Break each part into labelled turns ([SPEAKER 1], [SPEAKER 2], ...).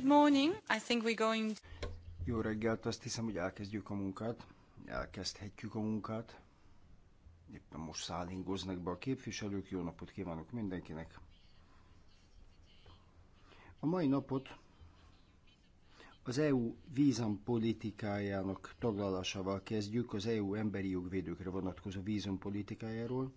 [SPEAKER 1] Good morning. I think we're going...
[SPEAKER 2] Jó reggelt, azt hiszem, hogy elkezdjük a munkát. Elkezdhetjük a munkát. Éppen most szállingoznak be a képviselők. Jó napot kívánok mindenkinek. A mai napot az EU vízampolitikájának taglalásával kezdjük, az EU emberi jogvédőkre vonatkozó vízumpolitikájáról.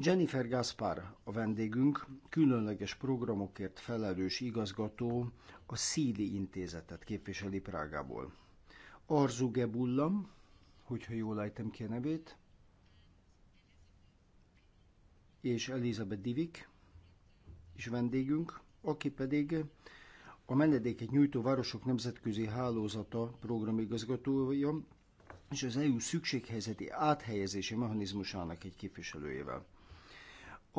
[SPEAKER 2] Jennifer Gaspar a vendégünk, különleges programokért felelős igazgató, a Szíli Intézetet képviseli Prágából. Arzu Gebullam, hogyha jól ejtem ki a nevét, és Elizabeth Divik is vendégünk, aki pedig a menedéket nyújtó városok nemzetközi hálózata programigazgatója, és az EU szükséghelyzeti áthelyezési mechanizmusának egy képviselőjével.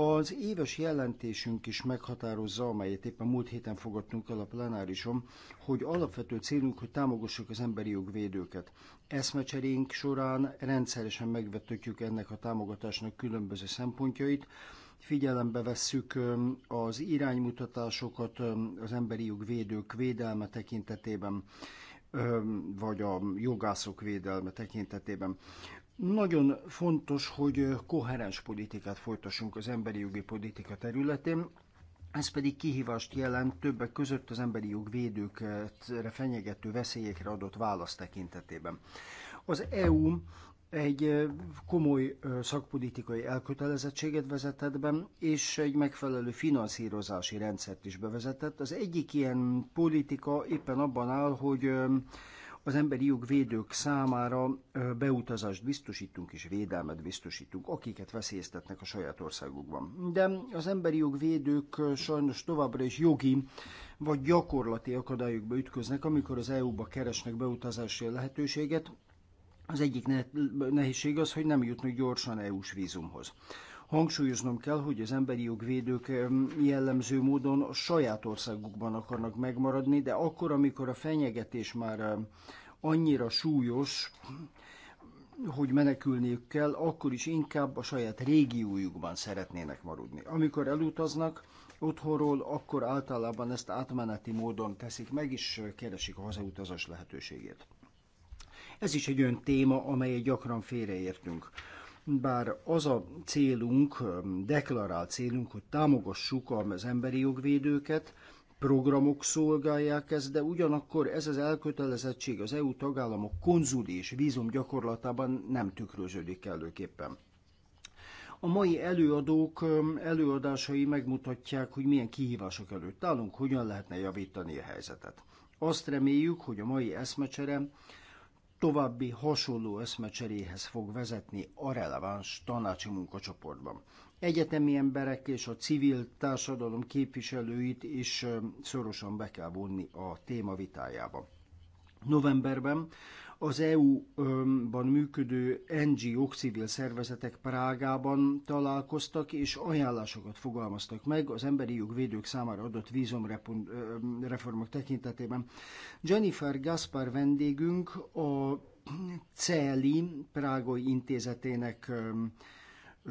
[SPEAKER 2] Az éves jelentésünk is meghatározza, amelyet éppen múlt héten fogadtunk el a plenárisom, hogy alapvető célunk, hogy támogassuk az emberi jogvédőket. Eszmecserénk során rendszeresen megvetőtjük ennek a támogatásnak különböző szempontjait, figyelembe vesszük az iránymutatásokat az emberi jogvédők védelme tekintetében, vagy a jogászok védelme tekintetében. Nagyon fontos, hogy koherens politikát folytassunk az emberi jogi politika területén, ez pedig kihívást jelent többek között az emberi jogvédőkre fenyegető veszélyekre adott válasz tekintetében. Az EU egy komoly szakpolitikai elkötelezettséget vezetett be, és egy megfelelő finanszírozási rendszert is bevezetett. Az egyik ilyen politika éppen abban áll, hogy az emberi jogvédők számára beutazást biztosítunk és védelmet biztosítunk, akiket veszélyeztetnek a saját országukban. De az emberi jogvédők sajnos továbbra is jogi vagy gyakorlati akadályokba ütköznek, amikor az EU-ba keresnek beutazási lehetőséget. Az egyik nehézség az, hogy nem jutnak gyorsan EU-s vízumhoz. Hangsúlyoznom kell, hogy az emberi jogvédők jellemző módon a saját országukban akarnak megmaradni, de akkor, amikor a fenyegetés már annyira súlyos, hogy menekülniük kell, akkor is inkább a saját régiójukban szeretnének maradni. Amikor elutaznak otthonról, akkor általában ezt átmeneti módon teszik meg, és keresik a hazautazás lehetőségét. Ez is egy olyan téma, amelyet gyakran félreértünk. Bár az a célunk, deklarált célunk, hogy támogassuk az emberi jogvédőket, programok szolgálják ezt, de ugyanakkor ez az elkötelezettség az EU tagállamok konzuli és vízum gyakorlatában nem tükröződik előképpen. A mai előadók előadásai megmutatják, hogy milyen kihívások előtt állunk, hogyan lehetne javítani a helyzetet. Azt reméljük, hogy a mai eszmecsere további hasonló eszmecseréhez fog vezetni a releváns tanácsi munkacsoportban egyetemi emberek és a civil társadalom képviselőit is szorosan be kell vonni a téma vitájába. Novemberben az EU-ban működő NGO-k civil szervezetek Prágában találkoztak, és ajánlásokat fogalmaztak meg az emberi jogvédők számára adott vízumreformok tekintetében. Jennifer Gaspar vendégünk a CELI Prágai Intézetének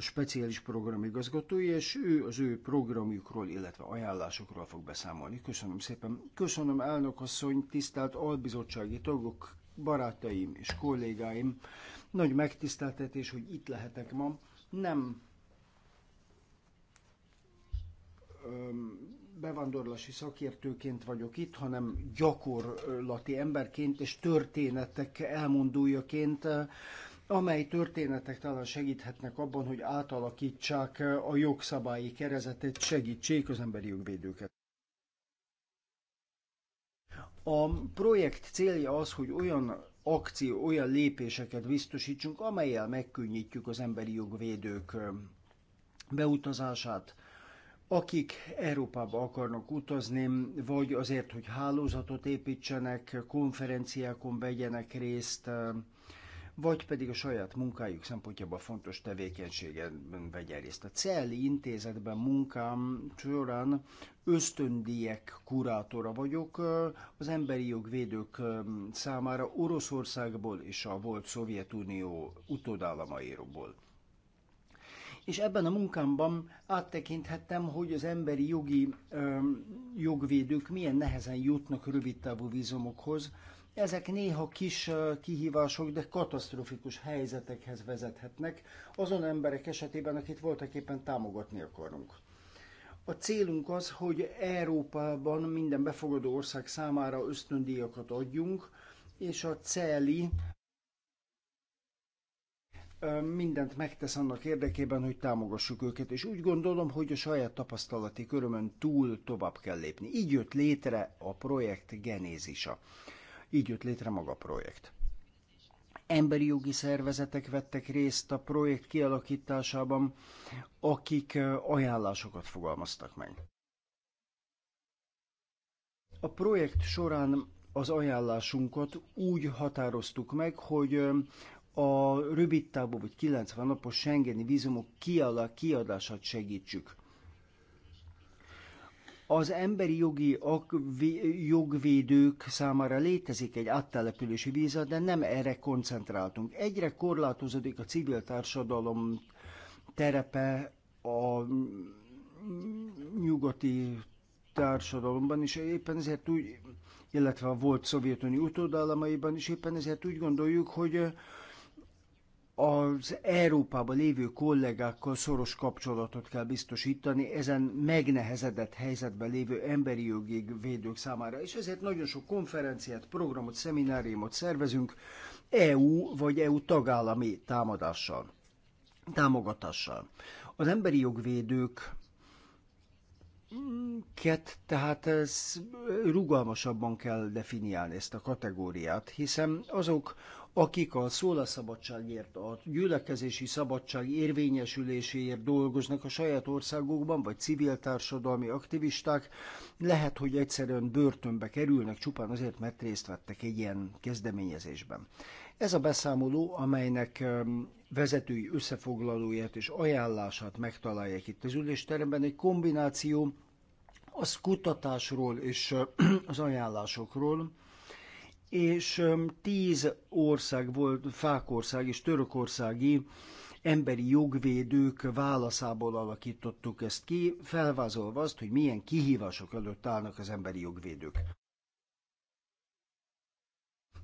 [SPEAKER 2] speciális programigazgatója, és ő az ő programjukról, illetve ajánlásokról fog beszámolni. Köszönöm szépen. Köszönöm elnök asszony, tisztelt albizottsági tagok, barátaim és kollégáim. Nagy megtiszteltetés, hogy itt lehetek ma. Nem bevándorlási szakértőként vagyok itt, hanem gyakorlati emberként és történetek elmondójaként amely történetek talán segíthetnek abban, hogy átalakítsák a jogszabályi kerezetet, segítsék az emberi jogvédőket. A projekt célja az, hogy olyan akció, olyan lépéseket biztosítsunk, amelyel megkönnyítjük az emberi jogvédők beutazását, akik Európába akarnak utazni, vagy azért, hogy hálózatot építsenek, konferenciákon vegyenek részt, vagy pedig a saját munkájuk szempontjából fontos tevékenységen vegye részt. A CELI intézetben munkám során ösztöndíjek kurátora vagyok, az emberi jogvédők számára Oroszországból és a volt Szovjetunió utódállamairól. És ebben a munkámban áttekinthettem, hogy az emberi jogi ö, jogvédők milyen nehezen jutnak rövidtávú vízumokhoz, ezek néha kis kihívások, de katasztrofikus helyzetekhez vezethetnek azon emberek esetében, akit voltak éppen támogatni akarunk. A célunk az, hogy Európában minden befogadó ország számára ösztöndíjakat adjunk, és a CELI mindent megtesz annak érdekében, hogy támogassuk őket, és úgy gondolom, hogy a saját tapasztalati körömön túl tovább kell lépni. Így jött létre a projekt genézisa. Így jött létre maga a projekt. Emberi jogi szervezetek vettek részt a projekt kialakításában, akik ajánlásokat fogalmaztak meg. A projekt során az ajánlásunkat úgy határoztuk meg, hogy a rövid távú vagy 90 napos Schengeni vízumok kiadását segítsük az emberi jogi jogvédők számára létezik egy áttelepülési víza, de nem erre koncentráltunk. Egyre korlátozódik a civil társadalom terepe a nyugati társadalomban, és éppen ezért úgy, illetve a volt Szovjetuni utódállamaiban, és éppen ezért úgy gondoljuk, hogy az Európában lévő kollégákkal szoros kapcsolatot kell biztosítani ezen megnehezedett helyzetben lévő emberi jogi védők számára. És ezért nagyon sok konferenciát, programot, szemináriumot szervezünk EU vagy EU tagállami támadással, támogatással. Az emberi jogvédők Ket, tehát ez rugalmasabban kell definiálni ezt a kategóriát, hiszen azok, akik a szólásszabadságért, a gyülekezési szabadság érvényesüléséért dolgoznak a saját országukban, vagy civil társadalmi aktivisták, lehet, hogy egyszerűen börtönbe kerülnek csupán azért, mert részt vettek egy ilyen kezdeményezésben. Ez a beszámoló, amelynek vezetői összefoglalóját és ajánlását megtalálják itt az ülésteremben, egy kombináció az kutatásról és az ajánlásokról, és tíz ország volt, Fákország és Törökországi emberi jogvédők válaszából alakítottuk ezt ki, felvázolva azt, hogy milyen kihívások előtt állnak az emberi jogvédők.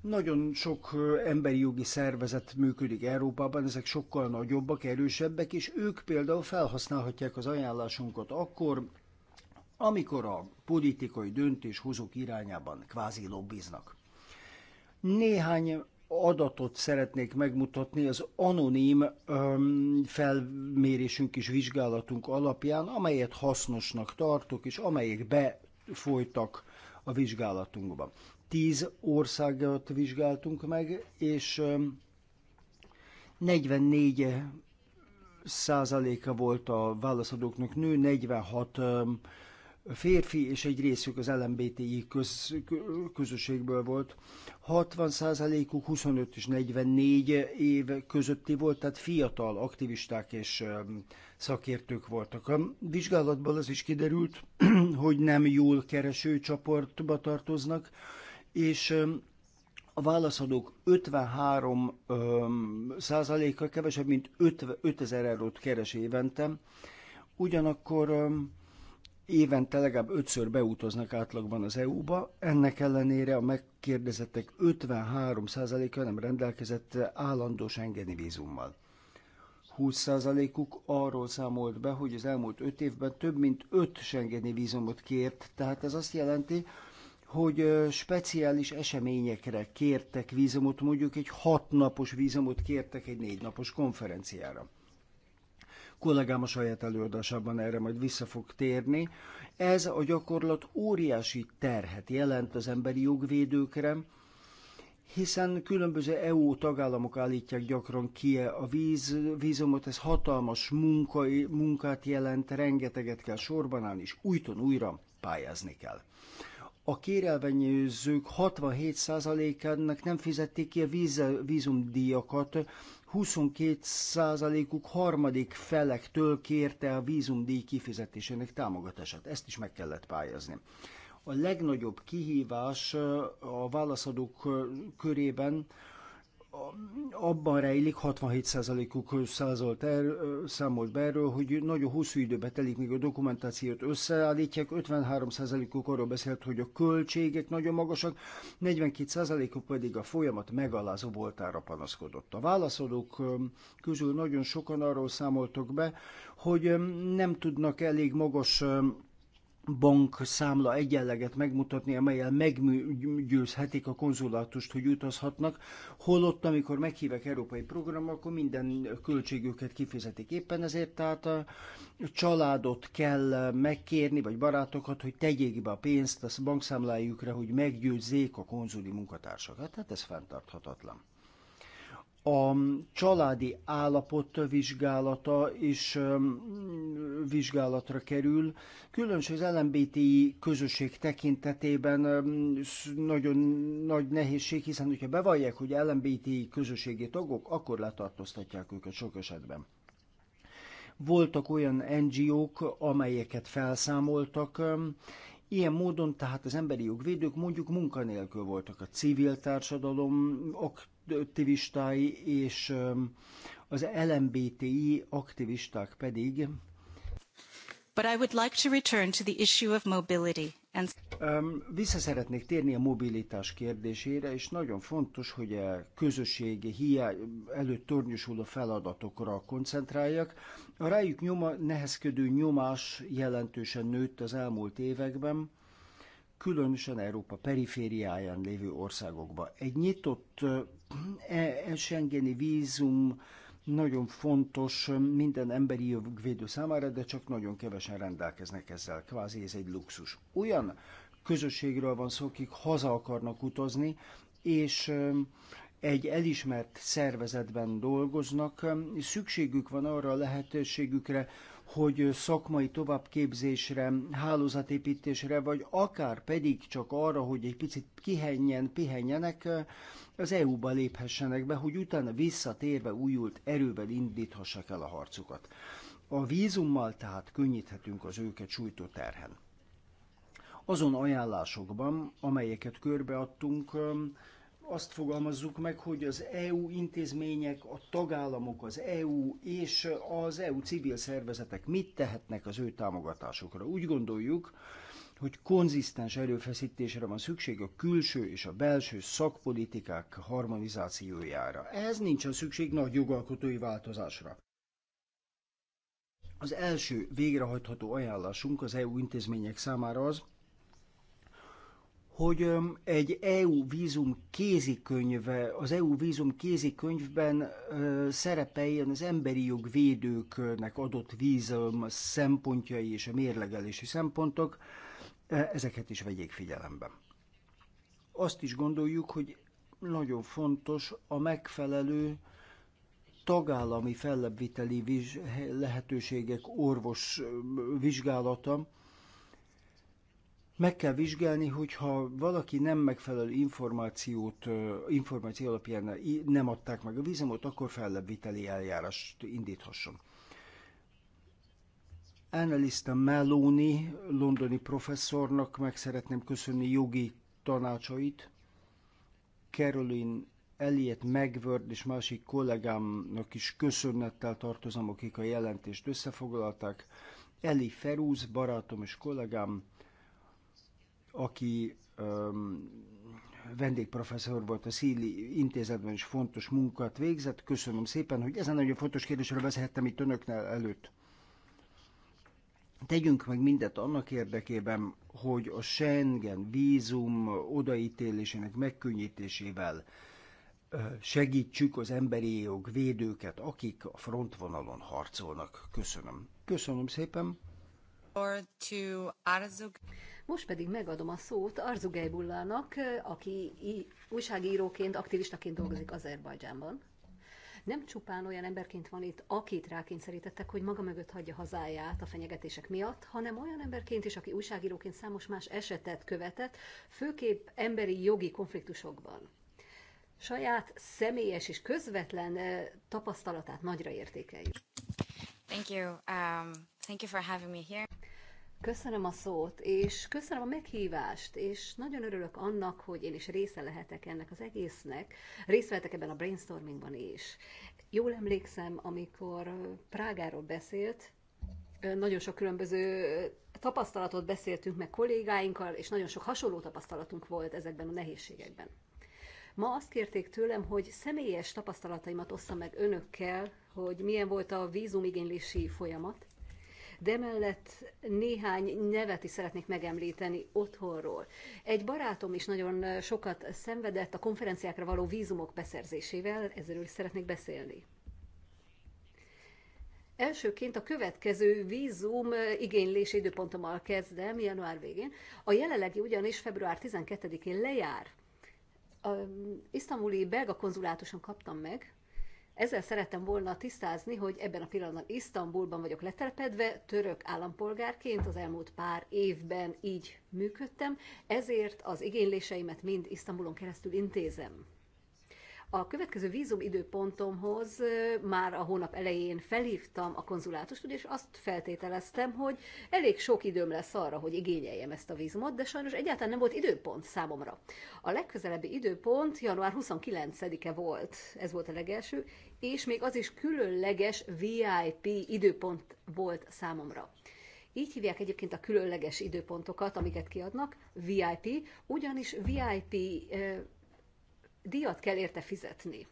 [SPEAKER 2] Nagyon sok emberi jogi szervezet működik Európában, ezek sokkal nagyobbak, erősebbek, és ők például felhasználhatják az ajánlásunkat akkor, amikor a politikai döntéshozók irányában kvázi lobbiznak. Néhány adatot szeretnék megmutatni az anonim öm, felmérésünk és vizsgálatunk alapján, amelyet hasznosnak tartok, és amelyek befolytak a vizsgálatunkba. Tíz országot vizsgáltunk meg, és öm, 44 százaléka volt a válaszadóknak nő, 46 férfi, és egy részük az LMBTI köz, közösségből volt. 60%-uk 25 és 44 év közötti volt, tehát fiatal aktivisták és szakértők voltak. A vizsgálatból az is kiderült, hogy nem jól kereső csoportba tartoznak, és a válaszadók 53 százaléka kevesebb, mint 5000 eurót keres évente. Ugyanakkor öm, évente legalább ötször beutaznak átlagban az EU-ba, ennek ellenére a megkérdezettek 53%-a nem rendelkezett állandós engedi vízummal. 20%-uk arról számolt be, hogy az elmúlt 5 évben több mint 5 Schengeni vízumot kért, tehát ez azt jelenti, hogy speciális eseményekre kértek vízumot, mondjuk egy hatnapos vízumot kértek egy négynapos konferenciára kollégám a saját előadásában erre majd vissza fog térni. Ez a gyakorlat óriási terhet jelent az emberi jogvédőkre, hiszen különböző EU tagállamok állítják gyakran ki -e a víz, vízomot. ez hatalmas munka, munkát jelent, rengeteget kell sorban állni, és újton újra pályázni kell. A kérelvenyőzők 67%-ának nem fizették ki a víz, vízumdíjakat, 22%-uk harmadik felektől kérte a vízumdíj kifizetésének támogatását. Ezt is meg kellett pályázni. A legnagyobb kihívás a válaszadók körében abban rejlik, 67%-uk százalt el, számolt be erről, hogy nagyon hosszú időbe telik, míg a dokumentációt összeállítják, 53%-uk arról beszélt, hogy a költségek nagyon magasak, 42%-uk pedig a folyamat megalázó voltára panaszkodott. A válaszadók közül nagyon sokan arról számoltak be, hogy nem tudnak elég magas bank számla egyenleget megmutatni, amelyel meggyőzhetik a konzulátust, hogy utazhatnak, holott, amikor meghívek európai programra, akkor minden költségüket kifizetik. Éppen ezért tehát a családot kell megkérni, vagy barátokat, hogy tegyék be a pénzt a bankszámlájukra, hogy meggyőzzék a konzuli munkatársakat. Tehát ez fenntarthatatlan a családi állapot vizsgálata is vizsgálatra kerül. Különösen az LMBTI közösség tekintetében nagyon nagy nehézség, hiszen hogyha bevallják, hogy LMBTI közösségi tagok, akkor letartóztatják őket sok esetben. Voltak olyan NGO-k, amelyeket felszámoltak, Ilyen módon tehát az emberi jogvédők mondjuk munkanélkül voltak, a civil társadalom aktivistái és az LMBTI aktivisták pedig. But I would like
[SPEAKER 3] to return to the issue of mobility
[SPEAKER 2] and... Vissza szeretnék térni a mobilitás kérdésére, és nagyon fontos, hogy a közösségi hiány előtt tornyosuló feladatokra koncentráljak. A rájuk nyoma, nehezkedő nyomás jelentősen nőtt az elmúlt években, különösen Európa perifériáján lévő országokban. Egy nyitott E, e, Schengeni vízum nagyon fontos minden emberi jogvédő számára, de csak nagyon kevesen rendelkeznek ezzel. Kvázi ez egy luxus. Olyan közösségről van szó, akik haza akarnak utazni, és egy elismert szervezetben dolgoznak, szükségük van arra a lehetőségükre, hogy szakmai továbbképzésre, hálózatépítésre, vagy akár pedig csak arra, hogy egy picit kihenjen, pihenjenek, az EU-ba léphessenek be, hogy utána visszatérve újult erővel indíthassák el a harcukat. A vízummal tehát könnyíthetünk az őket sújtó terhen. Azon ajánlásokban, amelyeket körbeadtunk, azt fogalmazzuk meg, hogy az EU intézmények, a tagállamok, az EU és az EU civil szervezetek mit tehetnek az ő támogatásokra. Úgy gondoljuk, hogy konzisztens erőfeszítésre van szükség a külső és a belső szakpolitikák harmonizációjára. nincs nincsen szükség nagy jogalkotói változásra. Az első végrehajtható ajánlásunk az EU intézmények számára az, hogy egy EU vízum kézikönyve, az EU vízum kézikönyvben szerepeljen az emberi jogvédőknek adott vízum szempontjai és a mérlegelési szempontok, E, ezeket is vegyék figyelembe. Azt is gondoljuk, hogy nagyon fontos a megfelelő tagállami fellebbviteli lehetőségek orvos vizsgálata, meg kell vizsgálni, hogyha valaki nem megfelelő információt, információ alapján nem adták meg a vízumot, akkor fellebbviteli eljárást indíthasson. Annalista Meloni, londoni professzornak meg szeretném köszönni jogi tanácsait, Caroline Elliot Megvörd és másik kollégámnak is köszönettel tartozom, akik a jelentést összefoglalták. Eli Ferúz, barátom és kollégám, aki um, vendégprofesszor volt a Szíli intézetben, és fontos munkát végzett. Köszönöm szépen, hogy ezen nagyon fontos kérdésről beszélhettem itt önöknél előtt. Tegyünk meg mindet annak érdekében, hogy a Schengen vízum odaítélésének megkönnyítésével segítsük az emberi jog védőket, akik a frontvonalon harcolnak. Köszönöm. Köszönöm szépen.
[SPEAKER 4] Most pedig megadom a szót Arzug Bullának, aki újságíróként, aktivistaként dolgozik Azerbajdzsánban. Nem csupán olyan emberként van itt, akit rákényszerítettek, hogy maga mögött hagyja hazáját a fenyegetések miatt, hanem olyan emberként is, aki újságíróként számos más esetet követett, főképp emberi jogi konfliktusokban. Saját személyes és közvetlen eh, tapasztalatát nagyra értékeljük.
[SPEAKER 1] Thank you. Um, thank you for having me here.
[SPEAKER 4] Köszönöm a szót, és köszönöm a meghívást, és nagyon örülök annak, hogy én is része lehetek ennek az egésznek, részt vehetek ebben a brainstormingban is. Jól emlékszem, amikor Prágáról beszélt, nagyon sok különböző tapasztalatot beszéltünk meg kollégáinkkal, és nagyon sok hasonló tapasztalatunk volt ezekben a nehézségekben. Ma azt kérték tőlem, hogy személyes tapasztalataimat osszam meg önökkel, hogy milyen volt a vízumigénylési folyamat, de mellett néhány nevet is szeretnék megemlíteni otthonról. Egy barátom is nagyon sokat szenvedett a konferenciákra való vízumok beszerzésével, ezzel is szeretnék beszélni. Elsőként a következő vízum igénylési időpontommal kezdem, január végén. A jelenlegi ugyanis február 12-én lejár. A isztambuli belga konzulátuson kaptam meg, ezzel szerettem volna tisztázni, hogy ebben a pillanatban Isztambulban vagyok letelepedve, török állampolgárként az elmúlt pár évben így működtem, ezért az igényléseimet mind Isztambulon keresztül intézem. A következő vízum időpontomhoz már a hónap elején felhívtam a konzulátust, és azt feltételeztem, hogy elég sok időm lesz arra, hogy igényeljem ezt a vízumot, de sajnos egyáltalán nem volt időpont számomra. A legközelebbi időpont január 29-e volt, ez volt a legelső, és még az is különleges VIP időpont volt számomra. Így hívják egyébként a különleges időpontokat, amiket kiadnak, VIP, ugyanis VIP díjat kell érte fizetni.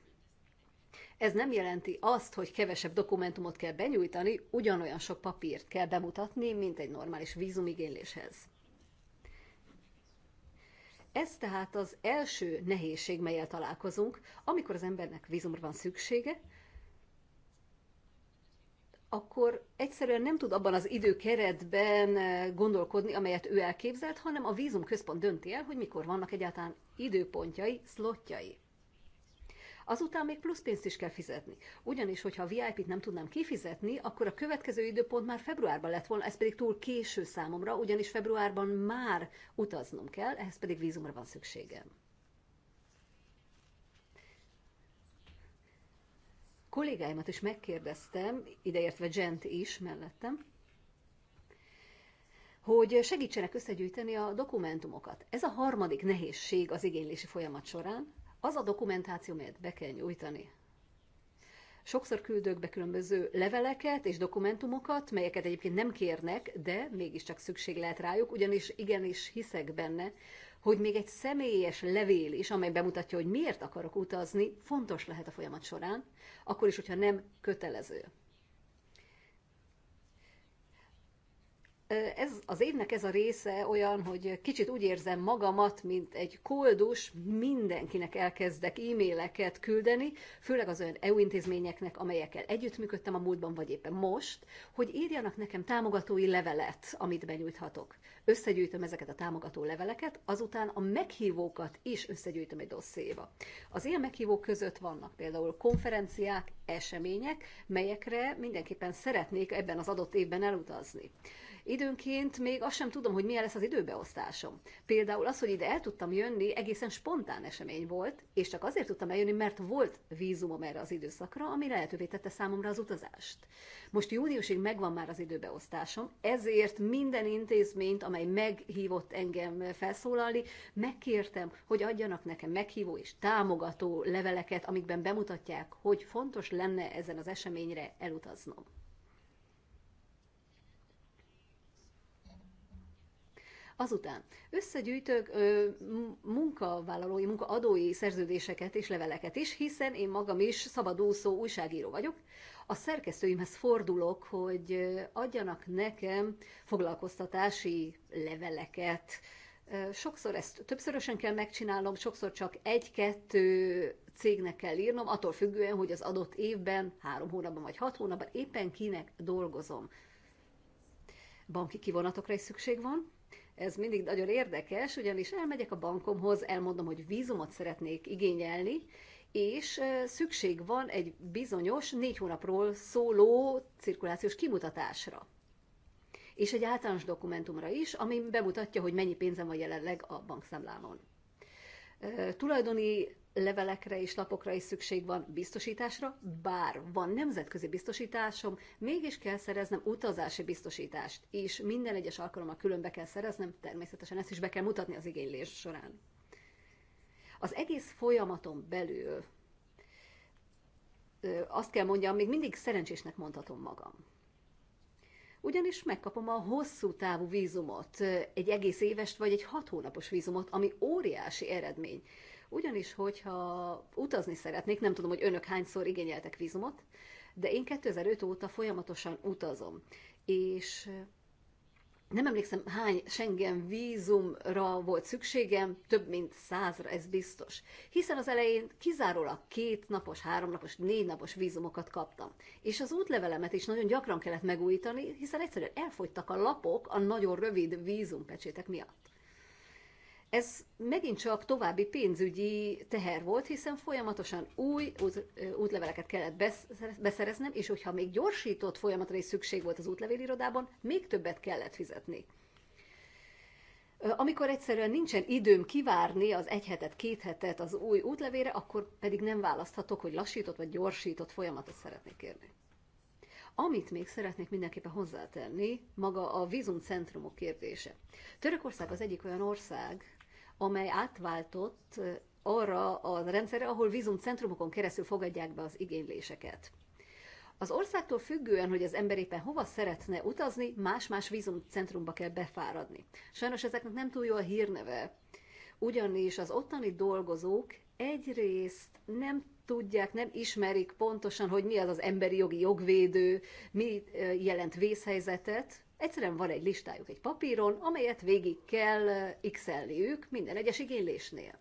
[SPEAKER 4] Ez nem jelenti azt, hogy kevesebb dokumentumot kell benyújtani, ugyanolyan sok papírt kell bemutatni, mint egy normális vízumigényléshez. Ez tehát az első nehézség, melyel találkozunk, amikor az embernek vízumra van szüksége, akkor egyszerűen nem tud abban az időkeretben eh, gondolkodni, amelyet ő elképzelt, hanem a vízum központ dönti el, hogy mikor vannak egyáltalán időpontjai, szlotjai. Azután még plusz pénzt is kell fizetni. Ugyanis, hogyha a VIP-t nem tudnám kifizetni, akkor a következő időpont már februárban lett volna, ez pedig túl késő számomra, ugyanis februárban már utaznom kell, ehhez pedig vízumra van szükségem. Kollégáimat is megkérdeztem, ideértve Gent is mellettem, hogy segítsenek összegyűjteni a dokumentumokat. Ez a harmadik nehézség az igénylési folyamat során, az a dokumentáció, amelyet be kell nyújtani. Sokszor küldök be különböző leveleket és dokumentumokat, melyeket egyébként nem kérnek, de mégiscsak szükség lehet rájuk, ugyanis igenis hiszek benne, hogy még egy személyes levél is, amely bemutatja, hogy miért akarok utazni, fontos lehet a folyamat során, akkor is, hogyha nem kötelező. ez, az évnek ez a része olyan, hogy kicsit úgy érzem magamat, mint egy koldus, mindenkinek elkezdek e-maileket küldeni, főleg az olyan EU intézményeknek, amelyekkel együttműködtem a múltban, vagy éppen most, hogy írjanak nekem támogatói levelet, amit benyújthatok. Összegyűjtöm ezeket a támogató leveleket, azután a meghívókat is összegyűjtöm egy dosszéba. Az ilyen meghívók között vannak például konferenciák, események, melyekre mindenképpen szeretnék ebben az adott évben elutazni. Időnként még azt sem tudom, hogy milyen lesz az időbeosztásom. Például az, hogy ide el tudtam jönni, egészen spontán esemény volt, és csak azért tudtam eljönni, mert volt vízumom erre az időszakra, ami lehetővé tette számomra az utazást. Most júniusig megvan már az időbeosztásom, ezért minden intézményt, amely meghívott engem felszólalni, megkértem, hogy adjanak nekem meghívó és támogató leveleket, amikben bemutatják, hogy fontos lenne ezen az eseményre elutaznom. Azután összegyűjtök ö, munkavállalói, munkaadói szerződéseket és leveleket is, hiszen én magam is szabadúszó újságíró vagyok. A szerkesztőimhez fordulok, hogy adjanak nekem foglalkoztatási leveleket. Sokszor ezt többszörösen kell megcsinálnom, sokszor csak egy-kettő cégnek kell írnom, attól függően, hogy az adott évben, három hónapban vagy hat hónapban éppen kinek dolgozom. Banki kivonatokra is szükség van, ez mindig nagyon érdekes, ugyanis elmegyek a bankomhoz, elmondom, hogy vízumot szeretnék igényelni, és szükség van egy bizonyos négy hónapról szóló cirkulációs kimutatásra. És egy általános dokumentumra is, ami bemutatja, hogy mennyi pénzem van jelenleg a bankszámlámon. Tulajdoni levelekre és lapokra is szükség van biztosításra, bár van nemzetközi biztosításom, mégis kell szereznem utazási biztosítást, és minden egyes alkalommal különbe kell szereznem, természetesen ezt is be kell mutatni az igénylés során. Az egész folyamaton belül azt kell mondjam, még mindig szerencsésnek mondhatom magam. Ugyanis megkapom a hosszú távú vízumot, egy egész évest vagy egy hat hónapos vízumot, ami óriási eredmény ugyanis, hogyha utazni szeretnék, nem tudom, hogy önök hányszor igényeltek vízumot, de én 2005 óta folyamatosan utazom. És nem emlékszem, hány Schengen vízumra volt szükségem, több mint százra, ez biztos. Hiszen az elején kizárólag két napos, három napos, négy napos vízumokat kaptam. És az útlevelemet is nagyon gyakran kellett megújítani, hiszen egyszerűen elfogytak a lapok a nagyon rövid vízumpecsétek miatt. Ez megint csak további pénzügyi teher volt, hiszen folyamatosan új útleveleket kellett beszereznem, és hogyha még gyorsított folyamatra is szükség volt az útlevélirodában, még többet kellett fizetni. Amikor egyszerűen nincsen időm kivárni az egy hetet, két hetet az új útlevére, akkor pedig nem választhatok, hogy lassított vagy gyorsított folyamatot szeretnék kérni. Amit még szeretnék mindenképpen hozzátenni, maga a vízumcentrumok kérdése. Törökország az egyik olyan ország, amely átváltott arra a rendszerre, ahol vízumcentrumokon keresztül fogadják be az igényléseket. Az országtól függően, hogy az ember éppen hova szeretne utazni, más-más vízumcentrumba kell befáradni. Sajnos ezeknek nem túl jó a hírneve, ugyanis az ottani dolgozók egyrészt nem tudják, nem ismerik pontosan, hogy mi az az emberi jogi jogvédő, mi jelent vészhelyzetet, Egyszerűen van egy listájuk egy papíron, amelyet végig kell x minden egyes igénylésnél.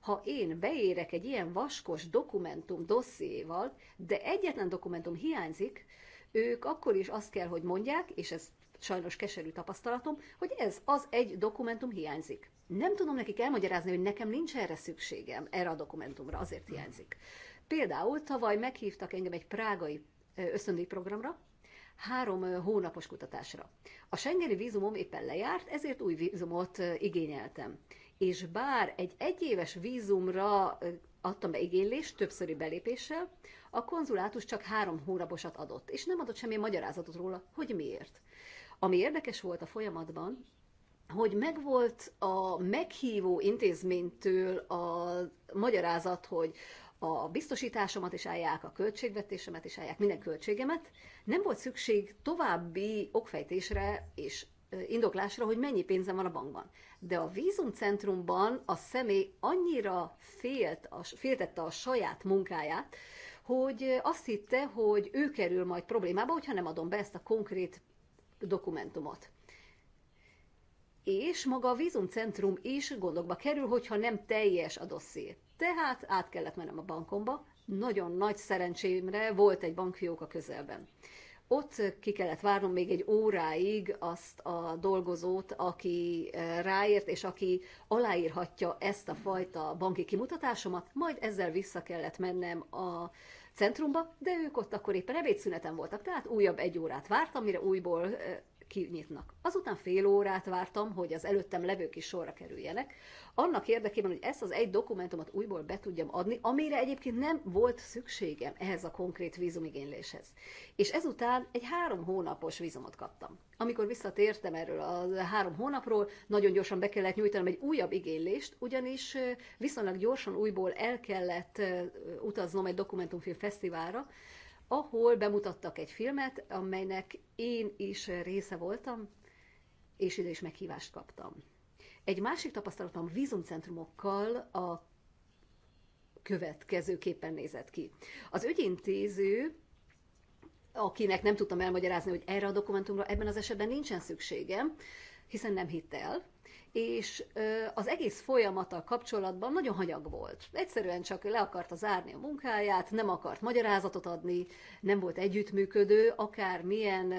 [SPEAKER 4] Ha én beérek egy ilyen vaskos dokumentum dossziéval, de egyetlen dokumentum hiányzik, ők akkor is azt kell, hogy mondják, és ez sajnos keserű tapasztalatom, hogy ez az egy dokumentum hiányzik. Nem tudom nekik elmagyarázni, hogy nekem nincs erre szükségem, erre a dokumentumra, azért hiányzik. Például tavaly meghívtak engem egy prágai ösztöndíjprogramra, három hónapos kutatásra. A Schengeni vízumom éppen lejárt, ezért új vízumot igényeltem. És bár egy egyéves vízumra adtam be igénylést többszöri belépéssel, a konzulátus csak három hónaposat adott, és nem adott semmi magyarázatot róla, hogy miért. Ami érdekes volt a folyamatban, hogy megvolt a meghívó intézménytől a magyarázat, hogy a biztosításomat is állják, a költségvetésemet is állják, minden költségemet. Nem volt szükség további okfejtésre és indoklásra, hogy mennyi pénzem van a bankban. De a vízumcentrumban a személy annyira félt, a, féltette a saját munkáját, hogy azt hitte, hogy ő kerül majd problémába, hogyha nem adom be ezt a konkrét dokumentumot. És maga a vízumcentrum is gondokba kerül, hogyha nem teljes a dosszié. Tehát át kellett mennem a bankomba, nagyon nagy szerencsémre volt egy bankfiók a közelben. Ott ki kellett várnom még egy óráig azt a dolgozót, aki eh, ráért, és aki aláírhatja ezt a fajta banki kimutatásomat, majd ezzel vissza kellett mennem a centrumba, de ők ott akkor éppen ebédszüneten voltak, tehát újabb egy órát vártam, mire újból eh, kinyitnak. Azután fél órát vártam, hogy az előttem levők is sorra kerüljenek, annak érdekében, hogy ezt az egy dokumentumot újból be tudjam adni, amire egyébként nem volt szükségem ehhez a konkrét vízumigényléshez. És ezután egy három hónapos vízumot kaptam. Amikor visszatértem erről a három hónapról, nagyon gyorsan be kellett nyújtanom egy újabb igénylést, ugyanis viszonylag gyorsan újból el kellett utaznom egy dokumentumfilm fesztiválra, ahol bemutattak egy filmet, amelynek én is része voltam, és ide is meghívást kaptam. Egy másik tapasztalatom vízumcentrumokkal a következőképpen nézett ki. Az ügyintéző akinek nem tudtam elmagyarázni, hogy erre a dokumentumra ebben az esetben nincsen szükségem, hiszen nem hitt el, és az egész folyamattal kapcsolatban nagyon hanyag volt. Egyszerűen csak le akarta zárni a munkáját, nem akart magyarázatot adni, nem volt együttműködő, akár milyen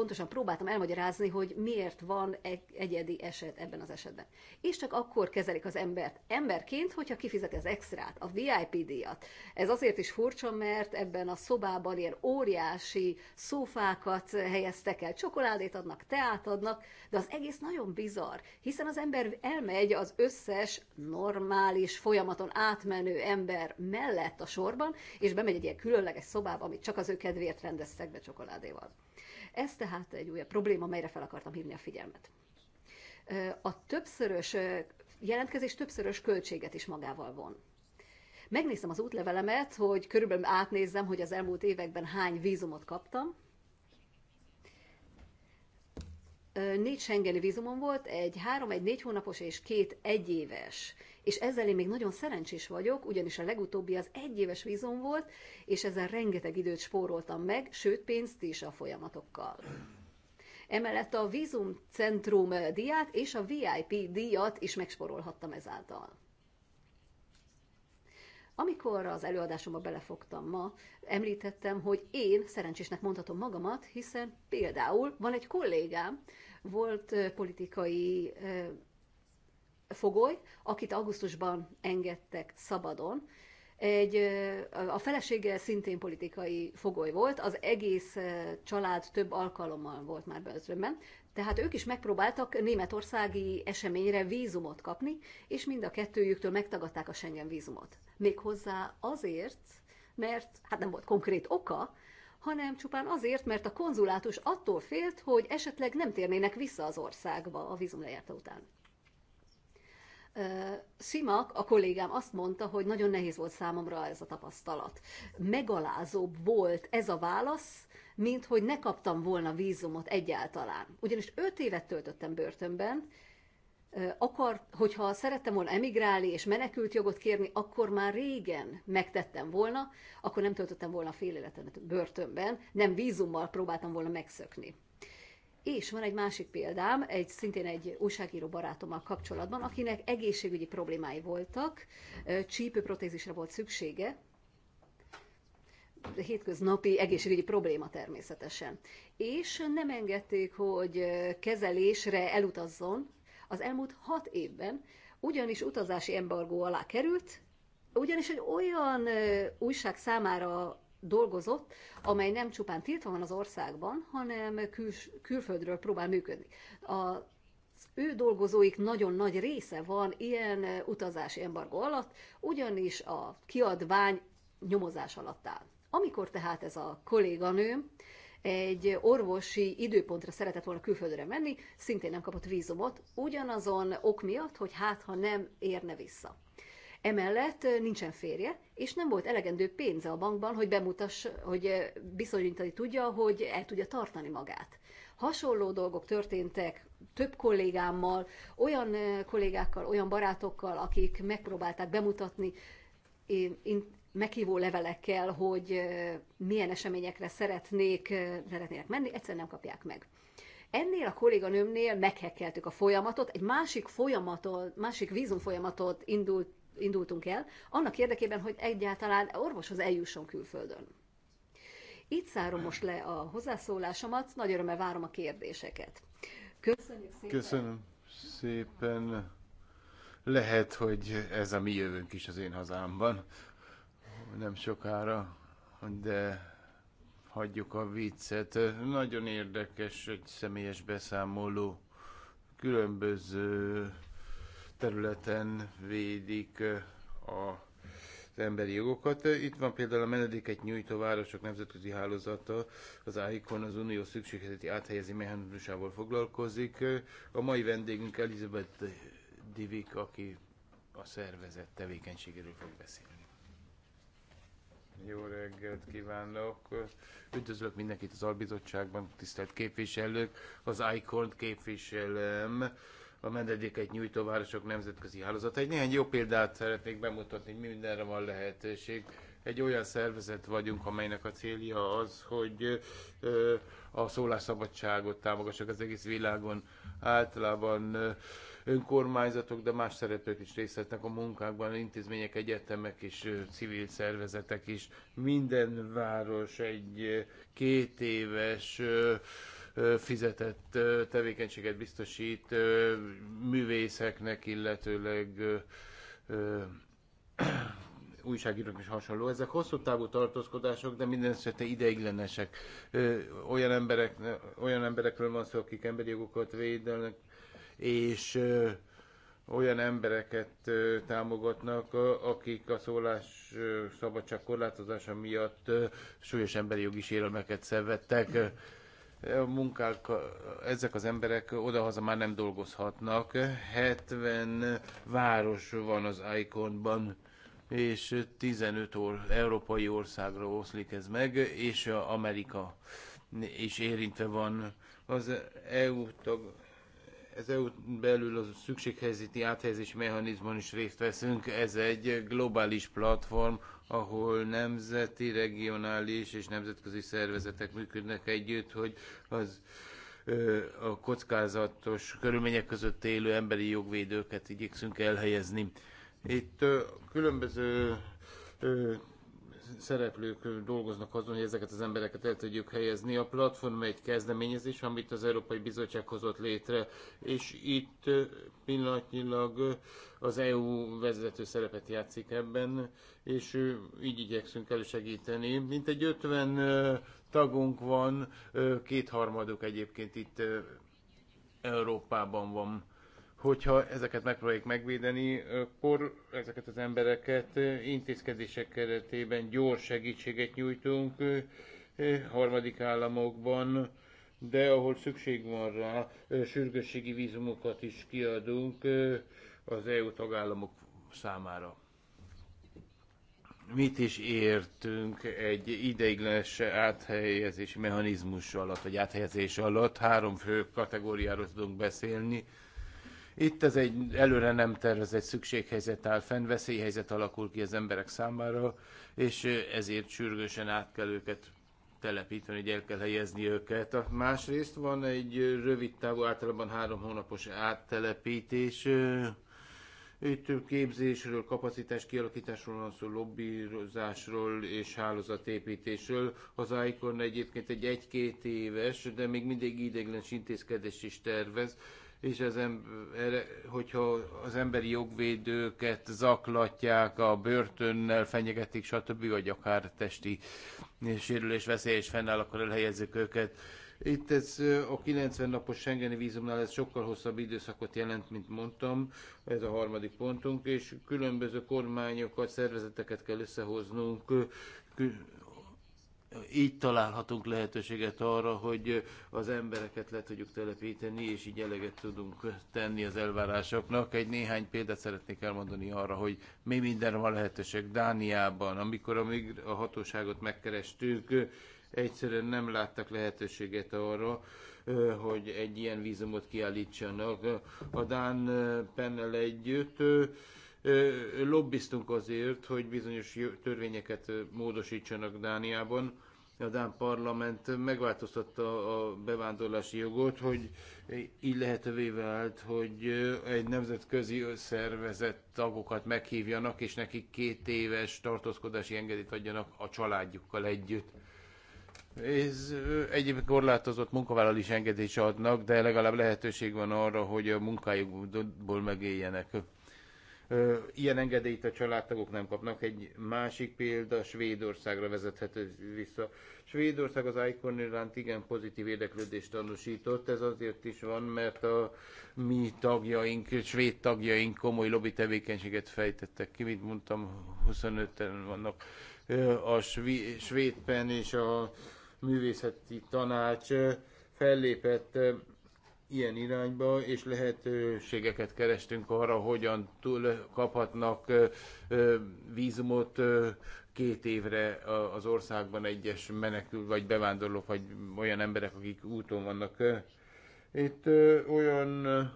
[SPEAKER 4] pontosan próbáltam elmagyarázni, hogy miért van egy egyedi eset ebben az esetben. És csak akkor kezelik az embert emberként, hogyha kifizeti az extrát, a VIP díjat. Ez azért is furcsa, mert ebben a szobában ilyen óriási szófákat helyeztek el, csokoládét adnak, teát adnak, de az egész nagyon bizarr, hiszen az ember elmegy az összes normális folyamaton átmenő ember mellett a sorban, és bemegy egy ilyen különleges szobába, amit csak az ő kedvéért rendeztek be csokoládéval. Ez tehát egy újabb probléma, melyre fel akartam hívni a figyelmet. A többszörös jelentkezés többszörös költséget is magával von. Megnéztem az útlevelemet, hogy körülbelül átnézzem, hogy az elmúlt években hány vízumot kaptam, négy Schengeni vízumom volt, egy három, egy négy hónapos és két egyéves. És ezzel én még nagyon szerencsés vagyok, ugyanis a legutóbbi az egyéves vízum volt, és ezzel rengeteg időt spóroltam meg, sőt pénzt is a folyamatokkal. Emellett a vízumcentrum díját és a VIP díjat is megsporolhattam ezáltal. Amikor az előadásomba belefogtam ma, említettem, hogy én szerencsésnek mondhatom magamat, hiszen például van egy kollégám, volt politikai fogoly, akit augusztusban engedtek szabadon, egy, a felesége szintén politikai fogoly volt, az egész család több alkalommal volt már börtönben, tehát ők is megpróbáltak németországi eseményre vízumot kapni, és mind a kettőjüktől megtagadták a Schengen vízumot méghozzá azért, mert hát nem volt konkrét oka, hanem csupán azért, mert a konzulátus attól félt, hogy esetleg nem térnének vissza az országba a vízum lejárta után. Simak, a kollégám azt mondta, hogy nagyon nehéz volt számomra ez a tapasztalat. Megalázóbb volt ez a válasz, mint hogy ne kaptam volna vízumot egyáltalán. Ugyanis öt évet töltöttem börtönben, akar, hogyha szerettem volna emigrálni és menekült jogot kérni, akkor már régen megtettem volna, akkor nem töltöttem volna a fél életemet börtönben, nem vízummal próbáltam volna megszökni. És van egy másik példám, egy szintén egy újságíró barátommal kapcsolatban, akinek egészségügyi problémái voltak, csípőprotézisre volt szüksége, hétköznapi egészségügyi probléma természetesen. És nem engedték, hogy kezelésre elutazzon, az elmúlt hat évben ugyanis utazási embargó alá került, ugyanis egy olyan újság számára dolgozott, amely nem csupán tiltva van az országban, hanem kül- külföldről próbál működni. A ő dolgozóik nagyon nagy része van ilyen utazási embargó alatt, ugyanis a kiadvány nyomozás alatt áll. Amikor tehát ez a kolléganő egy orvosi időpontra szeretett volna külföldre menni, szintén nem kapott vízumot, ugyanazon ok miatt, hogy hát, ha nem érne vissza. Emellett nincsen férje, és nem volt elegendő pénze a bankban, hogy bemutass, hogy eh, bizonyítani tudja, hogy el tudja tartani magát. Hasonló dolgok történtek több kollégámmal, olyan eh, kollégákkal, olyan barátokkal, akik megpróbálták bemutatni meghívó levelekkel, hogy milyen eseményekre szeretnék, szeretnének menni, egyszerűen nem kapják meg. Ennél a kolléganőmnél meghekkeltük a folyamatot, egy másik folyamatot, másik vízum folyamatot indult, indultunk el, annak érdekében, hogy egyáltalán orvoshoz eljusson külföldön. Itt szárom most le a hozzászólásomat, nagy örömmel várom a kérdéseket. Köszönjük szépen! Köszönöm
[SPEAKER 5] szépen! Lehet, hogy ez a mi jövőnk is az én hazámban nem sokára, de hagyjuk a viccet. Nagyon érdekes egy személyes beszámoló. Különböző területen védik a az emberi jogokat. Itt van például a menedéket nyújtó városok nemzetközi hálózata, az ICON az Unió szükségheti áthelyezi mechanizmusával foglalkozik. A mai vendégünk Elizabeth Divik, aki a szervezet tevékenységéről fog beszélni. Jó reggelt kívánok! Üdvözlök mindenkit az albizottságban, tisztelt képviselők! Az ICON-t képviselem, a menedéket nyújtó városok nemzetközi hálózat. Egy néhány jó példát szeretnék bemutatni, hogy mindenre van lehetőség. Egy olyan szervezet vagyunk, amelynek a célja az, hogy a szólásszabadságot támogassak az egész világon. Általában önkormányzatok, de más szereplők is részt vesznek a munkákban, intézmények, egyetemek és civil szervezetek is. Minden város egy két éves fizetett tevékenységet biztosít művészeknek, illetőleg újságírók is hasonló. Ezek hosszú távú tartózkodások, de minden esetre ideiglenesek. Olyan, emberek, olyan emberekről van szó, akik emberi jogokat védenek, és olyan embereket támogatnak, akik a szólás szabadság korlátozása miatt súlyos emberi jogi sérelmeket szenvedtek. A munkák, ezek az emberek odahaza már nem dolgozhatnak. 70 város van az Iconban, és 15 or, európai országra oszlik ez meg, és Amerika is érintve van. Az EU tag, az eu belül az szükséghelyzeti áthelyezés mechanizmon is részt veszünk. Ez egy globális platform, ahol nemzeti, regionális és nemzetközi szervezetek működnek együtt, hogy az a kockázatos körülmények között élő emberi jogvédőket igyekszünk elhelyezni. Itt különböző szereplők dolgoznak azon, hogy ezeket az embereket el tudjuk helyezni. A platform egy kezdeményezés, amit az Európai Bizottság hozott létre, és itt pillanatnyilag az EU vezető szerepet játszik ebben, és így igyekszünk elősegíteni. Mint egy 50 tagunk van, kétharmaduk egyébként itt Európában van hogyha ezeket megpróbáljuk megvédeni, akkor ezeket az embereket eh, intézkedések keretében gyors segítséget nyújtunk eh, harmadik államokban, de ahol szükség van rá, eh, sürgősségi vízumokat is kiadunk az EU tagállamok számára. Mit is értünk egy ideiglenes áthelyezési mechanizmus alatt, vagy áthelyezés alatt? Három fő kategóriáról tudunk beszélni itt ez egy előre nem tervezett szükséghelyzet áll fenn, veszélyhelyzet alakul ki az emberek számára, és ezért sürgősen át kell őket telepíteni, hogy el kell helyezni őket. A másrészt van egy rövid távú, általában három hónapos áttelepítés, itt képzésről, kapacitás kialakításról van szó, lobbizásról és hálózatépítésről. Az ICON egyébként egy egy-két éves, de még mindig ideiglenes intézkedés is tervez, és az ember, hogyha az emberi jogvédőket zaklatják, a börtönnel fenyegetik, stb., vagy akár testi sérülés veszély is fennáll, akkor elhelyezzük őket. Itt ez a 90 napos Schengeni vízumnál ez sokkal hosszabb időszakot jelent, mint mondtam, ez a harmadik pontunk, és különböző kormányokat, szervezeteket kell összehoznunk, így találhatunk lehetőséget arra, hogy az embereket le tudjuk telepíteni, és így eleget tudunk tenni az elvárásoknak. Egy néhány példát szeretnék elmondani arra, hogy mi minden van lehetőség. Dániában, amikor amíg a hatóságot megkerestük, egyszerűen nem láttak lehetőséget arra, hogy egy ilyen vízumot kiállítsanak. A Dán pennel együtt lobbiztunk azért, hogy bizonyos törvényeket módosítsanak Dániában, a Dán parlament megváltoztatta a bevándorlási jogot, hogy így lehetővé vált, hogy egy nemzetközi szervezet tagokat meghívjanak, és nekik két éves tartózkodási engedélyt adjanak a családjukkal együtt. Ez egyéb korlátozott munkavállalási engedélyt adnak, de legalább lehetőség van arra, hogy a munkájukból megéljenek. Ilyen engedélyt a családtagok nem kapnak. Egy másik példa Svédországra vezethető vissza. Svédország az Icon iránt igen pozitív érdeklődést tanúsított. Ez azért is van, mert a mi tagjaink, svéd tagjaink komoly lobby tevékenységet fejtettek ki. Mint mondtam, 25-en vannak a svédpen és a művészeti tanács fellépett ilyen irányba, és lehetőségeket kerestünk arra, hogyan túl kaphatnak vízumot két évre az országban egyes menekül, vagy bevándorlók, vagy olyan emberek, akik úton vannak. Itt olyan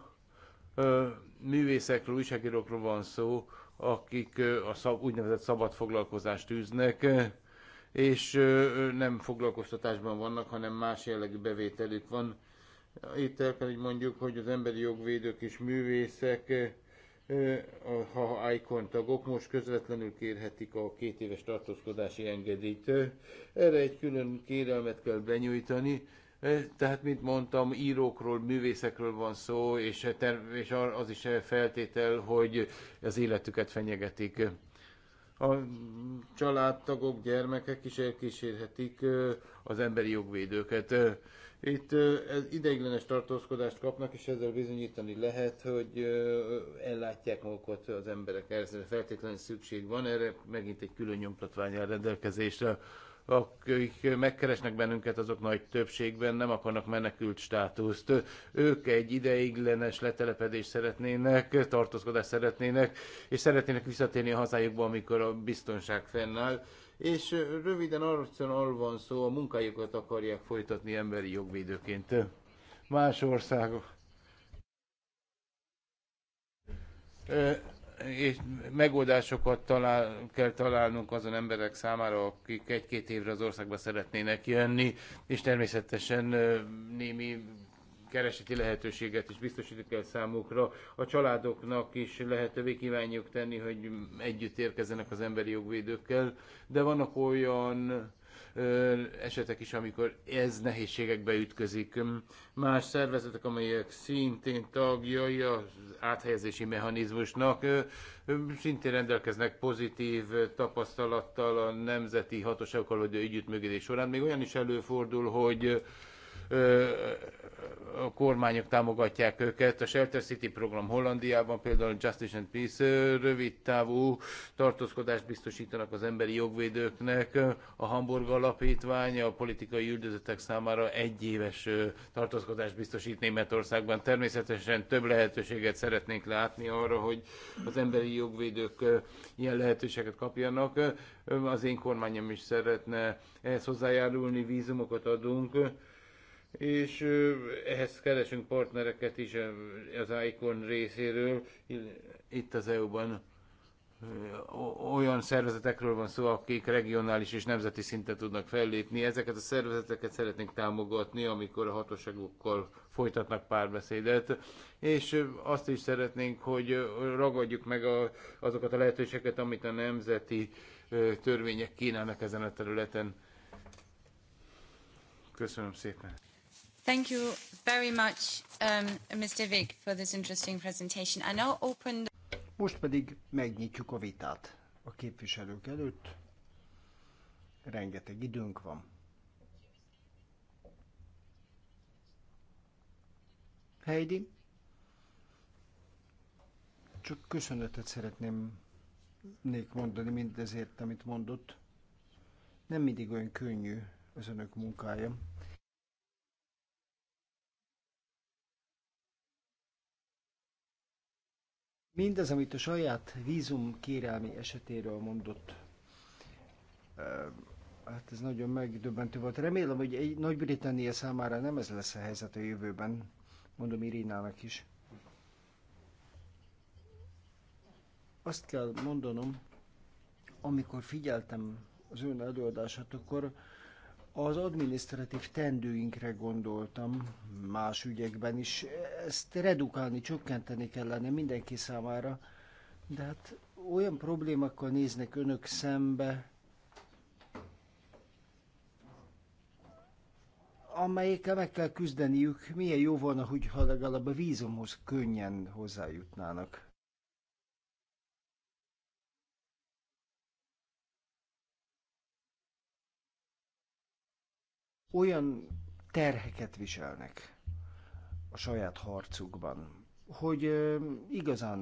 [SPEAKER 5] művészekről, újságírókról van szó, akik a szab, úgynevezett szabad foglalkozást űznek, és nem foglalkoztatásban vannak, hanem más jellegű bevételük van itt el kell, hogy mondjuk, hogy az emberi jogvédők és művészek, ha ICON tagok, most közvetlenül kérhetik a két éves tartózkodási engedélyt. Erre egy külön kérelmet kell benyújtani. Tehát, mint mondtam, írókról, művészekről van szó, és, hát, és az is feltétel, hogy az életüket fenyegetik a családtagok, gyermekek is elkísérhetik az emberi jogvédőket. Itt ideiglenes tartózkodást kapnak, és ezzel bizonyítani lehet, hogy ellátják magukat az emberek, erre feltétlenül szükség van, erre megint egy külön nyomtatvány a rendelkezésre. Akik megkeresnek bennünket, azok nagy többségben nem akarnak menekült státuszt. Ők egy ideiglenes letelepedést szeretnének, tartózkodást szeretnének, és szeretnének visszatérni a hazájukba, amikor a biztonság fennáll és röviden arról van szó, a munkájukat akarják folytatni emberi jogvédőként más országok. És megoldásokat talál, kell találnunk azon emberek számára, akik egy-két évre az országba szeretnének jönni, és természetesen némi kereseti lehetőséget is biztosítjuk el számukra. A családoknak is lehetővé kívánjuk tenni, hogy együtt érkezzenek az emberi jogvédőkkel, de vannak olyan esetek is, amikor ez nehézségekbe ütközik. Más szervezetek, amelyek szintén tagjai az áthelyezési mechanizmusnak, szintén rendelkeznek pozitív tapasztalattal a nemzeti hatóságokkal, hogy együttműködés során. Még olyan is előfordul, hogy a kormányok támogatják őket. A Shelter City program Hollandiában például Justice and Peace rövid távú tartózkodást biztosítanak az emberi jogvédőknek. A Hamburg Alapítvány a politikai üldözetek számára egyéves tartózkodást biztosít Németországban. Természetesen több lehetőséget szeretnénk látni arra, hogy az emberi jogvédők ilyen lehetőséget kapjanak. Az én kormányom is szeretne ehhez hozzájárulni, vízumokat adunk és ehhez keresünk partnereket is az ICON részéről, itt az EU-ban olyan szervezetekről van szó, akik regionális és nemzeti szinten tudnak fellépni. Ezeket a szervezeteket szeretnénk támogatni, amikor a hatóságokkal folytatnak párbeszédet, és azt is szeretnénk, hogy ragadjuk meg a, azokat a lehetőségeket, amit a nemzeti törvények kínálnak ezen a területen.
[SPEAKER 2] Köszönöm szépen!
[SPEAKER 1] Thank you very much, um, Mr. Vick, for this interesting presentation. I now open the...
[SPEAKER 2] Most pedig megnyitjuk a vitát a képviselők előtt. Rengeteg időnk van. Heidi, csak köszönetet szeretném nék mondani mindezért, amit mondott. Nem mindig olyan könnyű az önök munkája. Mindez, amit a saját vízum kérelmi esetéről mondott, hát ez nagyon megdöbbentő volt. Remélem, hogy egy Nagy-Britannia számára nem ez lesz a helyzet a jövőben, mondom Irinának is. Azt kell mondanom, amikor figyeltem az ön előadását, akkor az administratív tendőinkre gondoltam más ügyekben is. Ezt redukálni, csökkenteni kellene mindenki számára, de hát olyan problémákkal néznek önök szembe, amelyekkel meg kell küzdeniük, milyen jó volna, hogyha legalább a vízumhoz könnyen hozzájutnának. olyan terheket viselnek a saját harcukban, hogy igazán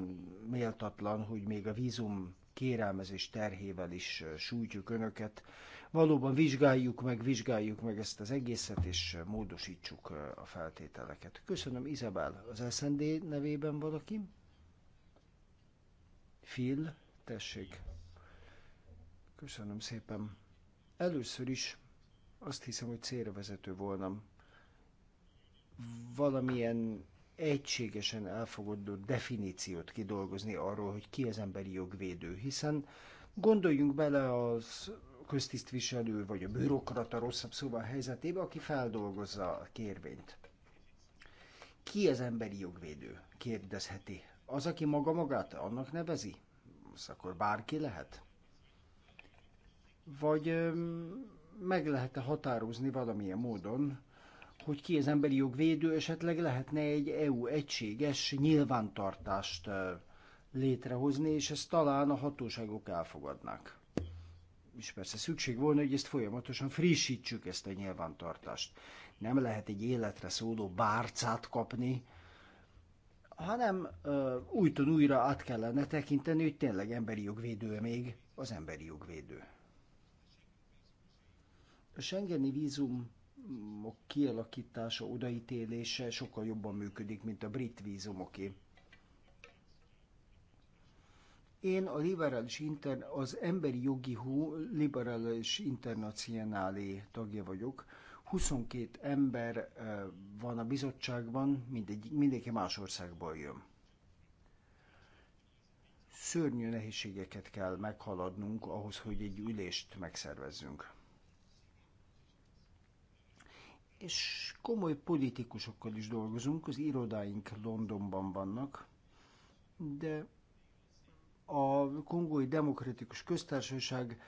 [SPEAKER 2] méltatlan, hogy még a vízum kérelmezés terhével is sújtjuk önöket. Valóban vizsgáljuk meg, vizsgáljuk meg ezt az egészet, és módosítsuk a feltételeket. Köszönöm, Izabel, az SND nevében valaki? Phil, tessék. Köszönöm szépen. Először is azt hiszem, hogy célra vezető volna valamilyen egységesen elfogadott definíciót kidolgozni arról, hogy ki az emberi jogvédő, hiszen gondoljunk bele az köztisztviselő vagy a bürokrata rosszabb szóval helyzetébe, aki feldolgozza a kérvényt. Ki az emberi jogvédő? kérdezheti. Az, aki maga magát annak nevezi? Az akkor bárki lehet? Vagy meg lehet-e határozni valamilyen módon, hogy ki az emberi jogvédő, esetleg lehetne egy EU egységes nyilvántartást létrehozni, és ezt talán a hatóságok elfogadnák. És persze szükség volna, hogy ezt folyamatosan frissítsük, ezt a nyilvántartást. Nem lehet egy életre szóló bárcát kapni, hanem újton újra át kellene tekinteni, hogy tényleg emberi jogvédő még az emberi jogvédő. A Schengeni vízum kialakítása, odaítélése sokkal jobban működik, mint a brit vízumoké. Én a liberális inter, az emberi jogi hú, liberális internacionálé tagja vagyok. 22 ember van a bizottságban, mindegy, mindenki más országból jön. Szörnyű nehézségeket kell meghaladnunk ahhoz, hogy egy ülést megszervezzünk és komoly politikusokkal is dolgozunk, az irodáink Londonban vannak, de a Kongói Demokratikus Köztársaság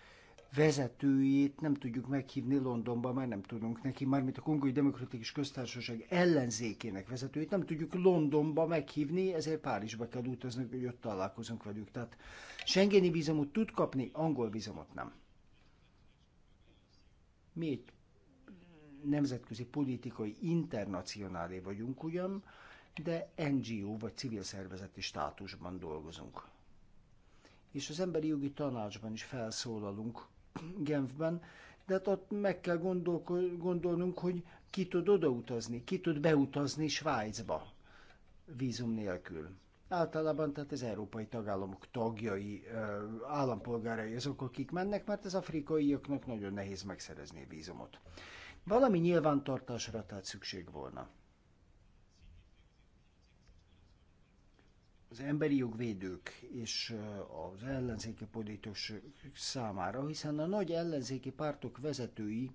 [SPEAKER 2] vezetőjét nem tudjuk meghívni Londonba, mert nem tudunk neki, mármint a Kongói Demokratikus Köztársaság ellenzékének vezetőjét nem tudjuk Londonba meghívni, ezért Párizsba kell utaznunk, hogy ott találkozunk velük. Tehát Schengeni vízumot tud kapni, angol vízumot nem. Mi egy nemzetközi politikai internacionálé vagyunk ugyan, de NGO vagy civil szervezeti státusban dolgozunk. És az emberi jogi tanácsban is felszólalunk Genfben, de hát ott meg kell gondolnunk, hogy ki tud odautazni, ki tud beutazni Svájcba vízum nélkül. Általában tehát az európai tagállamok tagjai, állampolgárai azok, akik mennek, mert az afrikaiaknak nagyon nehéz megszerezni a vízumot. Valami nyilvántartásra tehát szükség volna. az emberi jogvédők és az ellenzéki politikusok számára, hiszen a nagy ellenzéki pártok vezetői,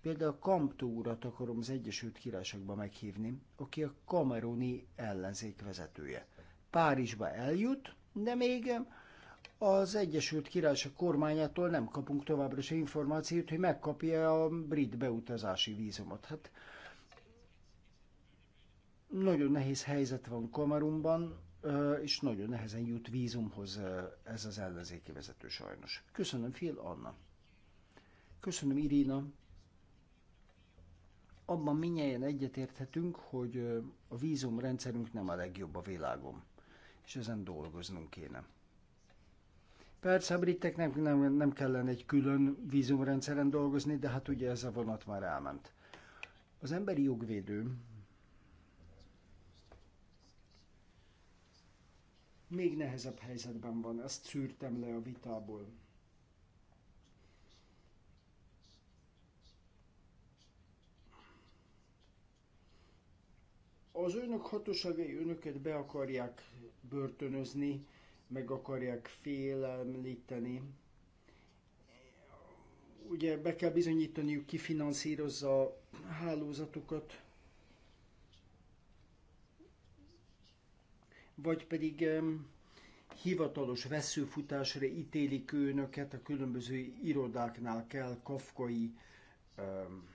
[SPEAKER 2] például Kamptó urat akarom az Egyesült Királyságba meghívni, aki a kameruni ellenzék vezetője. Párizsba eljut, de még az Egyesült Királyság kormányától nem kapunk továbbra se információt, hogy megkapja a brit beutazási vízumot. Hát nagyon nehéz helyzet van Kamerunban, és nagyon nehezen jut vízumhoz ez az ellenzéki vezető sajnos. Köszönöm, Phil, Anna. Köszönöm, Irina. Abban minnyáján egyetérthetünk, hogy a vízumrendszerünk nem a legjobb a világon, és ezen dolgoznunk kéne. Persze a briteknek nem, nem kellene egy külön vízumrendszeren dolgozni, de hát ugye ez a vonat már elment. Az emberi jogvédő még nehezebb helyzetben van, ezt szűrtem le a vitából. Az önök hatóságai önöket be akarják börtönözni, meg akarják félemlíteni. Ugye be kell bizonyítaniuk, ki finanszírozza a hálózatukat, vagy pedig hivatalos veszőfutásra ítélik őnöket a különböző irodáknál kell kafkai um,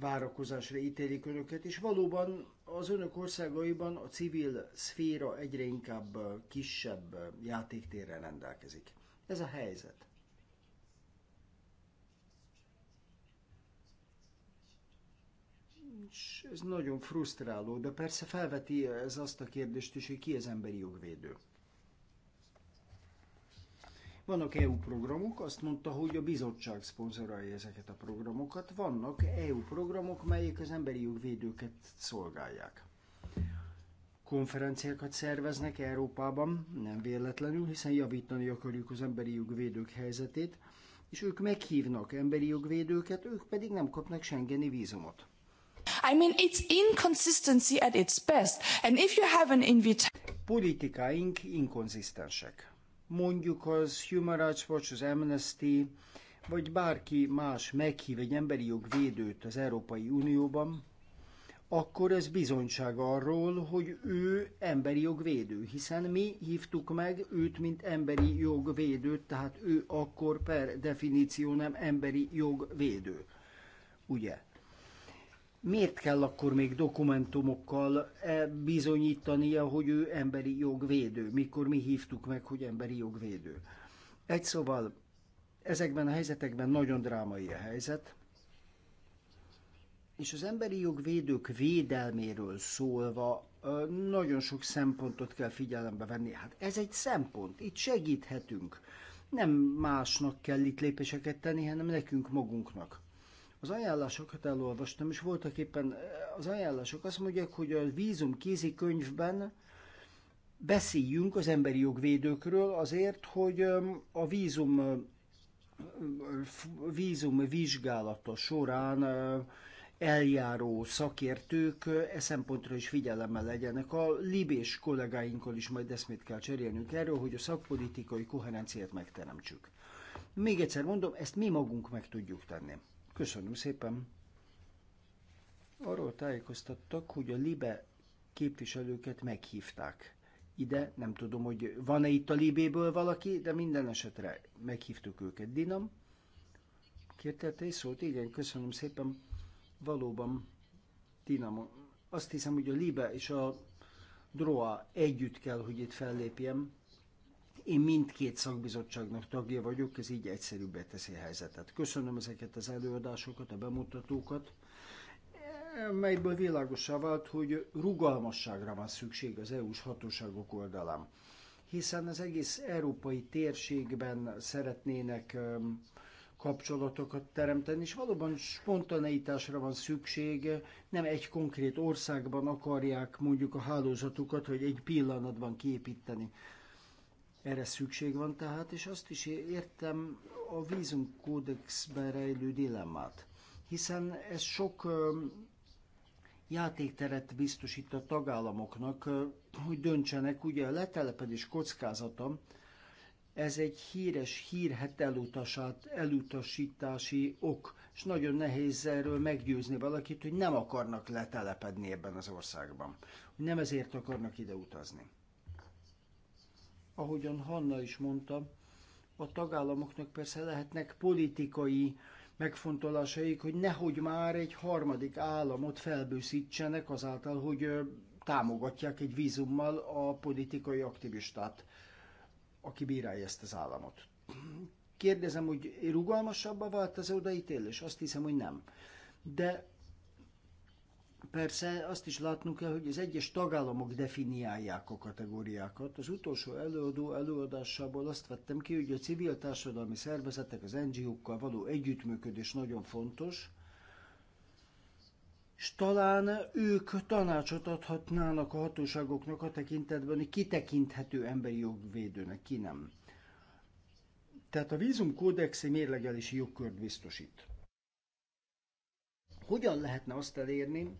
[SPEAKER 2] várakozásra ítélik önöket, és valóban az önök országaiban a civil szféra egyre inkább kisebb játéktérrel rendelkezik. Ez a helyzet. És ez nagyon frusztráló, de persze felveti ez azt a kérdést is, hogy ki az emberi jogvédő. Vannak EU programok, azt mondta, hogy a bizottság szponzorálja ezeket a programokat. Vannak EU programok, melyek az emberi jogvédőket szolgálják. Konferenciákat szerveznek Európában, nem véletlenül, hiszen javítani akarjuk az emberi jogvédők helyzetét, és ők meghívnak emberi jogvédőket, ők pedig nem kapnak Schengeni vízumot.
[SPEAKER 6] I mean, it's inconsistency at its best.
[SPEAKER 2] And if you have an invitation... Politikáink inkonzisztensek mondjuk az Human Rights Watch, az Amnesty, vagy bárki más meghív egy emberi jogvédőt az Európai Unióban, akkor ez bizonyság arról, hogy ő emberi jogvédő, hiszen mi hívtuk meg őt, mint emberi jogvédőt, tehát ő akkor per definíció nem emberi jogvédő. Ugye? miért kell akkor még dokumentumokkal eh, bizonyítania, hogy ő emberi jogvédő, mikor mi hívtuk meg, hogy emberi jogvédő. Egy szóval, ezekben a helyzetekben nagyon drámai a helyzet, és az emberi jogvédők védelméről szólva nagyon sok szempontot kell figyelembe venni. Hát ez egy szempont, itt segíthetünk. Nem másnak kell itt lépéseket tenni, hanem nekünk magunknak. Az ajánlásokat elolvastam, és voltak éppen eh, az ajánlások azt mondják, hogy a vízum kézi könyvben beszéljünk az emberi jogvédőkről azért, hogy a vízum, eh, vízum vizsgálata során eh, eljáró szakértők e szempontra is figyelemmel legyenek. A libés kollégáinkkal is majd eszmét kell cserélnünk erről, hogy a szakpolitikai koherenciát megteremtsük. Még egyszer mondom, ezt mi magunk meg tudjuk tenni. Köszönöm szépen. Arról tájékoztattak, hogy a Libe képviselőket meghívták ide, nem tudom, hogy van-e itt a Libéből valaki, de minden esetre meghívtuk őket. Dinam, kértelte egy szót? Igen, köszönöm szépen. Valóban, Dinam, azt hiszem, hogy a Libe és a Droa együtt kell, hogy itt fellépjem. Én mindkét szakbizottságnak tagja vagyok, ez így egyszerűbbé teszi a helyzetet. Köszönöm ezeket az előadásokat, a bemutatókat, melyből világosá vált, hogy rugalmasságra van szükség az EU-s hatóságok oldalán. Hiszen az egész európai térségben szeretnének kapcsolatokat teremteni, és valóban spontaneitásra van szükség, nem egy konkrét országban akarják mondjuk a hálózatukat, hogy egy pillanatban képíteni. Erre szükség van tehát, és azt is értem a vízumkódexben rejlő dilemmát, hiszen ez sok játékteret biztosít a tagállamoknak, hogy döntsenek. Ugye a letelepedés kockázata, ez egy híres hírhet elutasát, elutasítási ok, és nagyon nehéz erről meggyőzni valakit, hogy nem akarnak letelepedni ebben az országban, hogy nem ezért akarnak ide utazni ahogyan Hanna is mondta, a tagállamoknak persze lehetnek politikai megfontolásaik, hogy nehogy már egy harmadik államot felbőszítsenek azáltal, hogy támogatják egy vízummal a politikai aktivistát, aki bírálja ezt az államot. Kérdezem, hogy rugalmasabbá vált az odaítélés? Azt hiszem, hogy nem. De Persze azt is látnunk kell, hogy az egyes tagállamok definiálják a kategóriákat. Az utolsó előadó előadásából azt vettem ki, hogy a civil társadalmi szervezetek, az NGO-kkal való együttműködés nagyon fontos, és talán ők tanácsot adhatnának a hatóságoknak a tekintetben, hogy kitekinthető emberi jogvédőnek, ki nem. Tehát a vízumkódexi mérlegelési jogkört biztosít. Hogyan lehetne azt elérni,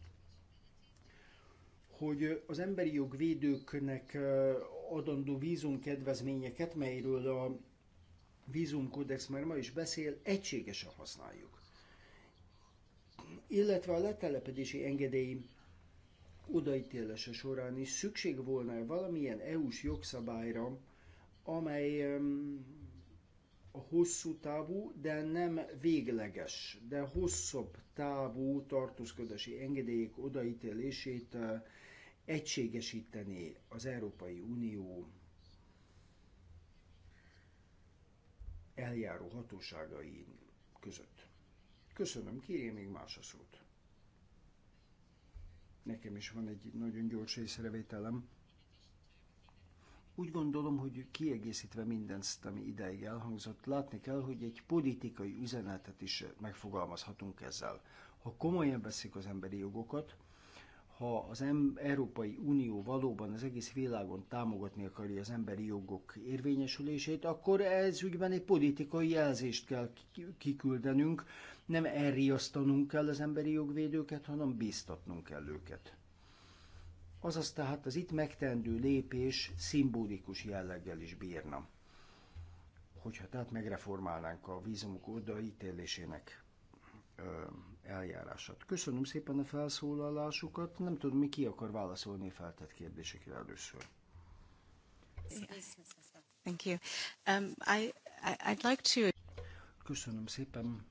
[SPEAKER 2] hogy az emberi jogvédőknek adandó vízumkedvezményeket, melyről a vízumkódex már ma is beszél, egységesen használjuk. Illetve a letelepedési engedély odaítélese során is szükség volna valamilyen EU-s jogszabályra, amely a hosszú távú, de nem végleges, de hosszabb távú tartózkodási engedélyek odaítélését egységesíteni az Európai Unió eljáró hatóságai között. Köszönöm, kérje még más a szót. Nekem is van egy nagyon gyors észrevételem. Úgy gondolom, hogy kiegészítve mindezt, ami ideig elhangzott, látni kell, hogy egy politikai üzenetet is megfogalmazhatunk ezzel. Ha komolyan veszik az emberi jogokat, ha az Európai Unió valóban az egész világon támogatni akarja az emberi jogok érvényesülését, akkor ez ügyben egy politikai jelzést kell kiküldenünk, nem elriasztanunk kell az emberi jogvédőket, hanem bíztatnunk kell őket. Azaz tehát az itt megtendő lépés szimbolikus jelleggel is bírna. Hogyha tehát megreformálnánk a vízumok odaítélésének eljárását. Köszönöm szépen a felszólalásukat, nem tudom, mi ki akar válaszolni a feltett kérdésekre először. Thank you. Um, I, I'd like to... Köszönöm szépen.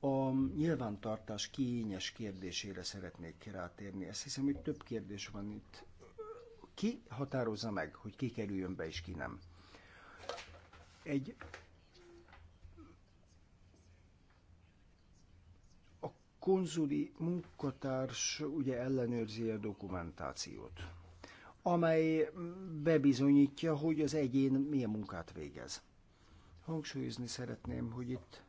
[SPEAKER 2] A nyilvántartás kényes kérdésére szeretnék rátérni. Ezt hiszem, hogy több kérdés van itt. Ki határozza meg, hogy ki kerüljön be és ki nem? Egy konzuli munkatárs ugye ellenőrzi a dokumentációt, amely bebizonyítja, hogy az egyén milyen munkát végez. Hangsúlyozni szeretném, hogy itt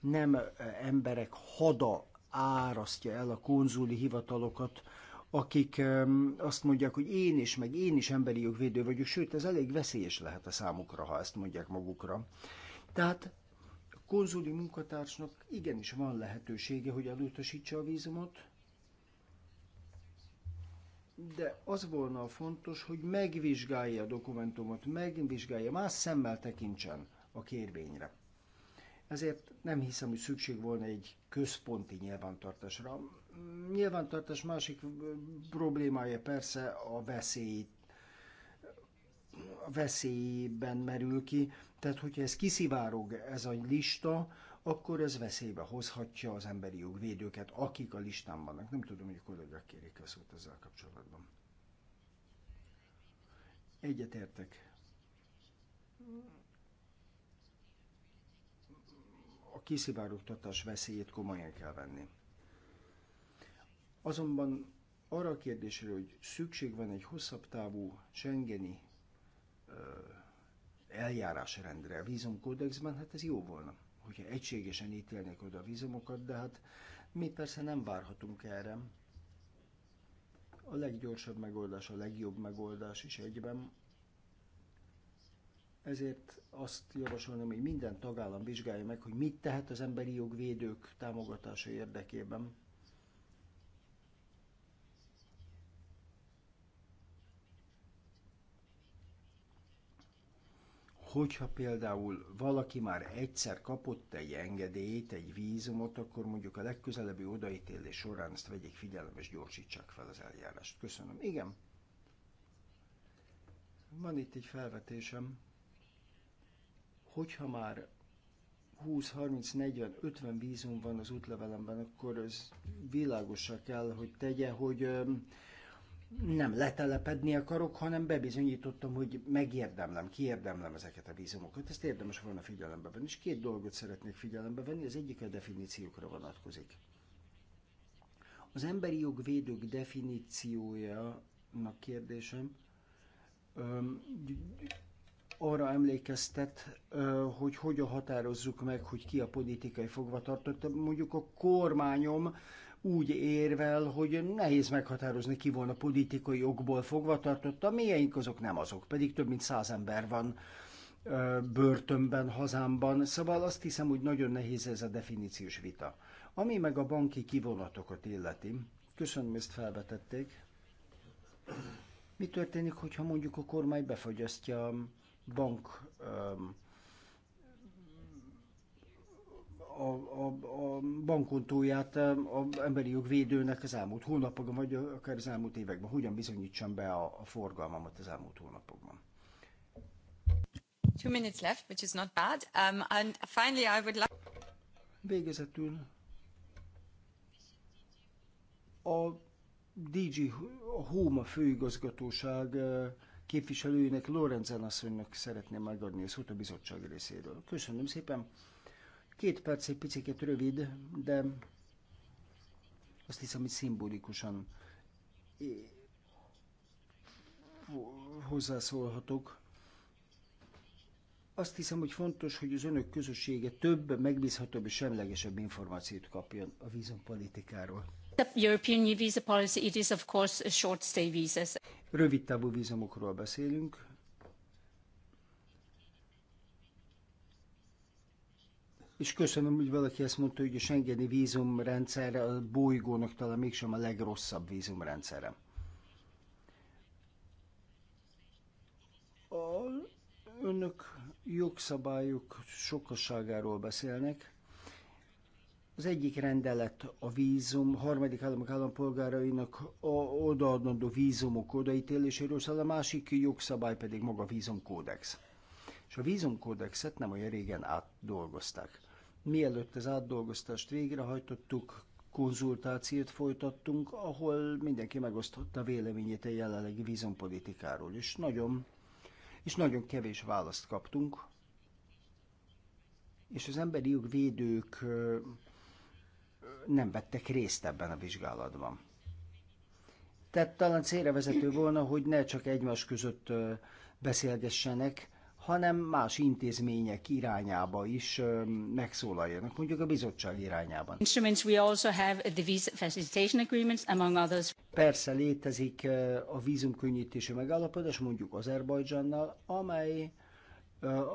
[SPEAKER 2] nem emberek hada árasztja el a konzuli hivatalokat, akik azt mondják, hogy én is, meg én is emberi jogvédő vagyok, sőt, ez elég veszélyes lehet a számukra, ha ezt mondják magukra. Tehát konzuli munkatársnak igenis van lehetősége, hogy elutasítsa a vízumot, de az volna a fontos, hogy megvizsgálja a dokumentumot, megvizsgálja, más szemmel tekintsen a kérvényre. Ezért nem hiszem, hogy szükség volna egy központi nyilvántartásra. Nyilvántartás másik problémája persze a veszélyt veszélyben merül ki. Tehát, hogyha ez kiszivárog, ez a lista, akkor ez veszélybe hozhatja az emberi jogvédőket, akik a listán vannak. Nem tudom, hogy a kollégák kérik a szót ezzel kapcsolatban. Egyetértek. A kiszivárogtatás veszélyét komolyan kell venni. Azonban arra a kérdésre, hogy szükség van egy hosszabb távú Schengeni eljárásrendre a vízumkódexben, hát ez jó volna, hogyha egységesen ítélnék oda a vízumokat, de hát mi persze nem várhatunk erre. A leggyorsabb megoldás, a legjobb megoldás is egyben. Ezért azt javasolnám, hogy minden tagállam vizsgálja meg, hogy mit tehet az emberi jogvédők támogatása érdekében hogyha például valaki már egyszer kapott egy engedélyt, egy vízumot, akkor mondjuk a legközelebbi odaítélés során ezt vegyék figyelembe és gyorsítsák fel az eljárást. Köszönöm. Igen. Van itt egy felvetésem. Hogyha már 20, 30, 40, 50 vízum van az útlevelemben, akkor ez világosra kell, hogy tegye, hogy nem letelepedni akarok, hanem bebizonyítottam, hogy megérdemlem, kiérdemlem ezeket a vízumokat. Ezt érdemes volna figyelembe venni, és két dolgot szeretnék figyelembe venni, az egyik a definíciókra vonatkozik. Az emberi jogvédők definíciójának kérdésem arra emlékeztet, hogy hogyan határozzuk meg, hogy ki a politikai fogvatartott. Mondjuk a kormányom úgy érvel, hogy nehéz meghatározni, ki volna politikai okból fogva tartott, a mélyeink azok nem azok, pedig több mint száz ember van börtönben, hazámban, szóval azt hiszem, hogy nagyon nehéz ez a definíciós vita. Ami meg a banki kivonatokat illeti, köszönöm, ezt felvetették. Mi történik, hogyha mondjuk a kormány befagyasztja bank a, a, a bankon túlját az emberi jogvédőnek az elmúlt hónapokban, vagy akár az elmúlt években? Hogyan bizonyítsam be a, a forgalmamat az elmúlt hónapokban?
[SPEAKER 1] Two minutes left, which is not bad. Um, and finally, I would like...
[SPEAKER 2] Végezetül a DG, a Home főigazgatóság eh, képviselőjének, Lorenzen asszonynak szeretném megadni a szót a bizottság részéről. Köszönöm szépen! Két perc egy picit rövid, de azt hiszem, hogy szimbolikusan hozzászólhatok. Azt hiszem, hogy fontos, hogy az önök közössége több, megbízhatóbb és semlegesebb információt kapjon a vízumpolitikáról.
[SPEAKER 7] The European visa policy, it is of course short stay visas.
[SPEAKER 2] Rövid távú vízumokról beszélünk, és köszönöm, hogy valaki ezt mondta, hogy a Schengeni vízumrendszer a bolygónak talán mégsem a legrosszabb vízumrendszere. A önök jogszabályok sokasságáról beszélnek. Az egyik rendelet a vízum, harmadik államok állampolgárainak odaadandó vízumok odaítéléséről szól, a másik jogszabály pedig maga a vízumkódex. És a vízumkódexet nem olyan régen átdolgozták. Mielőtt az átdolgoztást végrehajtottuk, konzultációt folytattunk, ahol mindenki megosztotta véleményét a jelenlegi vízumpolitikáról, és nagyon, és nagyon kevés választ kaptunk, és az emberi jogvédők nem vettek részt ebben a vizsgálatban. Tehát talán célra vezető volna, hogy ne csak egymás között beszélgessenek, hanem más intézmények irányába is megszólaljanak, mondjuk a bizottság irányában. Persze létezik a vízumkönnyítésű megállapodás, mondjuk Azerbajdzsánnal, amely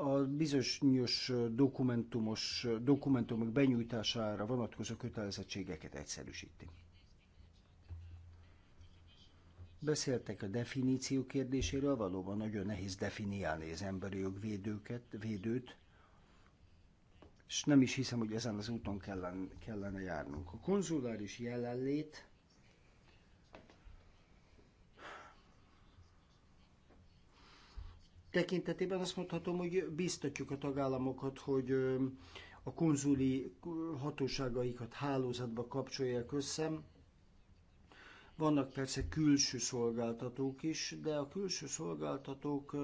[SPEAKER 2] a bizonyos dokumentumos, dokumentumok benyújtására vonatkozó kötelezettségeket egyszerűsíti. Beszéltek a definíció kérdéséről, valóban nagyon nehéz definiálni az emberi jogvédőket, védőt, és nem is hiszem, hogy ezen az úton kellene, kellene járnunk. A konzuláris jelenlét tekintetében azt mondhatom, hogy biztatjuk a tagállamokat, hogy a konzuli hatóságaikat hálózatba kapcsolják össze, vannak persze külső szolgáltatók is, de a külső szolgáltatók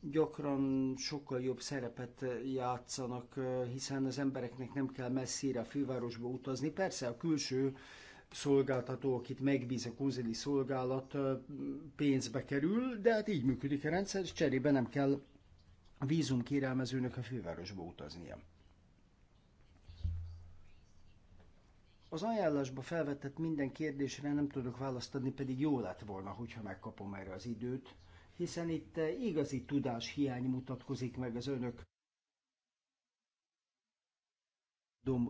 [SPEAKER 2] gyakran sokkal jobb szerepet játszanak, hiszen az embereknek nem kell messzire a fővárosba utazni. Persze a külső szolgáltató, akit megbíz a konzili szolgálat, pénzbe kerül, de hát így működik a rendszer, és cserébe nem kell vízum kérelmezőnek a fővárosba utaznia. Az ajánlásba felvetett minden kérdésre nem tudok választ adni, pedig jó lett volna, hogyha megkapom erre az időt, hiszen itt eh, igazi tudás hiány mutatkozik meg az önök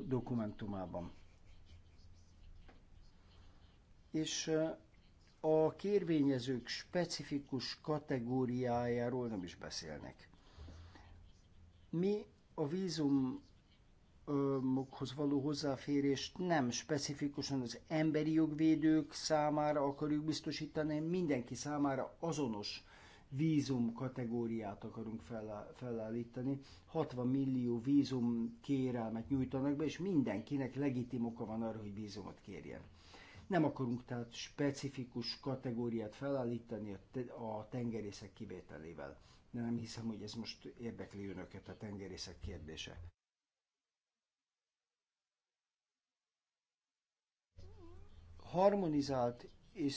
[SPEAKER 2] dokumentumában. És eh, a kérvényezők specifikus kategóriájáról nem is beszélnek. Mi a vízum jogokhoz való hozzáférést nem specifikusan az emberi jogvédők számára akarjuk biztosítani, mindenki számára azonos vízum kategóriát akarunk felállítani. 60 millió vízum kérelmet nyújtanak be, és mindenkinek legitim oka van arra, hogy vízumot kérjen. Nem akarunk tehát specifikus kategóriát felállítani a tengerészek kivételével. De nem hiszem, hogy ez most érdekli önöket a tengerészek kérdése. harmonizált és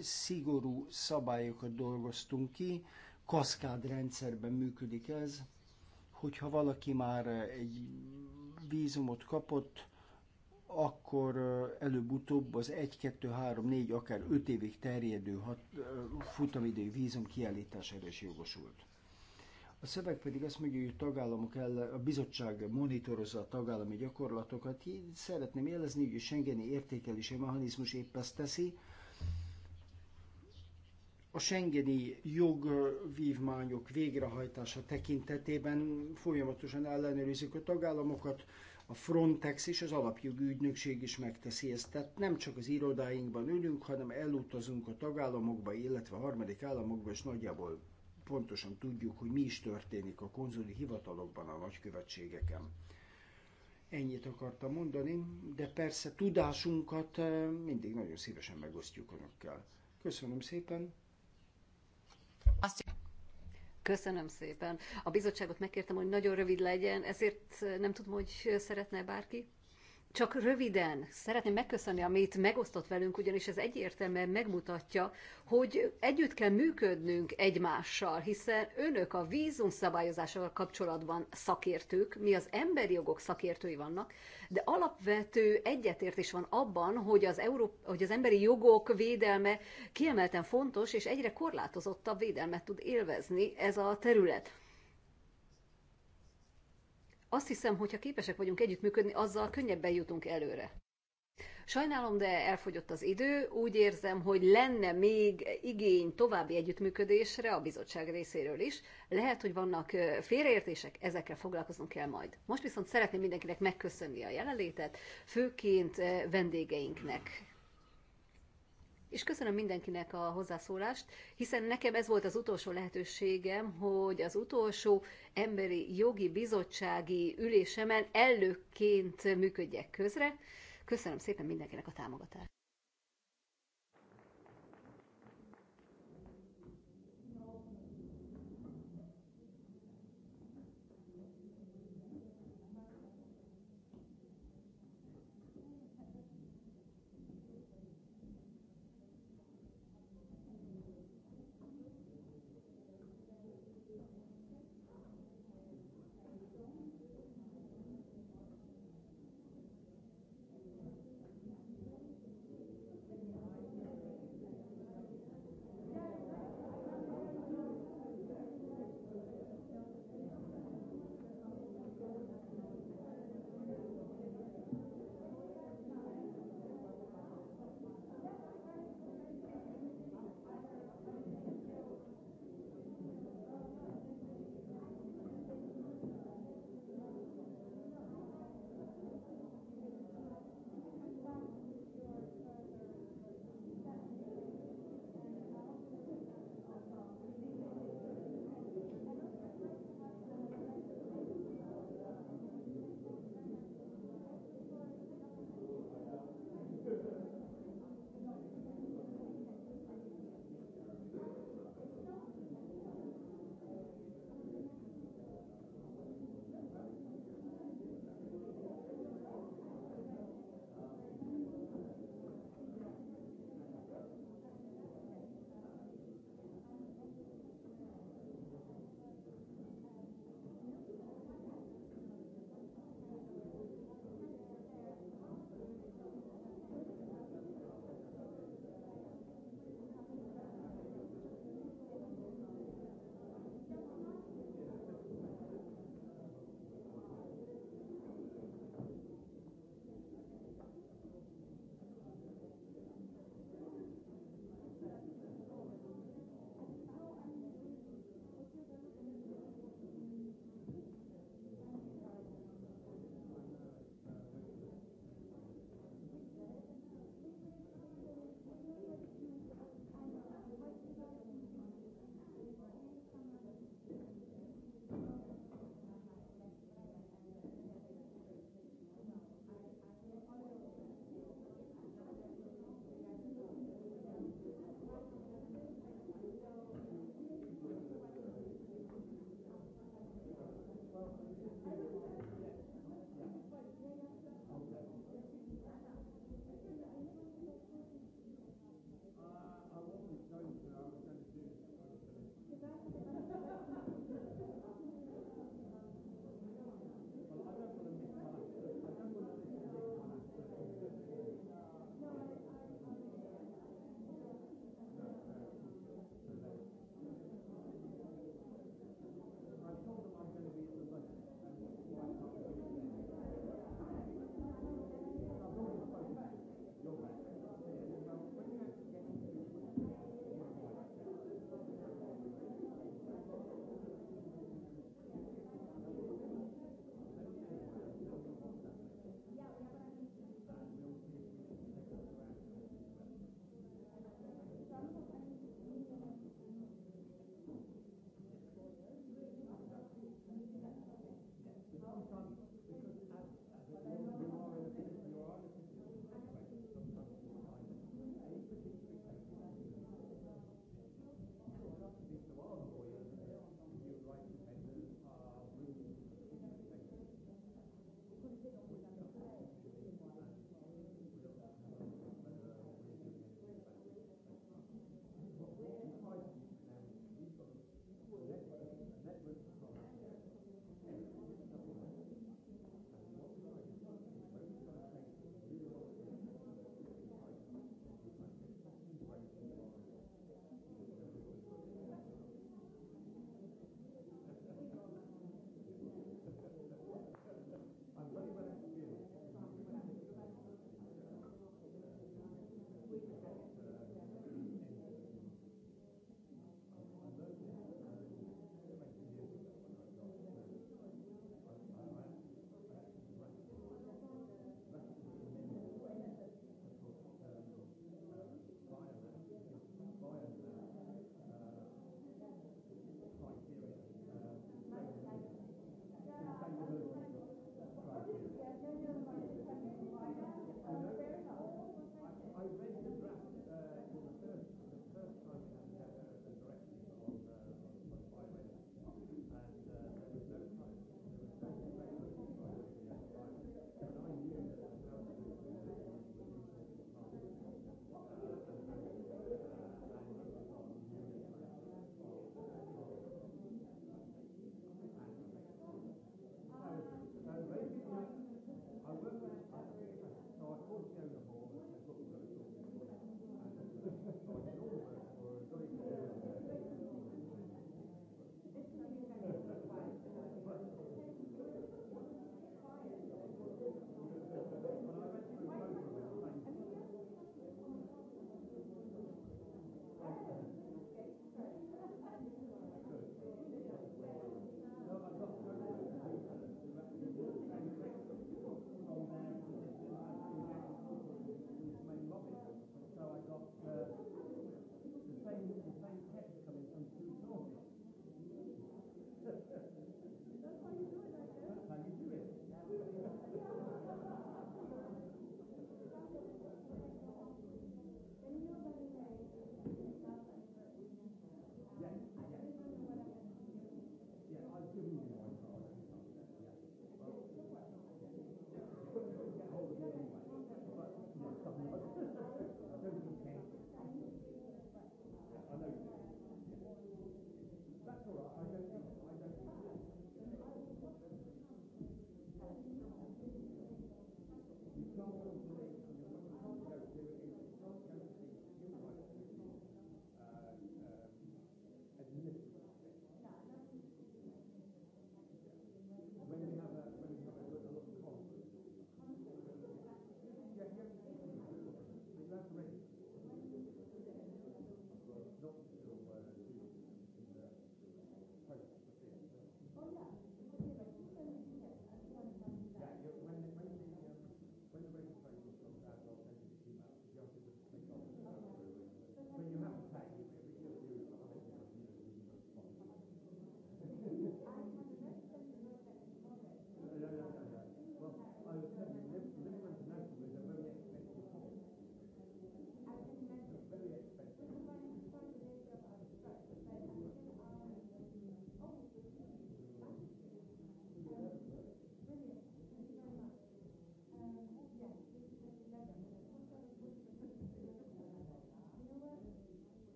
[SPEAKER 2] szigorú szabályokat dolgoztunk ki, kaszkád rendszerben működik ez, hogyha valaki már egy vízumot kapott, akkor előbb-utóbb az 1, 2, 3, 4, akár 5 évig terjedő hat, futamidői vízum kiállítására is jogosult. A szöveg pedig azt mondja, hogy a tagállamok el, a bizottság monitorozza a tagállami gyakorlatokat. Így szeretném jelezni, hogy a Schengeni értékelési mechanizmus épp ezt teszi. A Schengeni jogvívmányok végrehajtása tekintetében folyamatosan ellenőrizik a tagállamokat, a Frontex és az alapjogi ügynökség is megteszi ezt. Tehát nem csak az irodáinkban ülünk, hanem elutazunk a tagállamokba, illetve a harmadik államokba, és nagyjából pontosan tudjuk, hogy mi is történik a konzuli hivatalokban, a nagykövetségeken. Ennyit akartam mondani, de persze tudásunkat eh, mindig nagyon szívesen megosztjuk önökkel. Köszönöm
[SPEAKER 4] szépen! Köszönöm szépen. A bizottságot megkértem, hogy nagyon rövid legyen, ezért nem tudom, hogy szeretne bárki csak röviden szeretném megköszönni, amit megosztott velünk, ugyanis ez egyértelműen megmutatja, hogy együtt kell működnünk egymással, hiszen önök a vízum szabályozásával kapcsolatban szakértők, mi az emberi jogok szakértői vannak, de alapvető egyetértés van abban, hogy az, Európ- hogy az emberi jogok védelme kiemelten fontos, és egyre korlátozottabb védelmet tud élvezni ez a terület. Azt hiszem, hogy ha képesek vagyunk együttműködni, azzal könnyebben jutunk előre. Sajnálom, de elfogyott az idő. Úgy érzem, hogy lenne még igény további együttműködésre a bizottság részéről is. Lehet, hogy vannak félreértések, ezekkel foglalkozunk kell majd. Most viszont szeretném mindenkinek megköszönni a jelenlétet, főként vendégeinknek, és köszönöm mindenkinek a hozzászólást, hiszen nekem ez volt az utolsó lehetőségem, hogy az utolsó emberi jogi bizottsági ülésemen előként működjek közre. Köszönöm szépen mindenkinek a támogatást.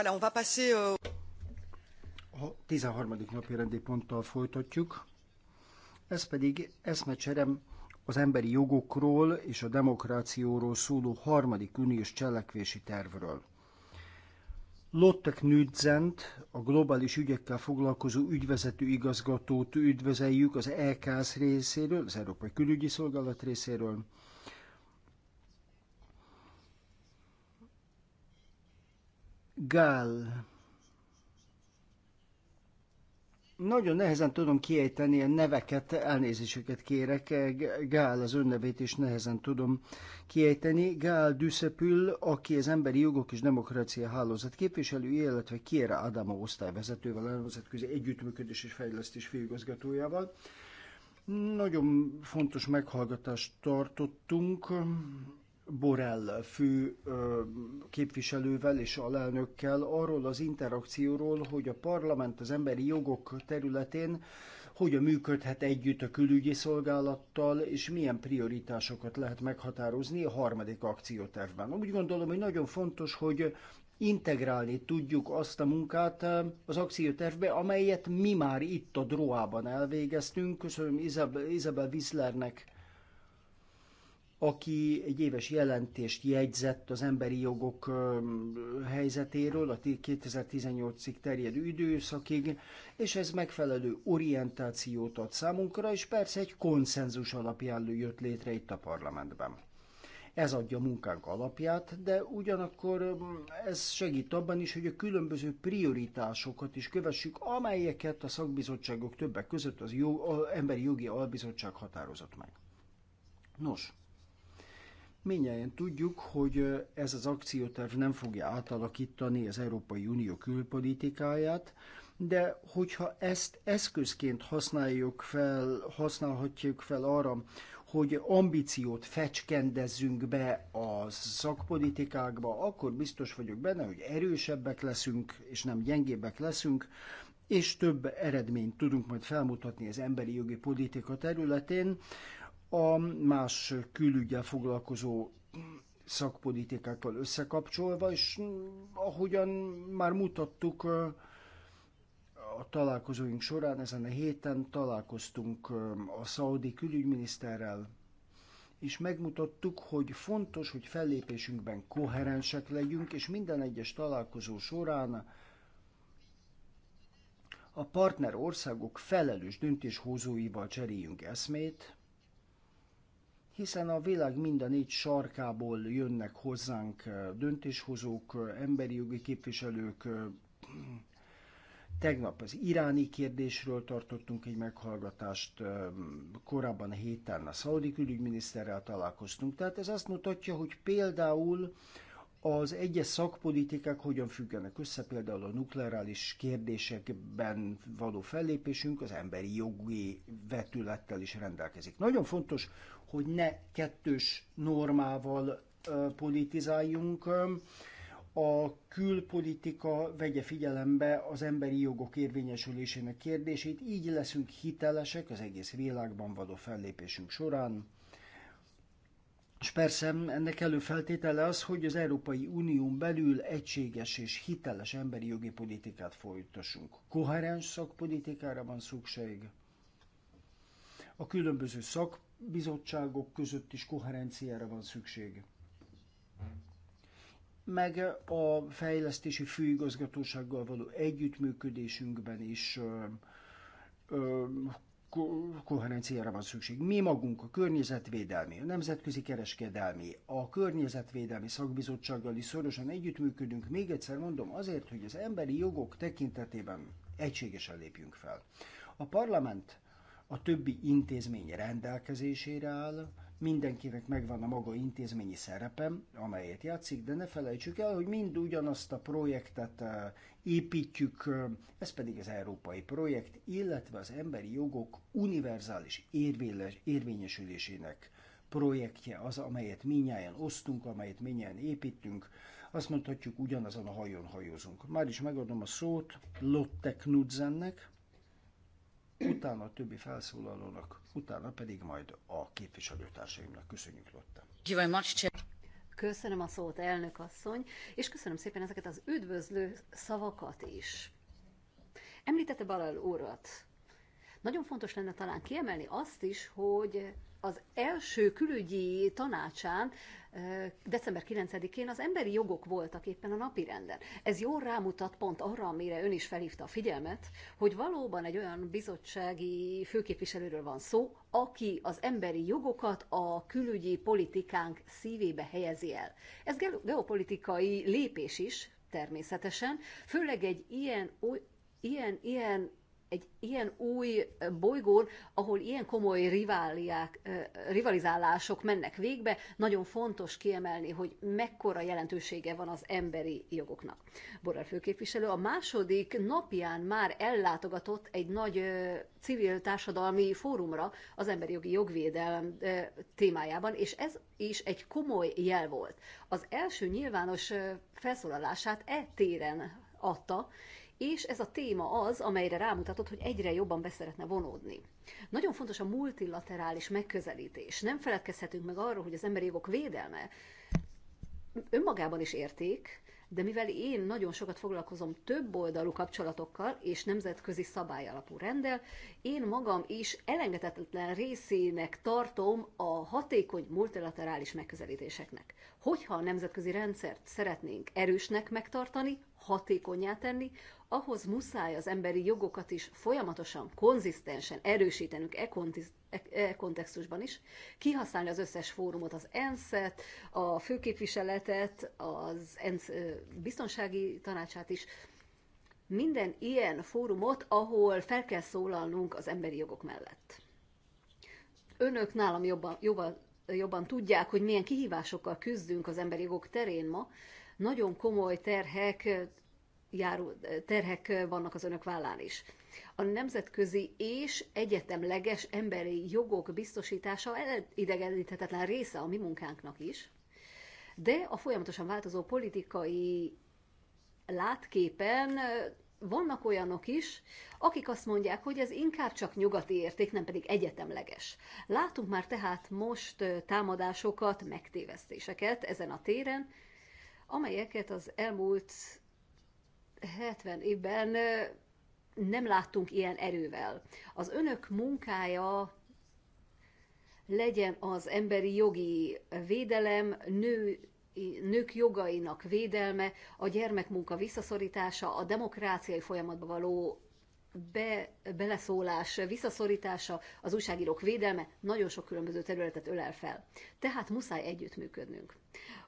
[SPEAKER 8] Voilà, on va passer, A
[SPEAKER 2] 13. napi rendi ponttal folytatjuk. Ez pedig eszmecserem az emberi jogokról és a demokrációról szóló harmadik uniós cselekvési tervről. Lotte Knüdzent, a globális ügyekkel foglalkozó ügyvezető igazgatót üdvözeljük az EKS részéről, az Európai Külügyi Szolgálat részéről, Gál. Nagyon nehezen tudom kiejteni a neveket, elnézéseket kérek. Gál az önnevét is nehezen tudom kiejteni. Gál Düsszepül, aki az Emberi Jogok és Demokrácia Hálózat képviselője, illetve Kiera Adama osztályvezetővel, a Nemzetközi Együttműködés és Fejlesztés főigazgatójával. Nagyon fontos meghallgatást tartottunk Borrell fő képviselővel és alelnökkel arról az interakcióról, hogy a parlament az emberi jogok területén hogyan működhet együtt a külügyi szolgálattal, és milyen prioritásokat lehet meghatározni a harmadik akciótervben. Úgy gondolom, hogy nagyon fontos, hogy integrálni tudjuk azt a munkát az akciótervbe, amelyet mi már itt a Droában elvégeztünk. Köszönöm Izabel Wieslernek aki egy éves jelentést jegyzett az emberi jogok helyzetéről a 2018-ig terjedő időszakig, és ez megfelelő orientációt ad számunkra, és persze egy konszenzus alapján jött létre itt a parlamentben. Ez adja a munkánk alapját, de ugyanakkor ez segít abban is, hogy a különböző prioritásokat is kövessük, amelyeket a szakbizottságok többek között az jó, az emberi jogi albizottság határozott meg. Nos, Minnyáján tudjuk, hogy ez az akcióterv nem fogja átalakítani az Európai Unió külpolitikáját, de hogyha ezt eszközként használjuk fel, használhatjuk fel arra, hogy ambíciót fecskendezzünk be a szakpolitikákba, akkor biztos vagyok benne, hogy erősebbek leszünk, és nem gyengébbek leszünk, és több eredményt tudunk majd felmutatni az emberi jogi politika területén, a más külügyel foglalkozó szakpolitikákkal összekapcsolva, és ahogyan már mutattuk a találkozóink során, ezen a héten találkoztunk a szaudi külügyminiszterrel, és megmutattuk, hogy fontos, hogy fellépésünkben koherensek legyünk, és minden egyes találkozó során a partner országok felelős döntéshozóival cseréljünk eszmét, hiszen a világ mind a négy sarkából jönnek hozzánk eh, döntéshozók, eh, emberi jogi képviselők. Eh, tegnap az iráni kérdésről tartottunk egy meghallgatást, korábban a héten a szaudi külügyminiszterrel találkoztunk. Tehát ez azt mutatja, hogy például az egyes szakpolitikák hogyan függenek össze, például a nukleáris kérdésekben való fellépésünk az emberi jogi vetülettel is rendelkezik. Nagyon fontos, hogy ne kettős normával politizáljunk. A külpolitika vegye figyelembe az emberi jogok érvényesülésének kérdését, így leszünk hitelesek az egész világban való fellépésünk során. És persze ennek előfeltétele az, hogy az Európai Unión belül egységes és hiteles emberi jogi politikát folytassunk. Koherens szakpolitikára van szükség. A különböző szak bizottságok között is koherenciára van szükség. Meg a fejlesztési főigazgatósággal való együttműködésünkben is koherenciára van szükség. Mi magunk a környezetvédelmi, a nemzetközi kereskedelmi, a környezetvédelmi szakbizottsággal is szorosan együttműködünk, még egyszer mondom, azért, hogy az emberi jogok tekintetében egységesen lépjünk fel. A parlament a többi intézmény rendelkezésére áll, mindenkinek megvan a maga intézményi szerepe, amelyet játszik, de ne felejtsük el, hogy mind ugyanazt a projektet eh, építjük, eh, ez pedig az európai projekt, illetve az emberi jogok univerzális érvényesülésének projektje az, amelyet minnyáján osztunk, amelyet minnyáján építünk, azt mondhatjuk, ugyanazon a hajón hajózunk. Már is megadom a szót Lotte Knudsennek, utána a többi felszólalónak, utána pedig majd a képviselőtársaimnak. Köszönjük, Lotta.
[SPEAKER 4] Köszönöm a szót, elnök asszony, és köszönöm szépen ezeket az üdvözlő szavakat is. Említette Balal urat. Nagyon fontos lenne talán kiemelni azt is, hogy az első külügyi tanácsán december 9-én az emberi jogok voltak éppen a napirenden. Ez jól rámutat pont arra, amire ön is felhívta a figyelmet, hogy valóban egy olyan bizottsági főképviselőről van szó, aki az emberi jogokat a külügyi politikánk szívébe helyezi el. Ez geopolitikai lépés is, természetesen, főleg egy ilyen, oly, ilyen, ilyen egy ilyen új bolygón, ahol ilyen komoly riváliák, rivalizálások mennek végbe, nagyon fontos kiemelni, hogy mekkora jelentősége van az emberi jogoknak. Borrell főképviselő a második napján már ellátogatott egy nagy civil társadalmi fórumra az emberi jogi jogvédelem témájában, és ez is egy komoly jel volt. Az első nyilvános felszólalását e téren adta, és ez a téma az, amelyre rámutatott, hogy egyre jobban beszeretne vonódni. Nagyon fontos a multilaterális megközelítés. Nem feledkezhetünk meg arról, hogy az emberi jogok védelme önmagában is érték, de mivel én nagyon sokat foglalkozom több oldalú kapcsolatokkal és nemzetközi szabály alapú rendel, én magam is elengedhetetlen részének tartom a hatékony multilaterális megközelítéseknek. Hogyha a nemzetközi rendszert szeretnénk erősnek megtartani, hatékonyá tenni, ahhoz muszáj az emberi jogokat is folyamatosan, konzisztensen erősítenünk e, kontiz- e, e kontextusban is, kihasználni az összes fórumot, az ENSZ-et, a főképviseletet, az ENSZ biztonsági tanácsát is, minden ilyen fórumot, ahol fel kell szólalnunk az emberi jogok mellett. Önök nálam jobban, jobban, jobban tudják, hogy milyen kihívásokkal küzdünk az emberi jogok terén ma, nagyon komoly terhek járó terhek vannak az önök vállán is. A nemzetközi és egyetemleges emberi jogok biztosítása idegenlíthetetlen része a mi munkánknak is, de a folyamatosan változó politikai látképen vannak olyanok is, akik azt mondják, hogy ez inkább csak nyugati érték, nem pedig egyetemleges. Látunk már tehát most támadásokat, megtévesztéseket ezen a téren, amelyeket az elmúlt 70 évben nem láttunk ilyen erővel. Az önök munkája legyen az emberi jogi védelem, nő, nők jogainak védelme, a gyermekmunka visszaszorítása, a demokráciai folyamatban való be, beleszólás, visszaszorítása, az újságírók védelme nagyon sok különböző területet ölel fel. Tehát muszáj együttműködnünk.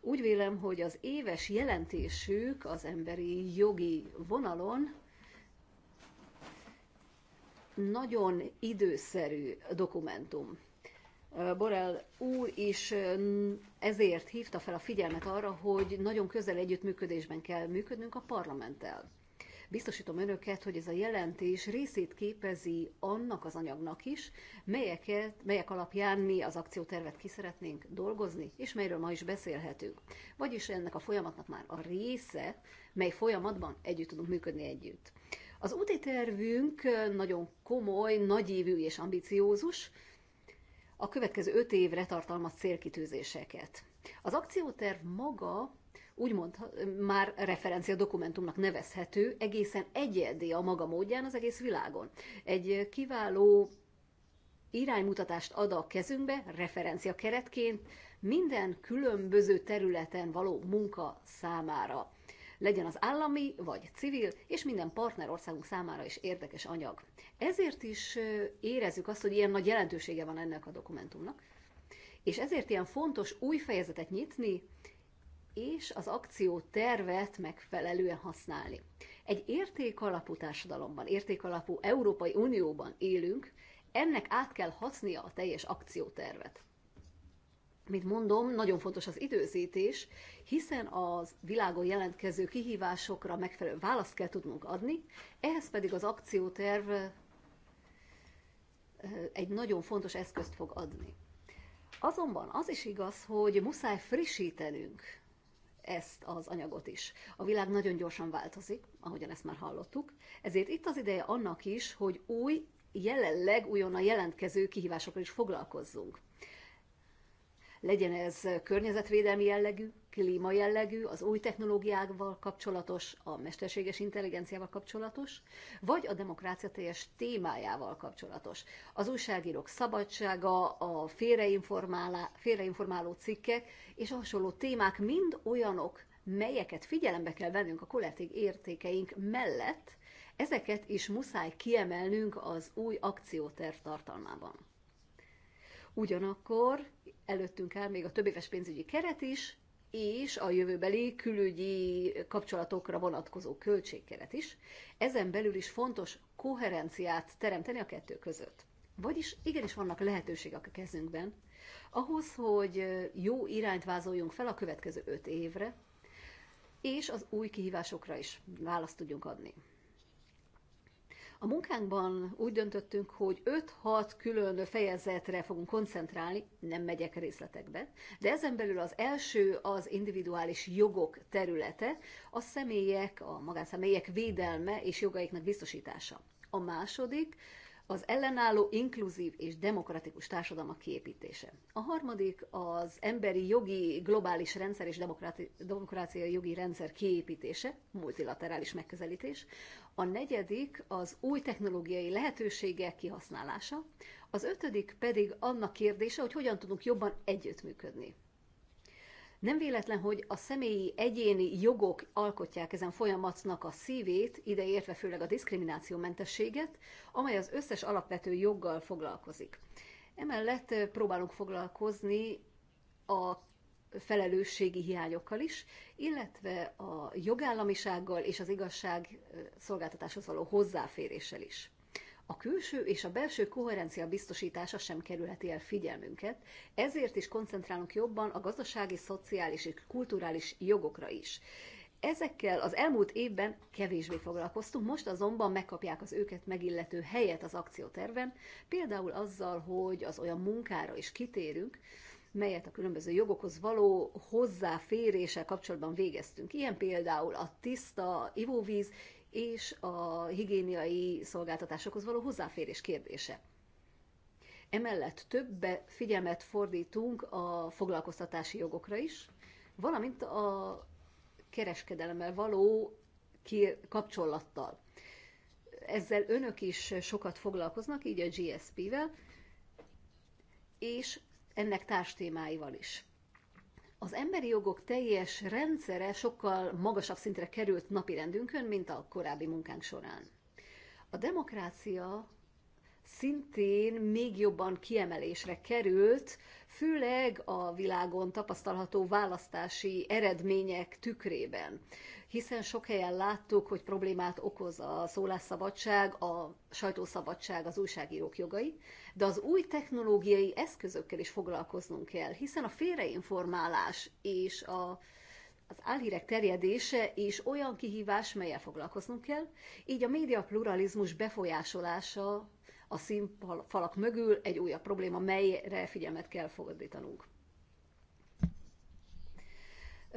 [SPEAKER 4] Úgy vélem, hogy az éves jelentésük az emberi jogi vonalon nagyon időszerű dokumentum. Borel úr is mm, ezért hívta fel a figyelmet arra, hogy nagyon közel együttműködésben kell működnünk a parlamenttel. Biztosítom önöket, hogy ez a jelentés részét képezi annak az anyagnak is, melyeket, melyek alapján mi az akciótervet ki szeretnénk dolgozni, és melyről ma is beszélhetünk. Vagyis ennek a folyamatnak már a része, mely folyamatban együtt tudunk működni együtt. Az úti tervünk nagyon komoly, nagyívű és ambiciózus, a következő öt évre tartalmaz célkitűzéseket. Az akcióterv maga úgymond már referencia dokumentumnak nevezhető, egészen egyedi a maga módján az egész világon. Egy kiváló iránymutatást ad a kezünkbe, referencia keretként, minden különböző területen való munka számára. Legyen az állami vagy civil, és minden partnerországunk számára is érdekes anyag. Ezért is érezzük azt, hogy ilyen nagy jelentősége van ennek a dokumentumnak, és ezért ilyen fontos új fejezetet nyitni, és az tervet megfelelően használni. Egy értékalapú társadalomban, értékalapú Európai Unióban élünk, ennek át kell hatnia a teljes akciótervet. Mint mondom, nagyon fontos az időzítés, hiszen az világon jelentkező kihívásokra megfelelő választ kell tudnunk adni, ehhez pedig az akcióterv egy nagyon fontos eszközt fog adni. Azonban az is igaz, hogy muszáj frissítenünk ezt az anyagot is. A világ nagyon gyorsan változik, ahogyan ezt már hallottuk, ezért itt az ideje annak is, hogy új, jelenleg újonnan jelentkező kihívásokkal is foglalkozzunk. Legyen ez környezetvédelmi jellegű, klímajellegű, az új technológiákval kapcsolatos, a mesterséges intelligenciával kapcsolatos, vagy a demokrácia teljes témájával kapcsolatos. Az újságírók szabadsága, a félreinformáló cikkek és a hasonló témák mind olyanok, melyeket figyelembe kell vennünk a kollektív értékeink mellett, ezeket is muszáj kiemelnünk az új akcióterv tartalmában. Ugyanakkor előttünk áll még a többéves pénzügyi keret is, és a jövőbeli külügyi kapcsolatokra vonatkozó költségkeret is. Ezen belül is fontos koherenciát teremteni a kettő között. Vagyis igenis vannak lehetőségek a kezünkben, ahhoz, hogy jó irányt vázoljunk fel a következő öt évre, és az új kihívásokra is választ tudjunk adni. A munkánkban úgy döntöttünk, hogy 5-6 külön fejezetre fogunk koncentrálni, nem megyek részletekbe, de ezen belül az első az individuális jogok területe, a személyek, a magánszemélyek védelme és jogaiknak biztosítása. A második az ellenálló, inkluzív és demokratikus társadalmak kiépítése. A harmadik az emberi jogi globális rendszer és demokrácia jogi rendszer kiépítése, multilaterális megközelítés a negyedik az új technológiai lehetőségek kihasználása, az ötödik pedig annak kérdése, hogy hogyan tudunk jobban együttműködni. Nem véletlen, hogy a személyi egyéni jogok alkotják ezen folyamatnak a szívét, ideértve főleg a diszkriminációmentességet, amely az összes alapvető joggal foglalkozik. Emellett próbálunk foglalkozni a felelősségi hiányokkal is, illetve a jogállamisággal és az igazság szolgáltatáshoz való hozzáféréssel is. A külső és a belső koherencia biztosítása sem kerülheti el figyelmünket, ezért is koncentrálunk jobban a gazdasági, szociális és kulturális jogokra is. Ezekkel az elmúlt évben kevésbé foglalkoztunk, most azonban megkapják az őket megillető helyet az akcióterven, például azzal, hogy az olyan munkára is kitérünk, melyet a különböző jogokhoz való hozzáférése kapcsolatban végeztünk. Ilyen például a tiszta ivóvíz és a higiéniai szolgáltatásokhoz való hozzáférés kérdése. Emellett több figyelmet fordítunk a foglalkoztatási jogokra is, valamint a kereskedelemmel való kapcsolattal. Ezzel önök is sokat foglalkoznak, így a GSP-vel, és ennek társtémáival is. Az emberi jogok teljes rendszere sokkal magasabb szintre került napirendünkön, mint a korábbi munkánk során. A demokrácia szintén még jobban kiemelésre került, főleg a világon tapasztalható választási eredmények tükrében hiszen sok helyen láttuk, hogy problémát okoz a szólásszabadság, a sajtószabadság, az újságírók jogai, de az új technológiai eszközökkel is foglalkoznunk kell, hiszen a félreinformálás és a az álhírek terjedése is olyan kihívás, melyel foglalkoznunk kell, így a média pluralizmus befolyásolása a színfalak mögül egy újabb probléma, melyre figyelmet kell fordítanunk.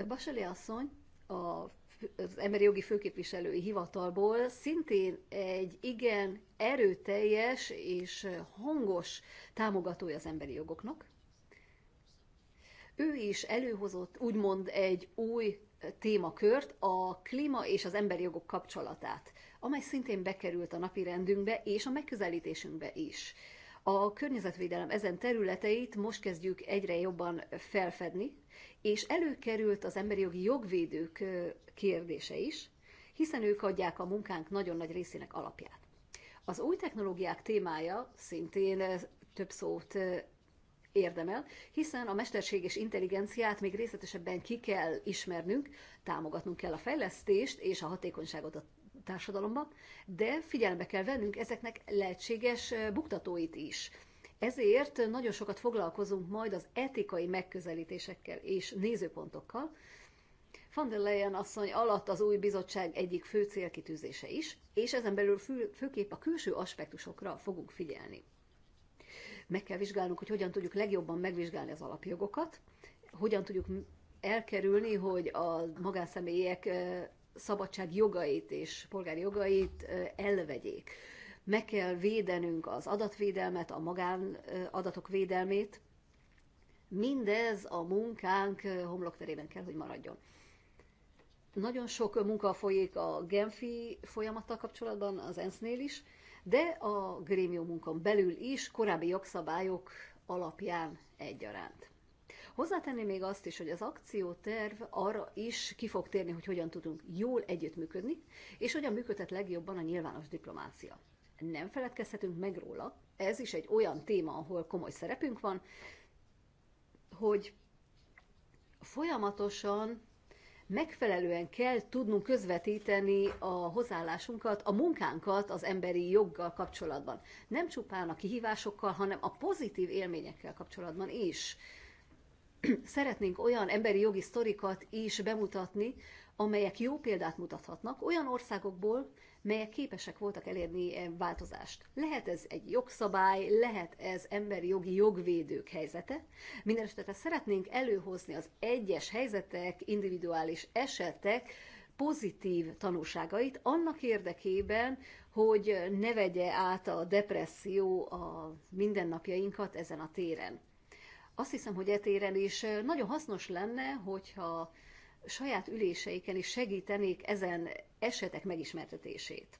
[SPEAKER 4] Baseli asszony a az emberi jogi főképviselői hivatalból szintén egy igen erőteljes és hangos támogatója az emberi jogoknak. Ő is előhozott úgymond egy új témakört, a klíma és az emberi jogok kapcsolatát, amely szintén bekerült a napi rendünkbe és a megközelítésünkbe is. A környezetvédelem ezen területeit most kezdjük egyre jobban felfedni, és előkerült az emberi jogi jogvédők kérdése is, hiszen ők adják a munkánk nagyon nagy részének alapját. Az új technológiák témája szintén több szót érdemel, hiszen a mesterséges intelligenciát még részletesebben ki kell ismernünk, támogatnunk kell a fejlesztést és a hatékonyságot a társadalomban, de figyelembe kell vennünk ezeknek lehetséges buktatóit is ezért nagyon sokat foglalkozunk majd az etikai megközelítésekkel és nézőpontokkal. Van der Leyen asszony alatt az új bizottság egyik fő célkitűzése is, és ezen belül fő, főképp a külső aspektusokra fogunk figyelni. Meg kell vizsgálnunk, hogy hogyan tudjuk legjobban megvizsgálni az alapjogokat, hogyan tudjuk elkerülni, hogy a magánszemélyek szabadság jogait és polgári jogait elvegyék meg kell védenünk az adatvédelmet, a magánadatok védelmét. Mindez a munkánk homlokterében kell, hogy maradjon. Nagyon sok munka folyik a Genfi folyamattal kapcsolatban, az ENSZ-nél is, de a grémium munkon belül is korábbi jogszabályok alapján egyaránt. Hozzátenni még azt is, hogy az akcióterv arra is ki fog térni, hogy hogyan tudunk jól együttműködni, és hogyan működhet legjobban a nyilvános diplomácia nem feledkezhetünk meg róla. Ez is egy olyan téma, ahol komoly szerepünk van, hogy folyamatosan megfelelően kell tudnunk közvetíteni a hozzáállásunkat, a munkánkat az emberi joggal kapcsolatban. Nem csupán a kihívásokkal, hanem a pozitív élményekkel kapcsolatban is. Szeretnénk olyan emberi jogi sztorikat is bemutatni, amelyek jó példát mutathatnak olyan országokból, melyek képesek voltak elérni eh, változást. Lehet ez egy jogszabály, lehet ez emberi jogi jogvédők helyzete. Mindenesetre szeretnénk előhozni az egyes helyzetek, individuális esetek pozitív tanulságait annak érdekében, hogy ne vegye át a depresszió a mindennapjainkat ezen a téren. Azt hiszem, hogy e téren is eh, nagyon hasznos lenne, hogyha saját üléseiken is segítenék ezen esetek megismertetését.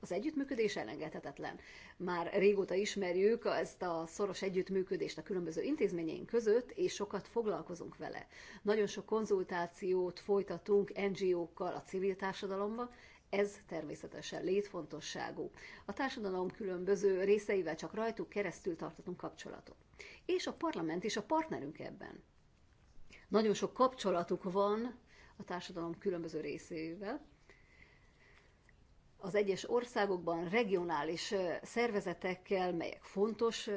[SPEAKER 4] Az együttműködés elengedhetetlen. Már régóta ismerjük ezt a szoros együttműködést a különböző intézményeink között, és sokat foglalkozunk vele. Nagyon sok konzultációt folytatunk NGO-kkal, a civil társadalomban, ez természetesen létfontosságú. A társadalom különböző részeivel csak rajtuk keresztül tartatunk kapcsolatot. És a parlament is a partnerünk ebben nagyon sok kapcsolatuk van a társadalom különböző részével. Az egyes országokban regionális szervezetekkel, melyek fontos,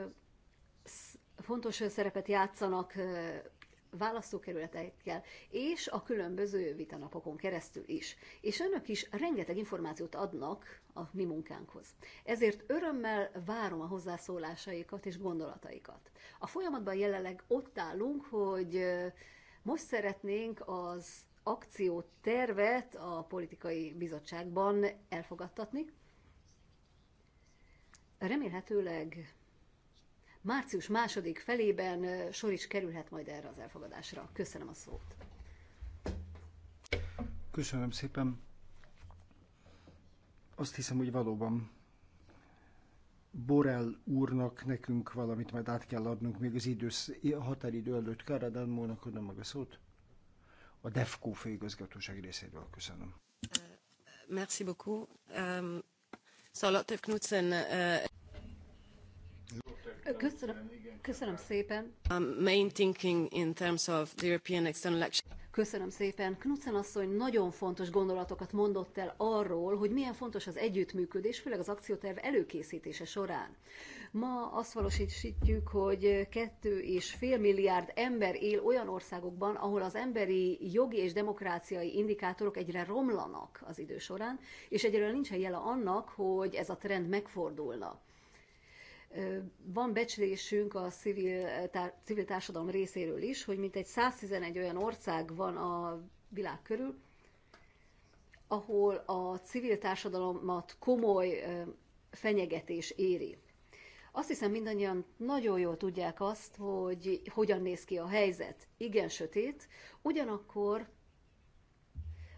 [SPEAKER 4] fontos szerepet játszanak választókerületekkel, és a különböző vitanapokon keresztül is. És önök is rengeteg információt adnak a mi munkánkhoz. Ezért örömmel várom a hozzászólásaikat és gondolataikat. A folyamatban jelenleg ott állunk, hogy most szeretnénk az akciótervet a politikai bizottságban elfogadtatni. Remélhetőleg március második felében sor is kerülhet majd erre az elfogadásra. Köszönöm a szót.
[SPEAKER 2] Köszönöm szépen. Azt hiszem, hogy valóban Borel úrnak nekünk valamit majd át kell adnunk még az idősz, határidő előtt. Káradán Mónak adom meg a szót. A DEFCO főigazgatóság részéről köszönöm.
[SPEAKER 3] merci beaucoup. Um, Szalotte Knudsen. Uh...
[SPEAKER 4] Köszönöm, köszönöm szépen.
[SPEAKER 3] Um, main thinking in terms of the European external action.
[SPEAKER 4] Köszönöm szépen. Knudsen asszony nagyon fontos gondolatokat mondott el arról, hogy milyen fontos az együttműködés, főleg az akcióterv előkészítése során. Ma azt valósítjuk, hogy kettő és fél milliárd ember él olyan országokban, ahol az emberi jogi és demokráciai indikátorok egyre romlanak az idő során, és egyre nincsen jele annak, hogy ez a trend megfordulna. Van becslésünk a civil, tá, civil társadalom részéről is, hogy mintegy 111 olyan ország van a világ körül, ahol a civil társadalomat komoly fenyegetés éri. Azt hiszem mindannyian nagyon jól tudják azt, hogy hogyan néz ki a helyzet. Igen sötét, ugyanakkor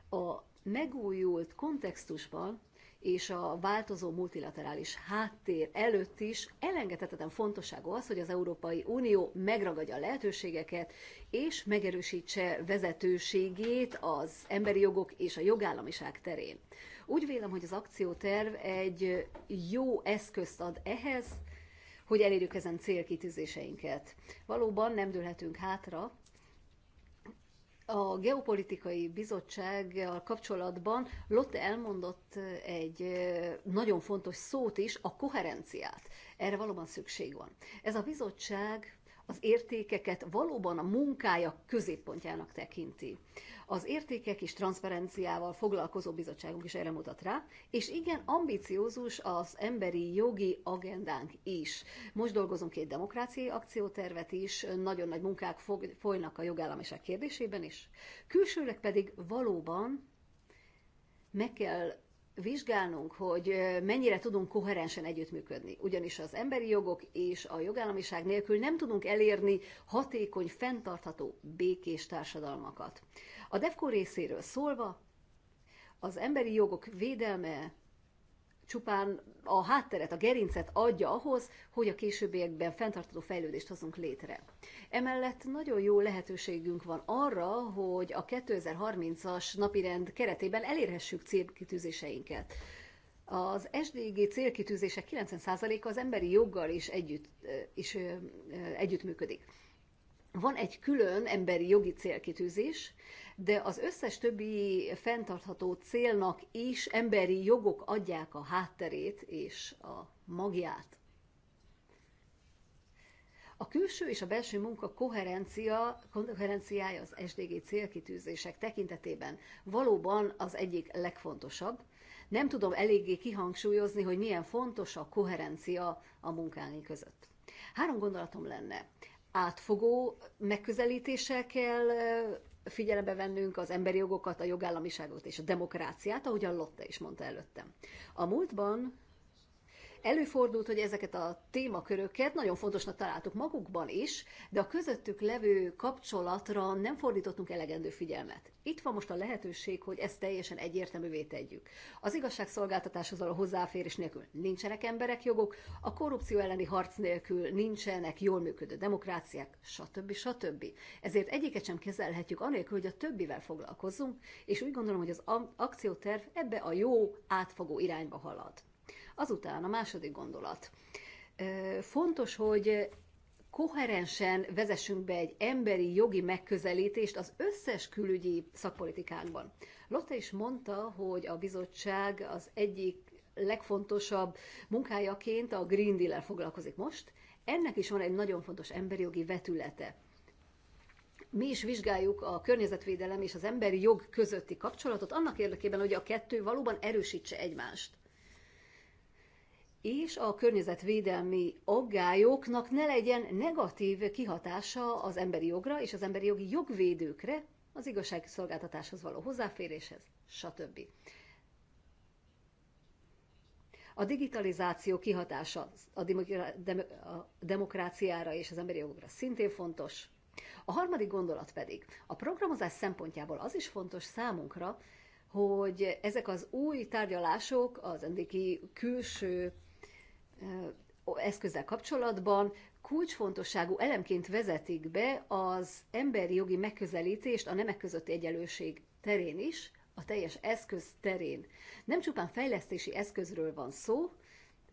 [SPEAKER 4] a megújult kontextusban és a változó multilaterális háttér előtt is elengedhetetlen fontosságú az, hogy az Európai Unió megragadja a lehetőségeket, és megerősítse vezetőségét az emberi jogok és a jogállamiság terén. Úgy vélem, hogy az akcióterv egy jó eszközt ad ehhez, hogy elérjük ezen célkitűzéseinket. Valóban nem dőlhetünk hátra, a Geopolitikai Bizottsággal kapcsolatban Lotte elmondott egy nagyon fontos szót is, a koherenciát. Erre valóban szükség van. Ez a bizottság az értékeket valóban a munkája középpontjának tekinti. Az értékek és transzparenciával foglalkozó bizottságunk is erre mutat rá, és igen, ambiciózus az emberi jogi agendánk is. Most dolgozunk két demokráciai akciótervet is, nagyon nagy munkák folynak a jogállamiság kérdésében is. Külsőleg pedig valóban meg kell vizsgálnunk, hogy mennyire tudunk koherensen együttműködni. Ugyanis az emberi jogok és a jogállamiság nélkül nem tudunk elérni hatékony, fenntartható, békés társadalmakat. A DEFCO részéről szólva, az emberi jogok védelme csupán a hátteret, a gerincet adja ahhoz, hogy a későbbiekben fenntartható fejlődést hozunk létre. Emellett nagyon jó lehetőségünk van arra, hogy a 2030-as napirend keretében elérhessük célkitűzéseinket. Az SDG célkitűzések 90%-a az emberi joggal is, együtt, is együttműködik. Van egy külön emberi jogi célkitűzés, de az összes többi fenntartható célnak is emberi jogok adják a hátterét és a magját. A külső és a belső munka koherencia, koherenciája az SDG célkitűzések tekintetében valóban az egyik legfontosabb. Nem tudom eléggé kihangsúlyozni, hogy milyen fontos a koherencia a munkánk között. Három gondolatom lenne átfogó megközelítéssel kell figyelembe vennünk az emberi jogokat, a jogállamiságot és a demokráciát, ahogy a Lotte is mondta előttem. A múltban Előfordult, hogy ezeket a témaköröket nagyon fontosnak találtuk magukban is, de a közöttük levő kapcsolatra nem fordítottunk elegendő figyelmet. Itt van most a lehetőség, hogy ezt teljesen egyértelművé tegyük. Az igazságszolgáltatáshoz való hozzáférés nélkül nincsenek emberek jogok, a korrupció elleni harc nélkül nincsenek jól működő demokráciák, stb. stb. Ezért egyiket sem kezelhetjük anélkül, hogy a többivel foglalkozzunk, és úgy gondolom, hogy az akcióterv ebbe a jó, átfogó irányba halad. Azután a második gondolat. Fontos, hogy koherensen vezessünk be egy emberi jogi megközelítést az összes külügyi szakpolitikánkban. Lotte is mondta, hogy a bizottság az egyik legfontosabb munkájaként a Green Deal-el foglalkozik most. Ennek is van egy nagyon fontos emberi jogi vetülete. Mi is vizsgáljuk a környezetvédelem és az emberi jog közötti kapcsolatot annak érdekében, hogy a kettő valóban erősítse egymást és a környezetvédelmi aggályoknak ne legyen negatív kihatása az emberi jogra és az emberi jogi jogvédőkre, az igazságszolgáltatáshoz való hozzáféréshez, stb. A digitalizáció kihatása a demokráciára és az emberi jogokra szintén fontos. A harmadik gondolat pedig a programozás szempontjából az is fontos számunkra, hogy ezek az új tárgyalások az NDK külső eszközzel kapcsolatban kulcsfontosságú elemként vezetik be az emberi jogi megközelítést a nemek közötti egyenlőség terén is, a teljes eszköz terén. Nem csupán fejlesztési eszközről van szó,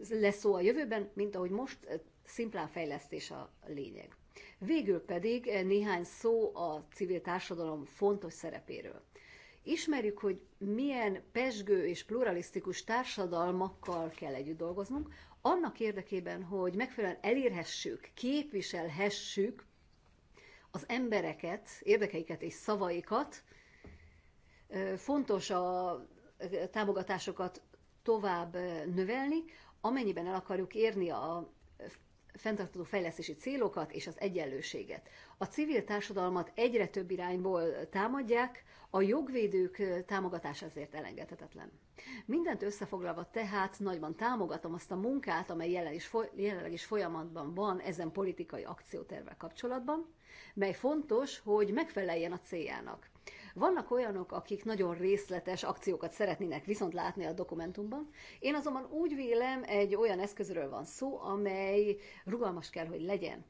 [SPEAKER 4] lesz szó a jövőben, mint ahogy most szimplán fejlesztés a lényeg. Végül pedig néhány szó a civil társadalom fontos szerepéről. Ismerjük, hogy milyen pesgő és pluralisztikus társadalmakkal kell együtt dolgoznunk, annak érdekében, hogy megfelelően elérhessük, képviselhessük az embereket, érdekeiket és szavaikat, fontos a támogatásokat tovább növelni, amennyiben el akarjuk érni a fenntartató fejlesztési célokat és az egyenlőséget. A civil társadalmat egyre több irányból támadják, a jogvédők támogatása ezért elengedhetetlen. Mindent összefoglalva tehát nagyban támogatom azt a munkát, amely jelen is jelenleg is folyamatban van ezen politikai akcióterve kapcsolatban, mely fontos, hogy megfeleljen a céljának. Vannak olyanok, akik nagyon részletes akciókat szeretnének viszont látni a dokumentumban. Én azonban úgy vélem, egy olyan eszközről van szó, amely rugalmas kell, hogy legyen.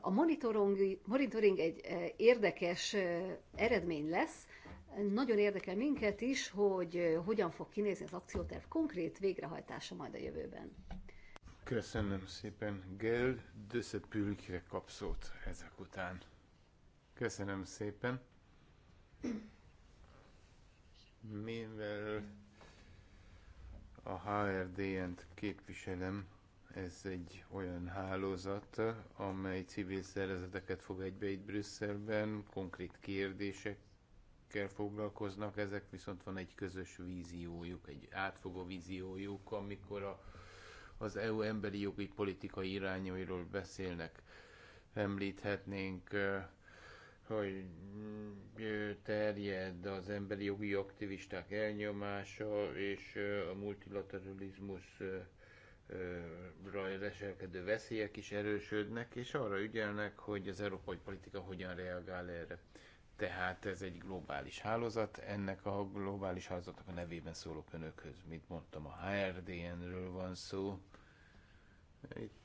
[SPEAKER 4] A monitoring, monitoring egy eh, érdekes eh, eredmény lesz, nagyon érdekel minket is, hogy eh, hogyan fog kinézni az akcióterv konkrét végrehajtása majd a jövőben.
[SPEAKER 5] Köszönöm szépen. Gerd, Dösszepülkre kap ezek után. Köszönöm szépen. Mivel a HRDN-t képviselem, ez egy olyan hálózat, amely civil szervezeteket fog egybe itt Brüsszelben, konkrét kérdésekkel foglalkoznak, ezek viszont van egy közös víziójuk, egy átfogó víziójuk, amikor a, az EU emberi jogi politikai irányairól beszélnek. Említhetnénk hogy terjed az emberi jogi aktivisták elnyomása és a multilateralizmus leselkedő veszélyek is erősödnek, és arra ügyelnek, hogy az európai politika hogyan reagál erre. Tehát ez egy globális hálózat, ennek a globális hálózatnak a nevében szólok önökhöz. Mint mondtam, a HRDN-ről van szó. Itt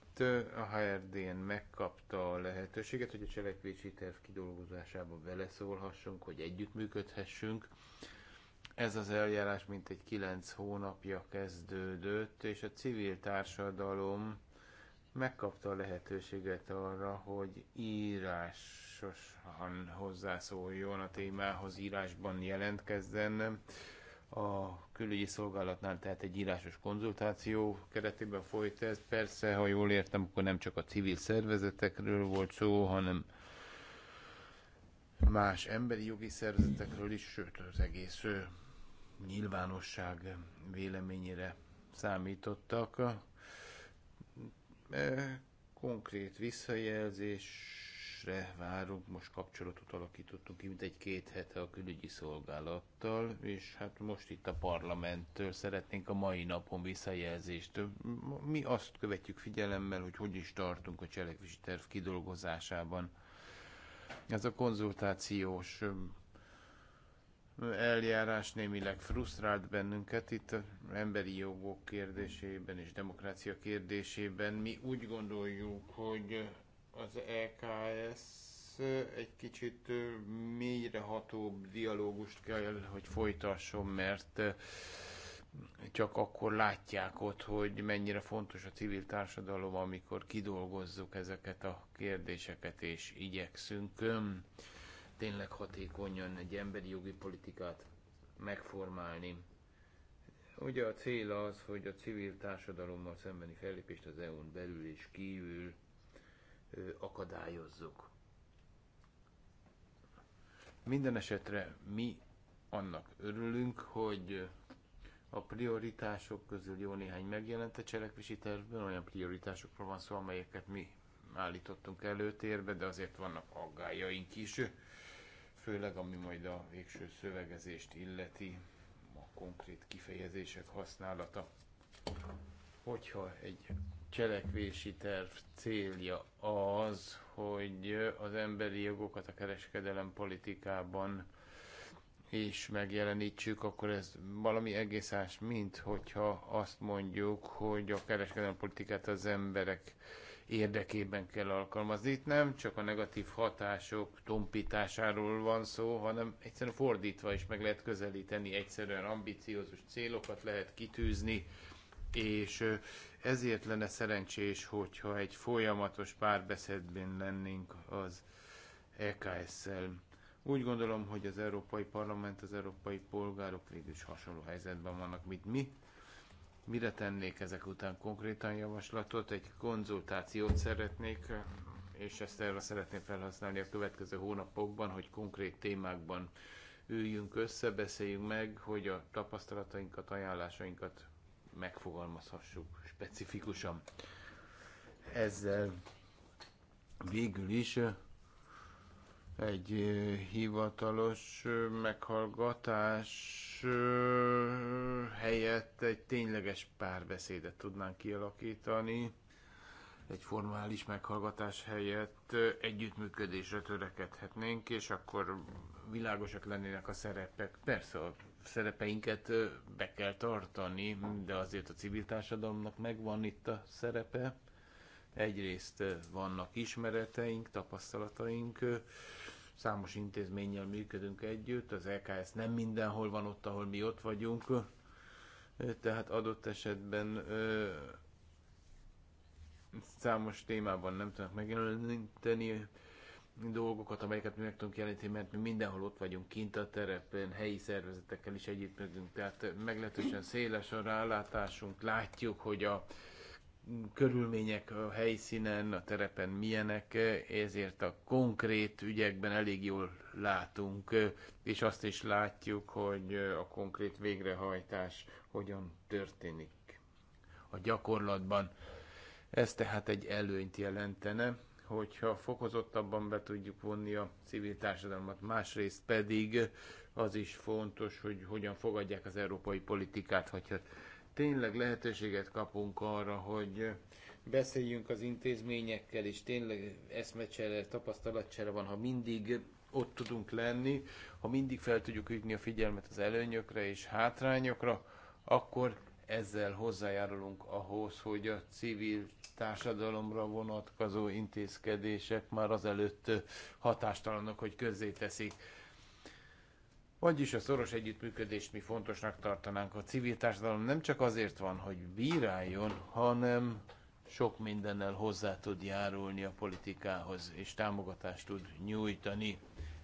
[SPEAKER 5] a HRDN megkapta a lehetőséget, hogy a cselekvési terv kidolgozásába szólhassunk, hogy együttműködhessünk. Ez az eljárás mintegy kilenc hónapja kezdődött, és a civil társadalom megkapta a lehetőséget arra, hogy írásosan hozzászóljon a témához, írásban jelentkezzen a külügyi szolgálatnál, tehát egy írásos konzultáció keretében folyt ez. Persze, ha jól értem, akkor nem csak a civil szervezetekről volt szó, hanem más emberi jogi szervezetekről is, sőt az egész nyilvánosság véleményére számítottak. Konkrét visszajelzés döntésre várunk, most kapcsolatot alakítottunk ki, mint egy-két hete a külügyi szolgálattal, és hát most itt a parlamenttől szeretnénk a mai napon visszajelzést. Mi azt követjük figyelemmel, hogy hogy is tartunk a cselekvési terv kidolgozásában. Ez a konzultációs eljárás némileg frusztrált bennünket itt az emberi jogok kérdésében és demokrácia kérdésében. Mi úgy gondoljuk, hogy az EKS egy kicsit mélyrehatóbb dialógust kell, hogy folytasson, mert csak akkor látják ott, hogy mennyire fontos a civil társadalom, amikor kidolgozzuk ezeket a kérdéseket, és igyekszünk tényleg hatékonyan egy emberi jogi politikát megformálni. Ugye a cél az, hogy a civil társadalommal szembeni fellépést az EU-n belül és kívül akadályozzuk. Minden esetre mi annak örülünk, hogy a prioritások közül jó néhány megjelent a cselekvési tervben, olyan prioritásokról van szó, amelyeket mi állítottunk előtérbe, de azért vannak aggájaink is, főleg ami majd a végső szövegezést illeti, a konkrét kifejezések használata. Hogyha egy cselekvési terv célja az, hogy az emberi jogokat a kereskedelem politikában és megjelenítsük, akkor ez valami egész mint hogyha azt mondjuk, hogy a kereskedelmi politikát az emberek érdekében kell alkalmazni. Itt nem csak a negatív hatások tompításáról van szó, hanem egyszerűen fordítva is meg lehet közelíteni, egyszerűen ambiciózus célokat lehet kitűzni, és ezért lenne szerencsés, hogyha egy folyamatos párbeszédben lennénk az EKS-szel. Úgy gondolom, hogy az Európai Parlament, az európai polgárok végül is hasonló helyzetben vannak, mint mi. Mire tennék ezek után konkrétan javaslatot? Egy konzultációt szeretnék, és ezt erre szeretném felhasználni a következő hónapokban, hogy konkrét témákban üljünk össze, beszéljünk meg, hogy a tapasztalatainkat, ajánlásainkat megfogalmazhassuk specifikusan. Ezzel végül is egy hivatalos meghallgatás helyett egy tényleges párbeszédet tudnánk kialakítani egy formális meghallgatás helyett együttműködésre törekedhetnénk, és akkor világosak lennének a szerepek. Persze a szerepeinket be kell tartani, de azért a civil társadalomnak megvan itt a szerepe. Egyrészt vannak ismereteink, tapasztalataink, számos intézménnyel működünk együtt, az LKS nem mindenhol van ott, ahol mi ott vagyunk, tehát adott esetben Számos témában nem tudnak megjeleníteni dolgokat, amelyeket mi meg tudunk jelenteni, mert mi mindenhol ott vagyunk kint a terepen, helyi szervezetekkel is együttműködünk, tehát meglehetősen széles a rálátásunk, látjuk, hogy a körülmények a helyszínen, a terepen milyenek, ezért a konkrét ügyekben elég jól látunk, és azt is látjuk, hogy a konkrét végrehajtás hogyan történik a gyakorlatban. Ez tehát egy előnyt jelentene, hogyha fokozottabban be tudjuk vonni a civil társadalmat, másrészt pedig az is fontos, hogy hogyan fogadják az európai politikát, hogyha tényleg lehetőséget kapunk arra, hogy beszéljünk az intézményekkel, és tényleg eszmecsere, tapasztalatcsere van, ha mindig ott tudunk lenni, ha mindig fel tudjuk ütni a figyelmet az előnyökre és hátrányokra, akkor ezzel hozzájárulunk ahhoz, hogy a civil társadalomra vonatkozó intézkedések már azelőtt hatástalanok, hogy közzéteszik. Vagyis a szoros együttműködést mi fontosnak tartanánk. A civil társadalom nem csak azért van, hogy bíráljon, hanem sok mindennel hozzá tud járulni a politikához, és támogatást tud nyújtani.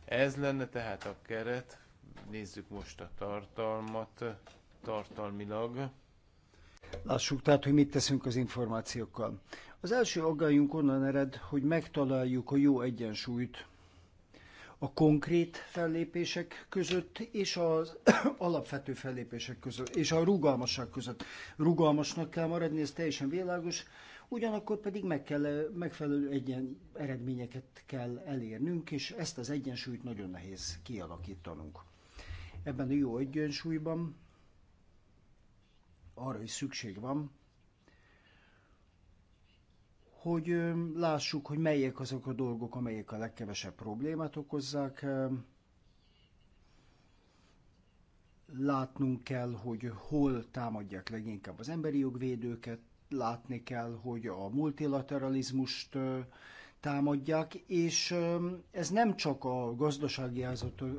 [SPEAKER 5] Ez lenne tehát a keret. Nézzük most a tartalmat tartalmilag.
[SPEAKER 2] Lássuk tehát, hogy mit teszünk az információkkal. Az első aggályunk onnan ered, hogy megtaláljuk a jó egyensúlyt a konkrét fellépések között és az alapvető fellépések között, és a rugalmasság között. Rugalmasnak kell maradni, ez teljesen világos, ugyanakkor pedig meg kell, megfelelő egyen eredményeket kell elérnünk, és ezt az egyensúlyt nagyon nehéz kialakítanunk. Ebben a jó egyensúlyban arra is szükség van, hogy lássuk, hogy melyek azok a dolgok, amelyek a legkevesebb problémát okozzák. Látnunk kell, hogy hol támadják leginkább az emberi jogvédőket, látni kell, hogy a multilateralizmust támadják, és ez nem csak a gazdasági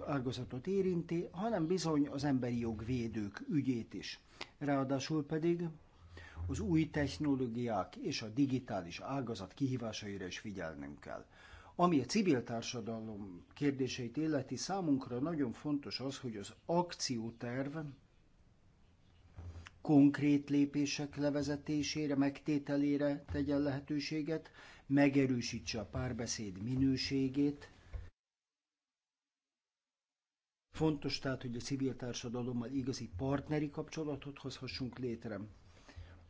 [SPEAKER 2] ágazatot érinti, hanem bizony az emberi jogvédők ügyét is. Ráadásul pedig az új technológiák és a digitális ágazat kihívásaira is figyelnünk kell. Ami a civil társadalom kérdéseit illeti, számunkra nagyon fontos az, hogy az akcióterv konkrét lépések levezetésére, megtételére tegyen lehetőséget, megerősítse a párbeszéd minőségét, Fontos tehát, hogy a civil társadalommal igazi partneri kapcsolatot hozhassunk létre.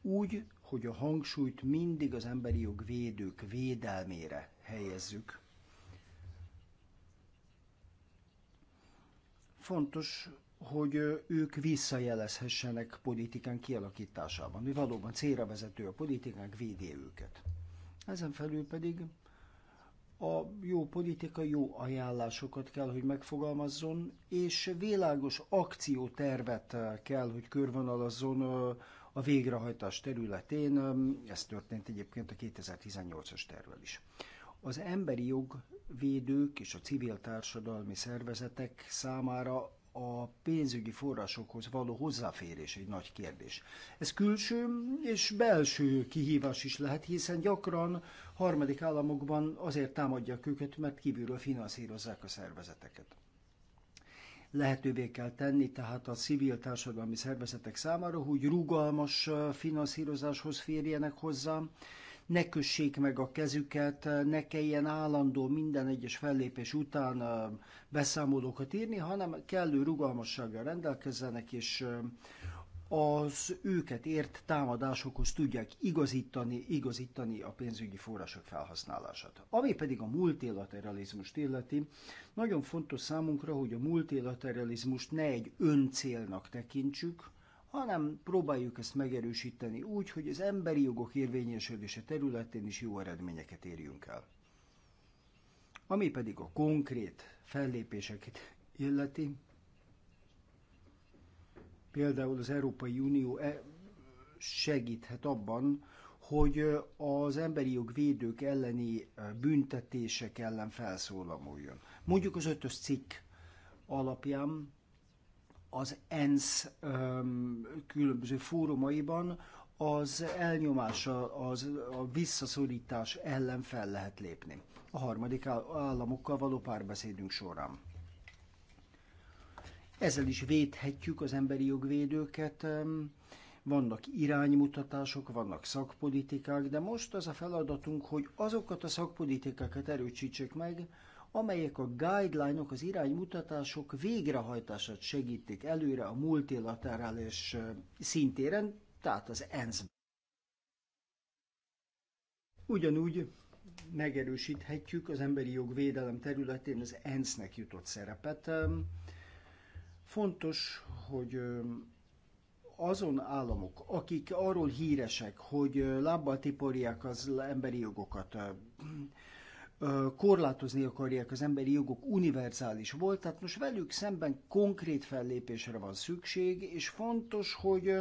[SPEAKER 2] Úgy, hogy a hangsúlyt mindig az emberi jog védők védelmére helyezzük. Fontos, hogy ők visszajelezhessenek politikán kialakításában, mi valóban célra vezető a politikánk védi őket. Ezen felül pedig a jó politika jó ajánlásokat kell, hogy megfogalmazzon, és világos akciótervet eh, kell, hogy körvonalazzon eh, a végrehajtás területén. Eh, ez történt egyébként a 2018-as tervvel is. Az emberi jogvédők és a civil társadalmi szervezetek számára a pénzügyi forrásokhoz való hozzáférés egy nagy kérdés. Ez külső és belső kihívás is lehet, hiszen gyakran harmadik államokban azért támadják őket, mert kívülről finanszírozzák a szervezeteket. Lehetővé kell tenni tehát a civil társadalmi szervezetek számára, hogy rugalmas uh, finanszírozáshoz férjenek hozzá, ne kössék meg a kezüket, ne kelljen állandó minden egyes fellépés után beszámolókat írni, hanem kellő rugalmassággal rendelkezzenek, és az őket ért támadásokhoz tudják igazítani, igazítani a pénzügyi források felhasználását. Ami pedig a multilateralizmust illeti, nagyon fontos számunkra, hogy a multilateralizmust ne egy öncélnak tekintsük, hanem próbáljuk ezt megerősíteni úgy, hogy az emberi jogok érvényesülése területén is jó eredményeket érjünk el. Ami pedig a konkrét fellépéseket illeti, például az Európai Unió eh, segíthet abban, hogy eh, az emberi jog védők elleni eh, büntetések ellen felszólamoljon. Mondjuk az ötös cikk alapján az ENSZ különböző fórumaiban az elnyomása, az, a visszaszorítás ellen fel lehet lépni a harmadik államokkal való párbeszédünk során. Ezzel is védhetjük az emberi jogvédőket, vannak iránymutatások, vannak szakpolitikák, de most az a feladatunk, hogy azokat a szakpolitikákat erősítsük meg, amelyek a guideline-ok, az iránymutatások végrehajtását segítik előre a multilaterális szintéren, tehát az ENSZ. -ben. Ugyanúgy megerősíthetjük az emberi jog védelem területén az ENSZ-nek jutott szerepet. Fontos, hogy azon államok, akik arról híresek, hogy lábbal tiporják az emberi jogokat, korlátozni akarják az emberi jogok univerzális volt, tehát most velük szemben konkrét fellépésre van szükség, és fontos, hogy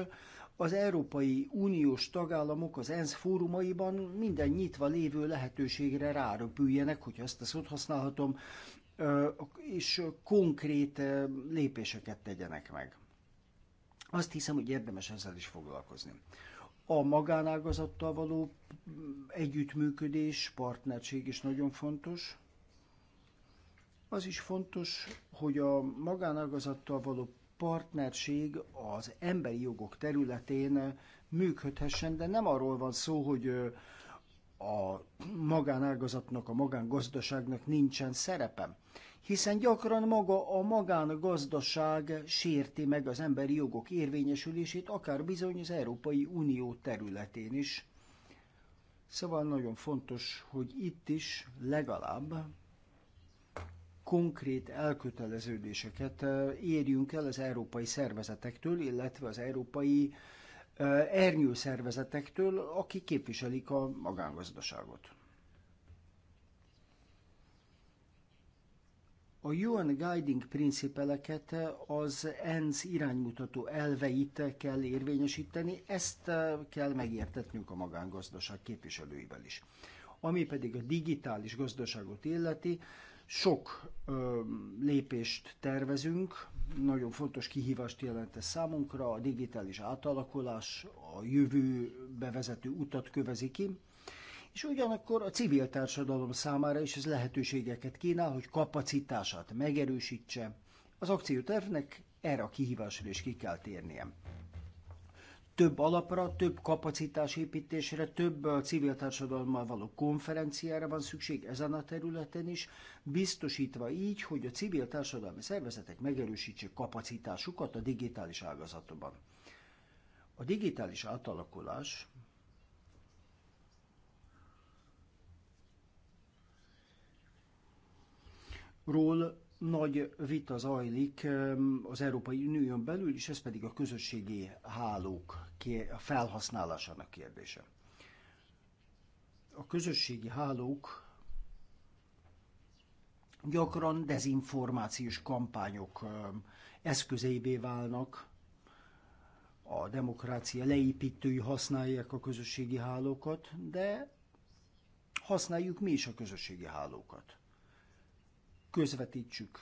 [SPEAKER 2] az Európai Uniós tagállamok az ENSZ fórumaiban minden nyitva lévő lehetőségre ráröpüljenek, hogy ezt a szót használhatom, és konkrét lépéseket tegyenek meg. Azt hiszem, hogy érdemes ezzel is foglalkozni. A magánágazattal való együttműködés, partnerség is nagyon fontos. Az is fontos, hogy a magánágazattal való partnerség az emberi jogok területén működhessen, de nem arról van szó, hogy a magánágazatnak, a magángazdaságnak nincsen szerepe, hiszen gyakran maga a magángazdaság sérti meg az emberi jogok érvényesülését, akár bizony az Európai Unió területén is. Szóval nagyon fontos, hogy itt is legalább konkrét elköteleződéseket érjünk el az európai szervezetektől, illetve az európai ernyőszervezetektől, akik képviselik a magángazdaságot. a UN Guiding Principeleket, eh, az ENSZ iránymutató elveit kell érvényesíteni, ezt eh, kell megértetnünk a magángazdaság képviselőivel is. Ami pedig a digitális gazdaságot illeti, sok ö, lépést tervezünk, nagyon fontos kihívást jelent ez számunkra, a digitális átalakulás a jövő bevezető utat kövezi ki, és ugyanakkor a civil társadalom számára is ez lehetőségeket kínál, hogy kapacitását megerősítse. Az akciótervnek erre a kihívásra is ki kell térnie. Több alapra, több kapacitásépítésre, több civil társadalommal való konferenciára van szükség ezen a területen is, biztosítva így, hogy a civil társadalmi szervezetek megerősítsék kapacitásukat a digitális ágazatban. A digitális átalakulás ról nagy vita zajlik az Európai Unión belül, és ez pedig a közösségi hálók felhasználásának kérdése. A közösségi hálók gyakran dezinformációs kampányok eszközeivé válnak, a demokrácia leépítői használják a közösségi hálókat, de használjuk mi is a közösségi hálókat közvetítsük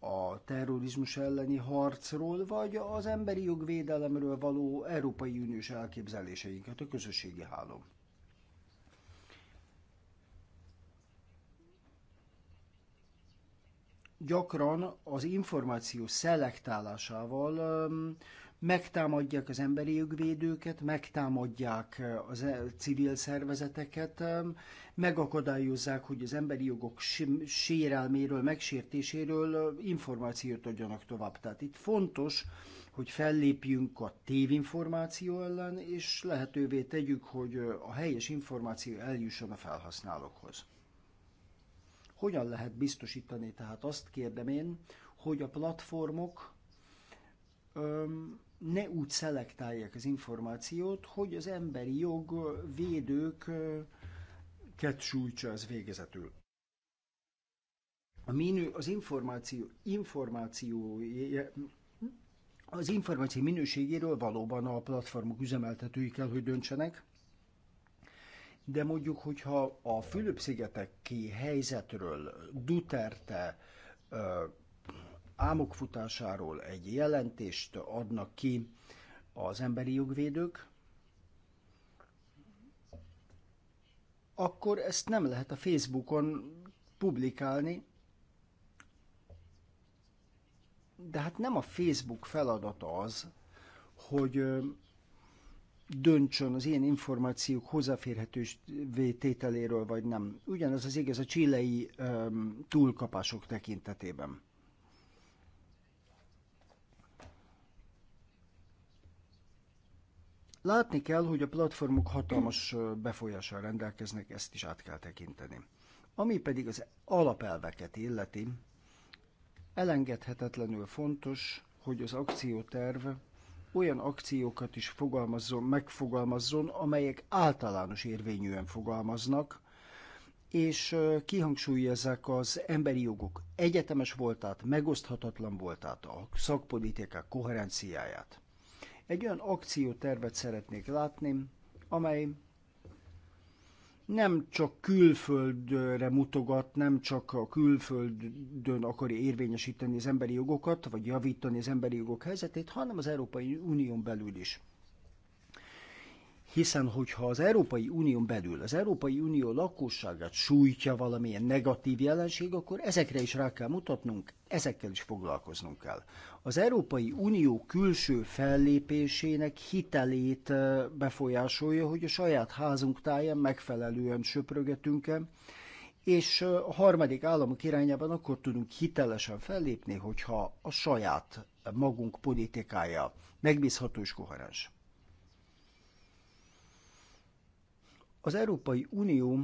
[SPEAKER 2] a terrorizmus elleni harcról, vagy az emberi jogvédelemről való Európai Uniós elképzeléseinket a közösségi hálón. Gyakran az információ szelektálásával megtámadják az emberi jogvédőket, megtámadják eh, az eh, civil szervezeteket, megakadályozzák, hogy az emberi jogok sérelméről, megsértéséről eh, információt adjanak tovább. Tehát itt fontos, hogy fellépjünk a tévinformáció ellen, és lehetővé tegyük, hogy a helyes információ eljusson a felhasználókhoz. Hogyan lehet biztosítani? Tehát azt kérdem én, hogy a platformok ne úgy szelektálják az információt, hogy az emberi jog védőket sújtsa az végezetül. A minő, az információ, információ az információ minőségéről valóban a platformok üzemeltetői kell, hogy döntsenek, de mondjuk, hogyha a Fülöp-szigeteki helyzetről Duterte Ámokfutásáról egy jelentést adnak ki az emberi jogvédők, akkor ezt nem lehet a Facebookon publikálni, de hát nem a Facebook feladata az, hogy döntsön az ilyen információk hozzáférhetővé tételéről, vagy nem. Ugyanez az igaz a csilei túlkapások tekintetében. Látni kell, hogy a platformok hatalmas befolyással rendelkeznek, ezt is át kell tekinteni. Ami pedig az alapelveket illeti, elengedhetetlenül fontos, hogy az akcióterv olyan akciókat is fogalmazzon, megfogalmazzon, amelyek általános érvényűen fogalmaznak, és kihangsúlyozzák az emberi jogok egyetemes voltát, megoszthatatlan voltát, a szakpolitikák koherenciáját. Egy olyan akciótervet szeretnék látni, amely nem csak külföldre mutogat, nem csak a külföldön akarja érvényesíteni az emberi jogokat, vagy javítani az emberi jogok helyzetét, hanem az Európai Unión belül is hiszen hogyha az Európai Unión belül az Európai Unió lakosságát sújtja valamilyen negatív jelenség, akkor ezekre is rá kell mutatnunk, ezekkel is foglalkoznunk kell. Az Európai Unió külső fellépésének hitelét befolyásolja, hogy a saját házunk táján megfelelően söprögetünk-e, és a harmadik államok irányában akkor tudunk hitelesen fellépni, hogyha a saját magunk politikája megbízható és koherens. Az Európai Unió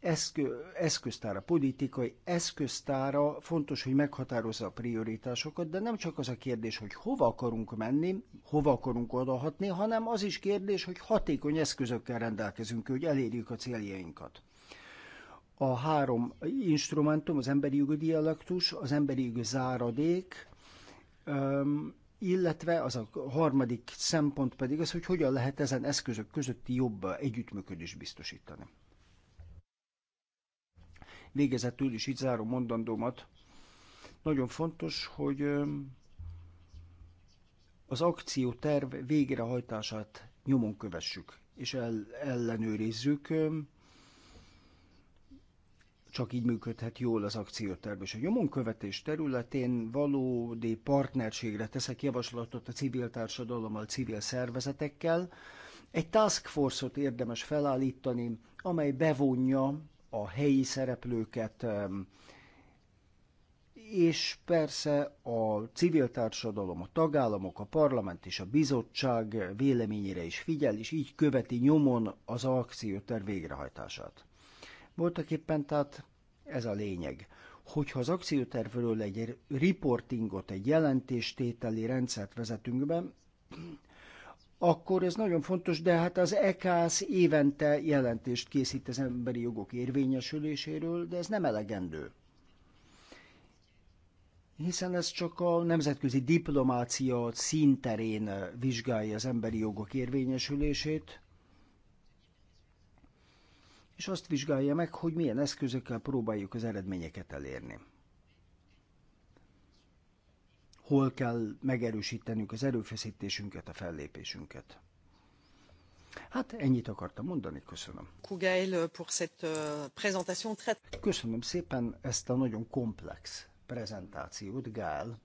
[SPEAKER 2] eszkö, eszköztára, politikai eszköztára fontos, hogy meghatározza a prioritásokat, de nem csak az a kérdés, hogy hova akarunk menni, hova akarunk odahatni, hanem az is kérdés, hogy hatékony eszközökkel rendelkezünk, hogy elérjük a céljainkat. A három instrumentum, az emberi jogi dialektus, az emberi jogi záradék, illetve az a harmadik szempont pedig az, hogy hogyan lehet ezen eszközök közötti jobb együttműködést biztosítani. Végezetül is így zárom mondandómat. Nagyon fontos, hogy az akcióterv végrehajtását nyomon kövessük és ellenőrizzük csak így működhet jól az akcióterv. És a nyomonkövetés területén valódi partnerségre teszek javaslatot a civil társadalommal, civil szervezetekkel. Egy task force-ot érdemes felállítani, amely bevonja a helyi szereplőket, és persze a civil társadalom, a tagállamok, a parlament és a bizottság véleményére is figyel, és így követi nyomon az akcióterv végrehajtását. Voltak éppen tehát ez a lényeg. Hogyha az akciótervről egy reportingot, egy jelentéstételi rendszert vezetünk be, akkor ez nagyon fontos, de hát az EKSZ évente jelentést készít az emberi jogok érvényesüléséről, de ez nem elegendő. Hiszen ez csak a nemzetközi diplomácia szinterén vizsgálja az emberi jogok érvényesülését, és azt vizsgálja meg, hogy milyen eszközökkel próbáljuk az eredményeket elérni. Hol kell megerősítenünk az erőfeszítésünket, a fellépésünket. Hát ennyit akartam mondani, köszönöm. Euh, köszönöm szépen ezt a nagyon komplex prezentációt, Gál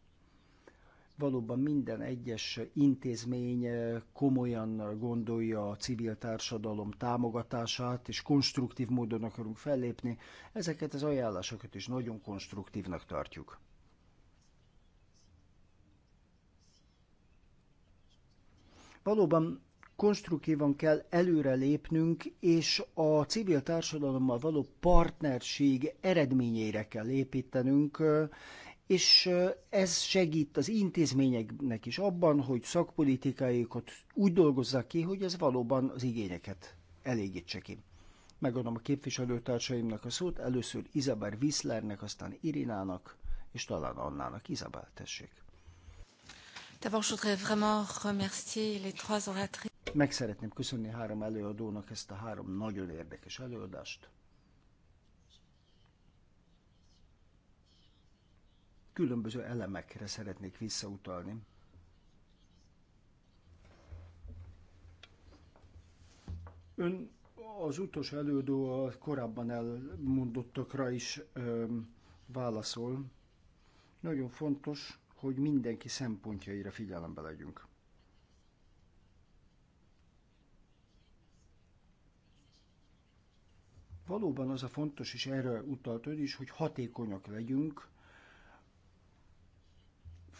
[SPEAKER 2] valóban minden egyes intézmény eh, komolyan gondolja a civil társadalom támogatását, és konstruktív módon akarunk fellépni, ezeket az ajánlásokat is nagyon konstruktívnak tartjuk. Valóban konstruktívan kell előre lépnünk, és a civil társadalommal való partnerség eredményére kell építenünk, és ez segít az intézményeknek is abban, hogy szakpolitikájukat úgy dolgozzák ki, hogy ez valóban az igényeket elégítse ki. Megadom a képviselőtársaimnak a szót, először Izabel Viszlernek, aztán Irinának, és talán Annának. Izabel, tessék. Meg szeretném köszönni három előadónak ezt a három nagyon érdekes előadást. különböző elemekre szeretnék visszautalni. Ön az utolsó elődő a korábban elmondottakra is ö, válaszol. Nagyon fontos, hogy mindenki szempontjaira figyelembe legyünk. Valóban az a fontos, és erre utalt ön is, hogy hatékonyak legyünk,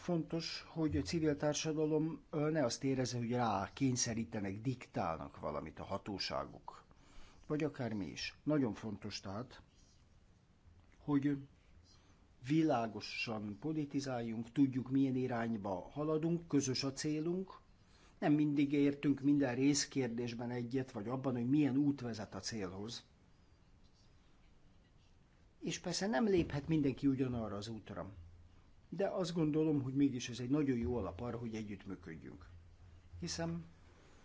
[SPEAKER 2] fontos, hogy a civil társadalom ne azt érezze, hogy rá kényszerítenek, diktálnak valamit a hatóságok, vagy akár mi is. Nagyon fontos tehát, hogy világosan politizáljunk, tudjuk milyen irányba haladunk, közös a célunk, nem mindig értünk minden részkérdésben egyet, vagy abban, hogy milyen út vezet a célhoz. És persze nem léphet mindenki ugyanarra az útra de azt gondolom, hogy mégis ez egy nagyon jó alap arra, hogy együttműködjünk. Hiszen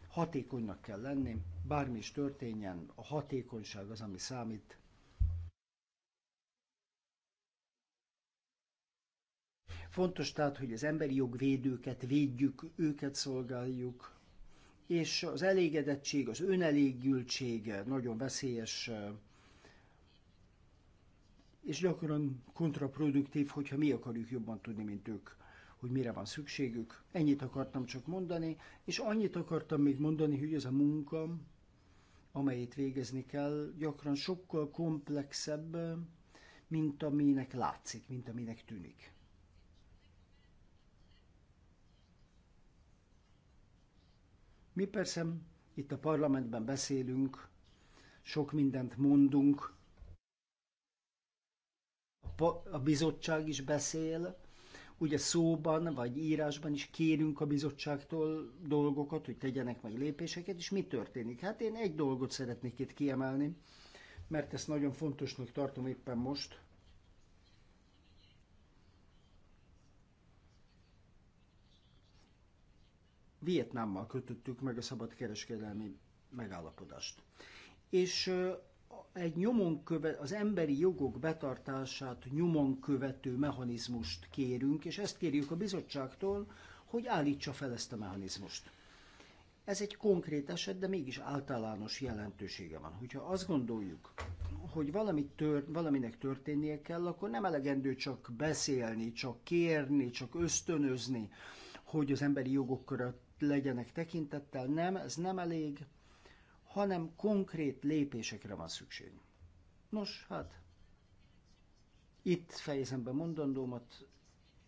[SPEAKER 2] hatékonynak kell lenni, bármi is történjen, a hatékonyság az, ami számít. Fontos tehát, hogy az emberi jogvédőket védjük, őket szolgáljuk, és az elégedettség, az önelégültség nagyon veszélyes és gyakran kontraproduktív, hogyha mi akarjuk jobban tudni, mint ők, hogy mire van szükségük. Ennyit akartam csak mondani, és annyit akartam még mondani, hogy ez a munka, amelyet végezni kell, gyakran sokkal komplexebb, mint aminek látszik, mint aminek tűnik. Mi persze itt a parlamentben beszélünk, sok mindent mondunk, a bizottság is beszél, ugye szóban vagy írásban is kérünk a bizottságtól dolgokat, hogy tegyenek meg lépéseket, és mi történik? Hát én egy dolgot szeretnék itt kiemelni, mert ezt nagyon fontosnak tartom éppen most. Vietnámmal kötöttük meg a szabadkereskedelmi megállapodást. És egy nyomon követ, az emberi jogok betartását nyomon követő mechanizmust kérünk, és ezt kérjük a bizottságtól, hogy állítsa fel ezt a mechanizmust. Ez egy konkrét eset, de mégis általános jelentősége van. Hogyha azt gondoljuk, hogy valami tör, valaminek történnie kell, akkor nem elegendő csak beszélni, csak kérni, csak ösztönözni, hogy az emberi jogokra legyenek tekintettel. Nem, ez nem elég, hanem konkrét lépésekre van szükség. Nos, hát itt fejezem be mondandómat,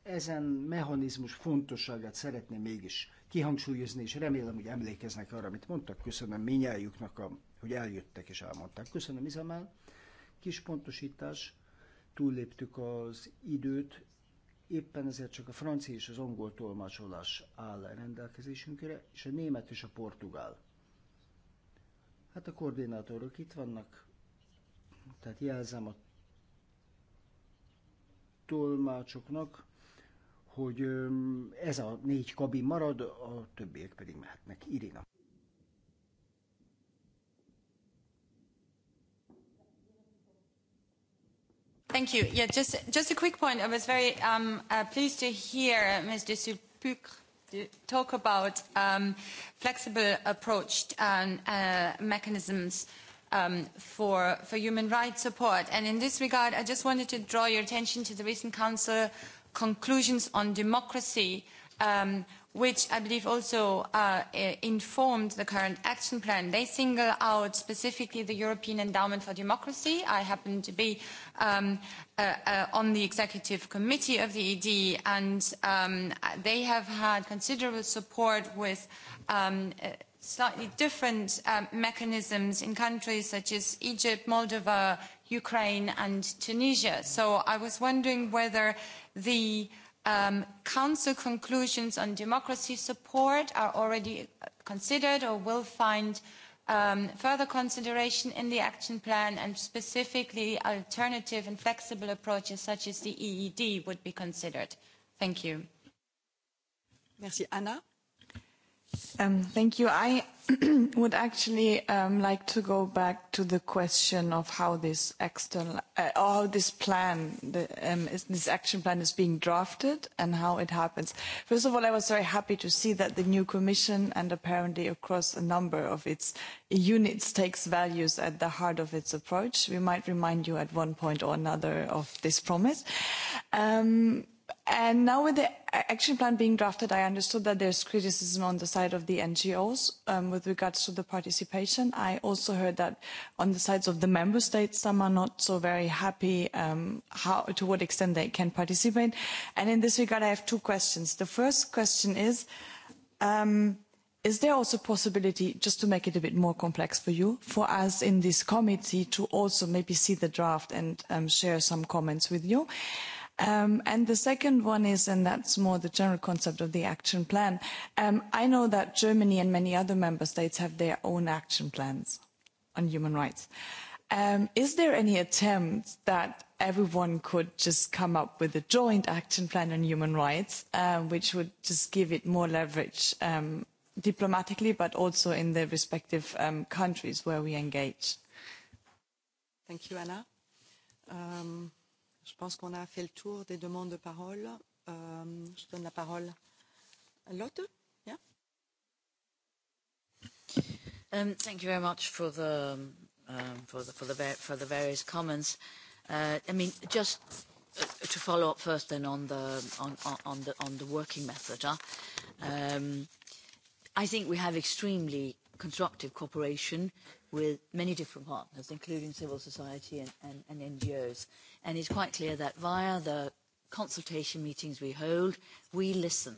[SPEAKER 2] ezen mechanizmus fontosságát szeretném mégis kihangsúlyozni, és remélem, hogy emlékeznek arra, amit mondtak. Köszönöm minnyájuknak, hogy eljöttek és elmondták. Köszönöm, Izamel. Kis pontosítás, túlléptük az időt, éppen ezért csak a francia és az angol tolmácsolás áll rendelkezésünkre, és a német és a portugál Hát a koordinátorok itt vannak, tehát jelzem a tolmácsoknak, hogy ez a négy kabin marad, a többiek pedig mehetnek. Irina.
[SPEAKER 1] Thank you. Yeah, just, just a quick point. I was very um, uh, pleased to hear uh, Mr. Supukre talk about um, flexible approach and uh, mechanisms um, for, for human rights support. And in this regard, I just wanted to draw your attention to the recent Council conclusions on democracy um, which I believe also uh, informed the current action plan. They single out specifically the European Endowment for Democracy. I happen to be um, uh, uh, on the executive committee of the ED, and um, they have had considerable support with um, uh, slightly different um, mechanisms in countries such as Egypt, Moldova, Ukraine, and Tunisia. So I was wondering whether the Um, council conclusions on democracy support are already uh, considered or will find um, further consideration in the action plan and specifically alternative and flexible approaches such as the EED would be considered. Thank you. Merci. Anna?
[SPEAKER 6] Um, thank you. I would actually um, like to go back to the question of how this external, uh, how this plan, the, um, is, this action plan is being drafted and how it happens. First of all, I was very happy to see that the new Commission and apparently across a number of its units takes values at the heart of its approach. We might remind you at one point or another of this promise. Um, And now with the action plan being drafted, I understood that there's criticism on the side of the NGOs um, with regards to the participation. I also heard that on the sides of the member states, some are not so very happy um, how, to what extent they can participate. And in this regard, I have two questions. The first question is, um, is there also possibility, just to make it a bit more complex for you, for us in this committee to also maybe see the draft and um, share some comments with you? Um, and the second one is, and that's more the general concept of the action plan. Um, I know that Germany and many other member states have their own action plans on human rights. Um, is there any attempt that everyone could just come up with a joint action plan on human rights, uh, which would just give it more leverage um, diplomatically, but also in the respective um, countries where we engage?
[SPEAKER 8] Thank you, Anna. Um, pense qu'on a fait le tour des demandes de parole. Euh, je donne la parole à Lotte. Yeah.
[SPEAKER 7] Um, thank you very much for the, um, for the, for the, for the various comments. Uh, I mean, just uh, to follow up first then on the, on, on the, on the working method. Huh? Um, I think we have extremely constructive cooperation with many different partners, including civil society and, and, and NGOs. Uh, and it's quite clear that via the consultation meetings we hold, we listen.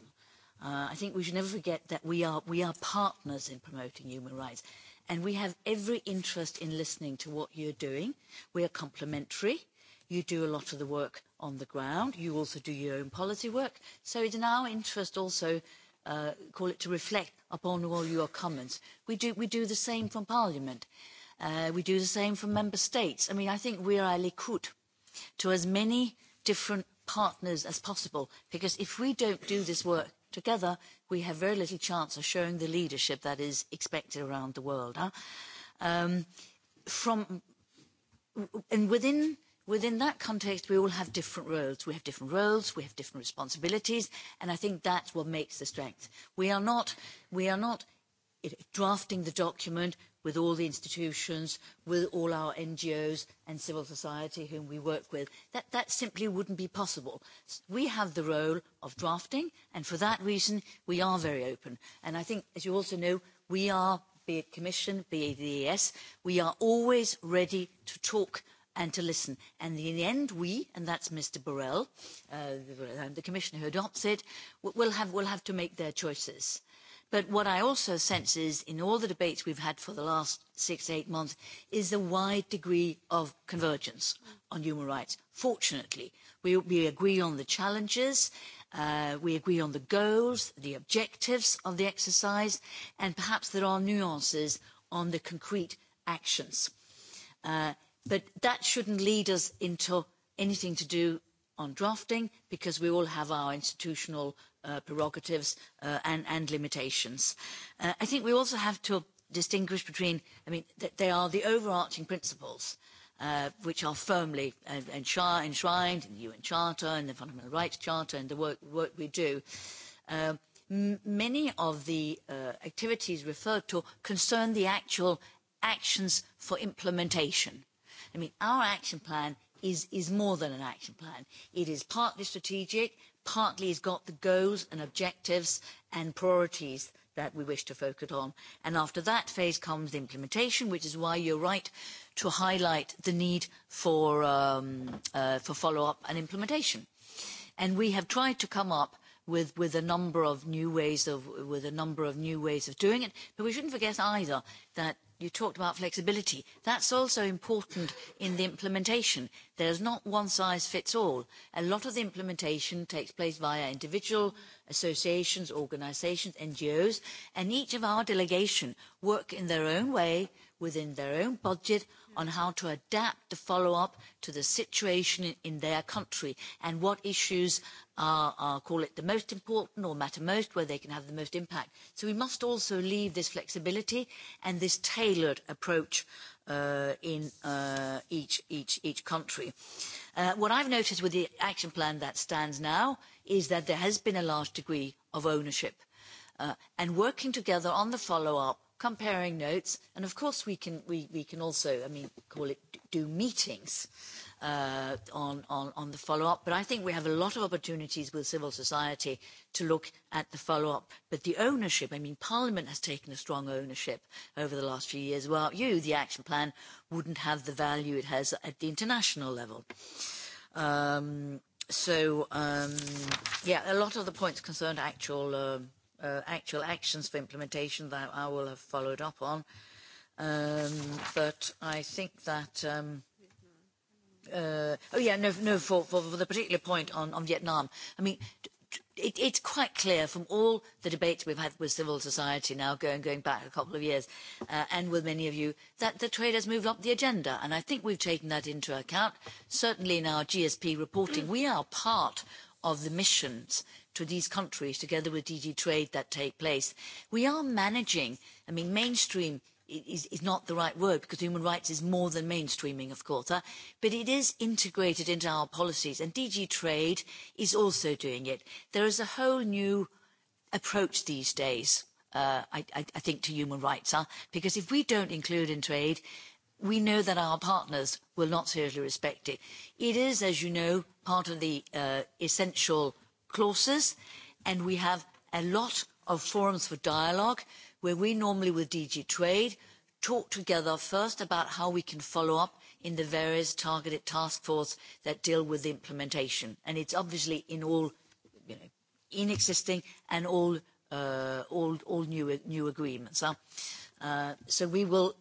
[SPEAKER 7] Uh, I think we should never forget that we are, we are partners in promoting human rights, and we have every interest in listening to what you're doing. We are complementary. You do a lot of the work on the ground. You also do your own policy work. So it's in our interest also Uh, call it to reflect upon all your comments. We do, we do the same from Parliament. Uh, we do the same from Member States. I mean, I think we are a Likud to as many different partners as possible because if we don't do this work together, we have very little chance of showing the leadership that is expected around the world. Huh? Um, from and within within that context, we all have different roles. We have different roles, we have different responsibilities, and I think that's what makes the strength. We are not we are not drafting the document with all the institutions, with all our NGOs and civil society whom we work with. That, that simply wouldn't be possible. We have the role of drafting, and for that reason, we are very open. And I think, as you also know, we are, be it Commission, be it the ES, we are always ready to talk and to listen. And in the end, we, and that's Mr. Burrell, uh, the, um, the Commissioner who adopts it, will have, will have to make their choices. But what I also sense is, in all the debates we've had for the last six, eight months, is a wide degree of convergence on human rights. Fortunately, we, we agree on the challenges, uh, we agree on the goals, the objectives of the exercise, and perhaps there are nuances on the concrete actions. Uh, but that shouldn't lead us into anything to do on drafting because we all have our institutional uh, prerogatives uh, and, and limitations. Uh, I think we also have to distinguish between, I mean, th they are the overarching principles uh, which are firmly uh, enshrined in the UN Charter and the Fundamental Rights Charter and the work, work we do. Uh, many of the uh, activities referred to concern the actual actions for implementation. I mean, our action plan is, is more than an action plan. It is partly strategic, partly has got the goals and objectives and priorities that we wish to focus on. And after that phase comes the implementation, which is why you're right to highlight the need for, um, uh, for follow-up and implementation. And we have tried to come up with, with a number of new ways of with a number of new ways of doing it. But we shouldn't forget either that You talked about flexibility. That's also important in the implementation. There is not one size fits all. A lot of the implementation takes place via individual associations, organisations, NGOs, and each of our delegation work in their own way, within their own budget on how to adapt the follow-up to the situation in their country and what issues are, are, call it, the most important or matter most, where they can have the most impact. So we must also leave this flexibility and this tailored approach uh, in uh, each, each, each country. Uh, what I've noticed with the action plan that stands now is that there has been a large degree of ownership. Uh, and working together on the follow-up comparing notes, and of course we can we, we can also I mean call it do meetings uh, on, on on the follow up. But I think we have a lot of opportunities with civil society to look at the follow up. But the ownership, I mean, Parliament has taken a strong ownership over the last few years. Without you, the action plan wouldn't have the value it has at the international level. Um, so um, yeah, a lot of the points concerned actual. Uh, uh, actual actions for implementation that I will have followed up on. Um, but I think that, um, uh, oh yeah, no, no for, for, for the particular point on, on Vietnam, I mean, it, it's quite clear from all the debates we've had with civil society now, going going back a couple of years, uh, and with many of you, that the trade has moved up the agenda, and I think we've taken that into account. Certainly in our GSP reporting, we are part of the missions to these countries together with DG Trade that take place. We are managing, I mean, mainstream is, is not the right word because human rights is more than mainstreaming, of course, uh, but it is integrated into our policies and DG Trade is also doing it. There is a whole new approach these days, uh, I, I, I think, to human rights, uh, because if we don't include in trade, we know that our partners will not seriously respect it. It is, as you know, part of the uh, essential clauses, and we have a lot of forums for dialogue where we normally with DG Trade talk together first about how we can follow up in the various targeted task force that deal with the implementation. And it's obviously in all, you know, in existing and all, uh, all, all new, new agreements. Huh? Uh, so we will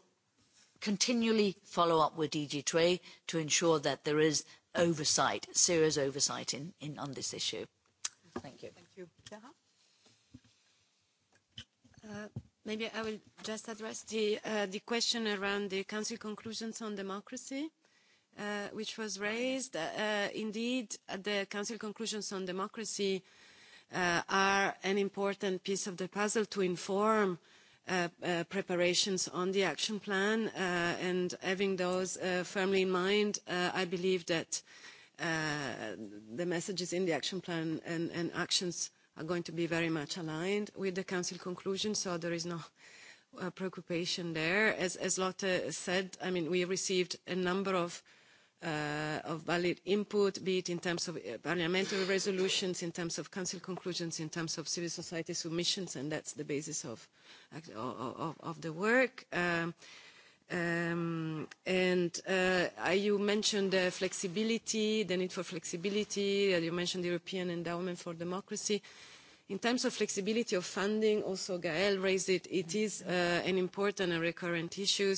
[SPEAKER 7] continually follow up with DG Trade to ensure that there is oversight, serious oversight in, in, on this issue. Thank you. Thank you. Chiara?
[SPEAKER 3] Uh, maybe I will just address the, uh, the question around the Council conclusions on democracy, uh, which was raised. Uh, indeed, the Council conclusions on democracy uh, are an important piece of the puzzle to inform uh, uh, preparations on the action plan, uh, and having those uh, firmly in mind, uh, I believe that uh, uh, the messages in the action plan and, and actions are going to be very much aligned with the council conclusion, so there is no uh, preoccupation there. As, as Lotte said, I mean, we received a number of uh, of valid input, be it in terms of uh, parliamentary resolutions, in terms of council conclusions, in terms of civil society submissions, and that's the basis of, of, of, of the work. Um, Um, and uh, uh, you mentioned the flexibility, the need for flexibility. Uh, you mentioned the European Endowment for Democracy. In terms of flexibility of funding, also Gael raised it, it is uh, an important and recurrent issue.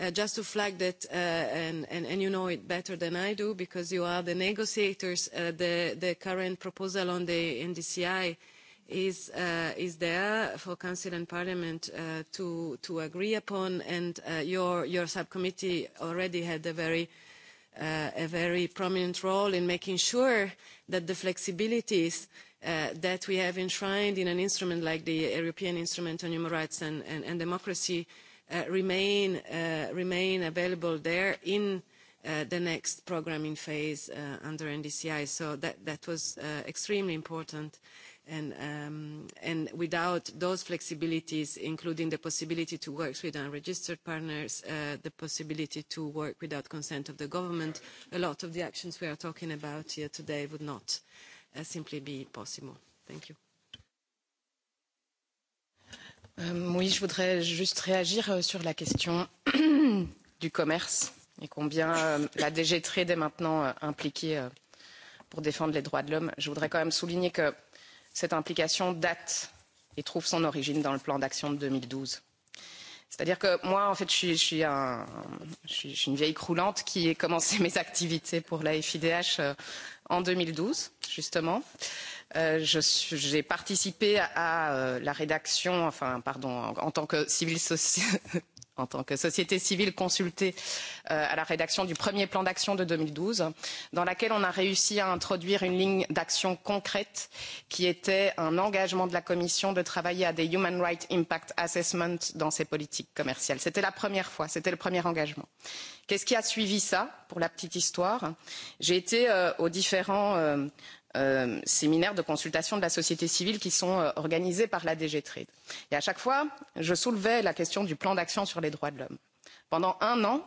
[SPEAKER 3] Uh, just to flag that, uh, and, and, and you know it better than I do because you are the negotiators, uh, the, the current proposal on the NDCI is, uh, is there for Council and Parliament uh, to, to agree upon, and uh, your, your subcommittee already had a very, uh, a very prominent role in making sure that the flexibilities uh, that we have enshrined in an instrument like the European Instrument on Human Rights and, and, and Democracy uh, remain, uh, remain available there in Uh, the next programming phase uh, under NDCI. So that, that was uh, extremely important. Uh, Um, and, without those flexibilities, including the possibility to work with unregistered partners, uh, the possibility to work without consent of the government, a lot of the actions we are talking about here today would not uh, simply be possible. Thank you.
[SPEAKER 9] Um, oui, je voudrais juste réagir euh, sur la question du commerce et combien euh, la DG Trade est maintenant euh, impliquée pour défendre les droits de l'homme. Je voudrais quand même souligner que cette implication date et trouve son origine dans le plan d'action de 2012. C'est-à-dire que moi, en fait, je suis, je, suis un, je, suis, je suis une vieille croulante qui ai commencé mes activités pour la FIDH euh, en 2012, justement. Euh, J'ai participé à, à euh, la rédaction, enfin, pardon, en, en tant que civil soci... en tant que société civile consultée euh, à la rédaction du premier plan d'action de 2012, dans laquelle on a réussi à introduire une ligne d'action concrète qui était un engagement de la Commission de travailler à des Human Rights Impact Assessment dans ses politiques commerciales. C'était la première fois, c'était le premier engagement. Qu'est-ce qui a suivi ça, pour la petite histoire J'ai été euh, aux différents... Euh, euh, séminaires de consultation de la société civile qui sont euh, organisés par la DG Trade. Et à chaque fois, je soulevais la question du plan d'action sur les droits de l'homme. Pendant un an,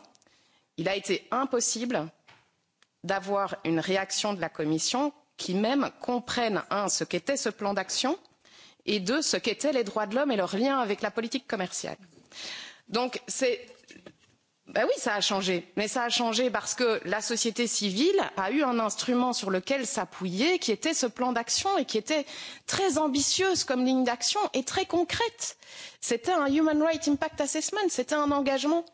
[SPEAKER 9] il a été impossible d'avoir une réaction de la Commission qui même comprenne, un, ce qu'était ce plan d'action, et deux, ce qu'étaient les droits de l'homme et leur lien avec la politique commerciale. Donc, c'est Ben oui, ça a changé. Mais ça a changé parce que la société civile a eu un instrument sur lequel s'appuyer, qui était ce plan d'action et qui était très ambitieuse comme ligne d'action et très concrète C'était un Human Rights Impact Assessment, c'était un engagement.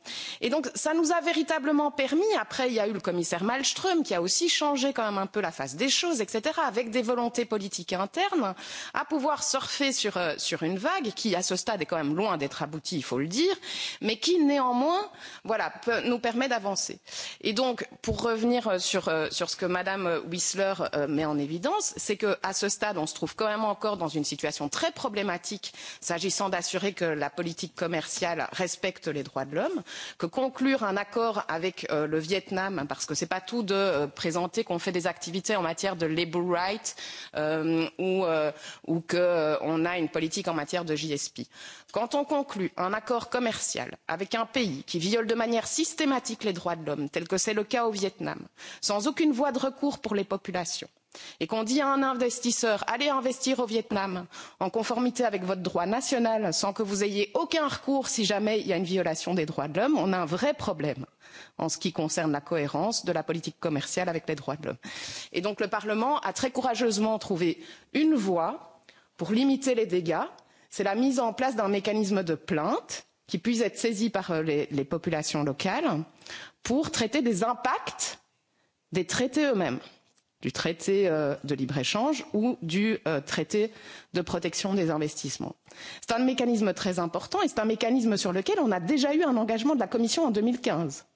[SPEAKER 9] Et donc, ça nous a véritablement permis, après, il y a eu le commissaire Malmström qui a aussi changé quand même un peu la face des choses, etc., avec des volontés politiques internes, à pouvoir surfer sur, euh, sur une vague qui, à ce stade, est quand même loin d'être aboutie, il faut le dire, mais qui, néanmoins, voilà, peut, nous permet d'avancer. Et donc, pour revenir euh, sur, euh, sur ce que Madame Whistler met en évidence, c'est qu'à ce stade, on se trouve quand même encore dans une situation très problématique s'agissant d'assurer que la politique commerciale respecte les droits de l'homme, que conclure un accord avec euh, le Vietnam, parce que ce n'est pas tout de euh, présenter qu'on fait des activités en matière de labor rights euh, ou, euh, ou qu'on euh, a une politique en matière de JSP. Quand on conclut un accord commercial avec un pays qui viole de manière systématique les droits de l'homme, tel que c'est le cas au Vietnam, sans aucune voie de recours pour les populations, et qu'on dit à un investisseur allez investir au Vietnam en conformité avec votre droit national sans que vous ayez aucun recours si jamais il y a une violation des droits de l'homme, on a un vrai problème en ce qui concerne la cohérence de la politique commerciale avec les droits de l'homme. Et donc le Parlement a très courageusement trouvé une voie pour limiter les dégâts, c'est la mise en place d'un mécanisme de plainte qui puisse être saisi par euh, les, les populations locales pour traiter des impacts des traités eux-mêmes du traité euh, de libre-échange ou du euh, traité de protection des investissements. C'est un mécanisme très important et c'est un mécanisme sur lequel on a déjà eu un engagement de la Commission en 2015.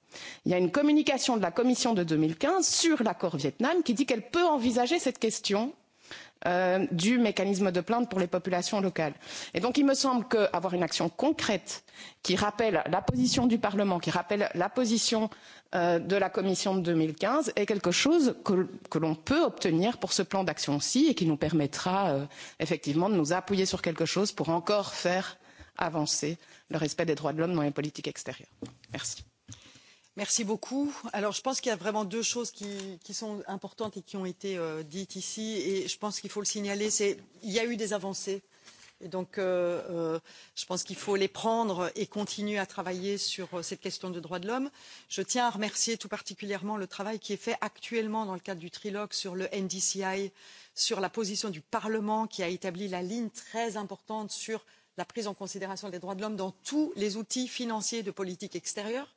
[SPEAKER 9] Il y a une communication de la Commission de 2015 sur l'accord Vietnam qui dit qu'elle peut envisager cette question euh, du mécanisme de plainte pour les populations locales. Et donc il me semble qu'avoir une action concrète qui rappelle la position du Parlement, qui rappelle la position euh, de la Commission de 2015 est quelque chose que, que l'on peut obtenir pour ce plan d'action ci et qui nous permettra euh, effectivement de nous appuyer sur quelque chose pour encore faire avancer le respect des droits de l'homme dans les politiques extérieures. Merci.
[SPEAKER 8] Merci beaucoup. Alors, je pense qu'il y a vraiment deux choses qui, qui sont importantes et qui ont été euh, dites ici, et je pense qu'il faut le signaler. C'est il y a eu des avancées. Et donc, euh, euh, je pense qu'il faut les prendre et continuer à travailler sur euh, cette question de droits de l'homme. Je tiens à remercier tout particulièrement le travail qui est fait actuellement dans le cadre du trilogue sur le NDCI, sur la position du Parlement qui a établi la ligne très importante sur la prise en considération des droits de l'homme dans tous les outils financiers de politique extérieure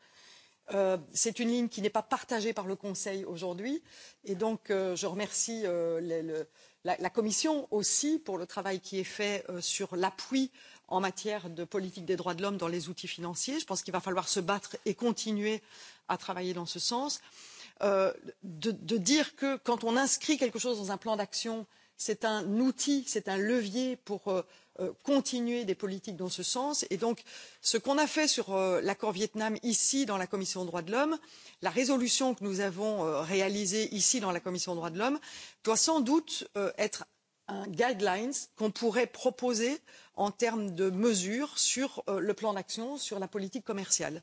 [SPEAKER 8] Euh, c'est une ligne qui n'est pas partagée par le Conseil aujourd'hui et donc euh, je remercie euh, les, le, la, la Commission aussi pour le travail qui est fait euh, sur l'appui en matière de politique des droits de l'homme dans les outils financiers. Je pense qu'il va falloir se battre et continuer à travailler dans ce sens. Euh, de, de dire que quand on inscrit quelque chose dans un plan d'action, c'est un outil, c'est un levier pour euh, Euh, continuer des politiques dans ce sens et donc ce qu'on a fait sur euh, l'accord Vietnam ici dans la commission des droits de l'homme la résolution que nous avons euh, réalisée ici dans la commission des droits de l'homme doit sans doute être un guideline qu'on pourrait proposer en termes de mesures sur le plan d'action sur la politique commerciale.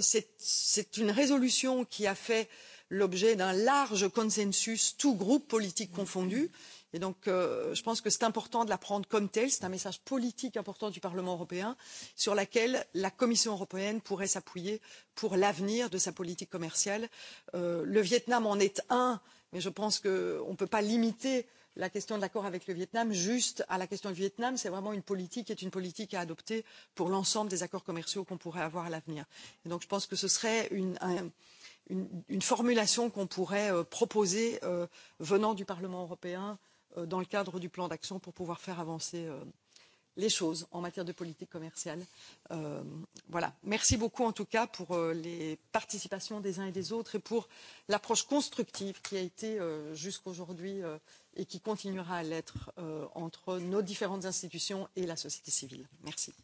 [SPEAKER 8] c'est une résolution qui a fait l'objet d'un large consensus tous groupes politiques confondus. Mm Et donc, euh, je pense que c'est important de la prendre comme telle. C'est un message politique important du Parlement européen sur laquelle la Commission européenne pourrait s'appuyer pour l'avenir de sa politique commerciale. Euh, le Vietnam en est un, mais je pense qu'on ne peut pas limiter la question de l'accord avec le Vietnam juste à la question du Vietnam. C'est vraiment une politique qui est une politique à adopter pour l'ensemble des accords commerciaux qu'on pourrait avoir à l'avenir. Et donc, je pense que ce serait une, un, une, une formulation qu'on pourrait euh, proposer euh, venant du Parlement européen Euh, dans le cadre du plan d'action pour pouvoir faire avancer euh, les choses en matière de politique commerciale. Euh, voilà. Merci beaucoup en tout cas pour euh, les participations des uns et des autres et pour l'approche constructive qui a été euh, jusqu'aujourd'hui euh, et qui continuera à l'être euh, entre nos différentes institutions et la société civile.
[SPEAKER 10] Merci.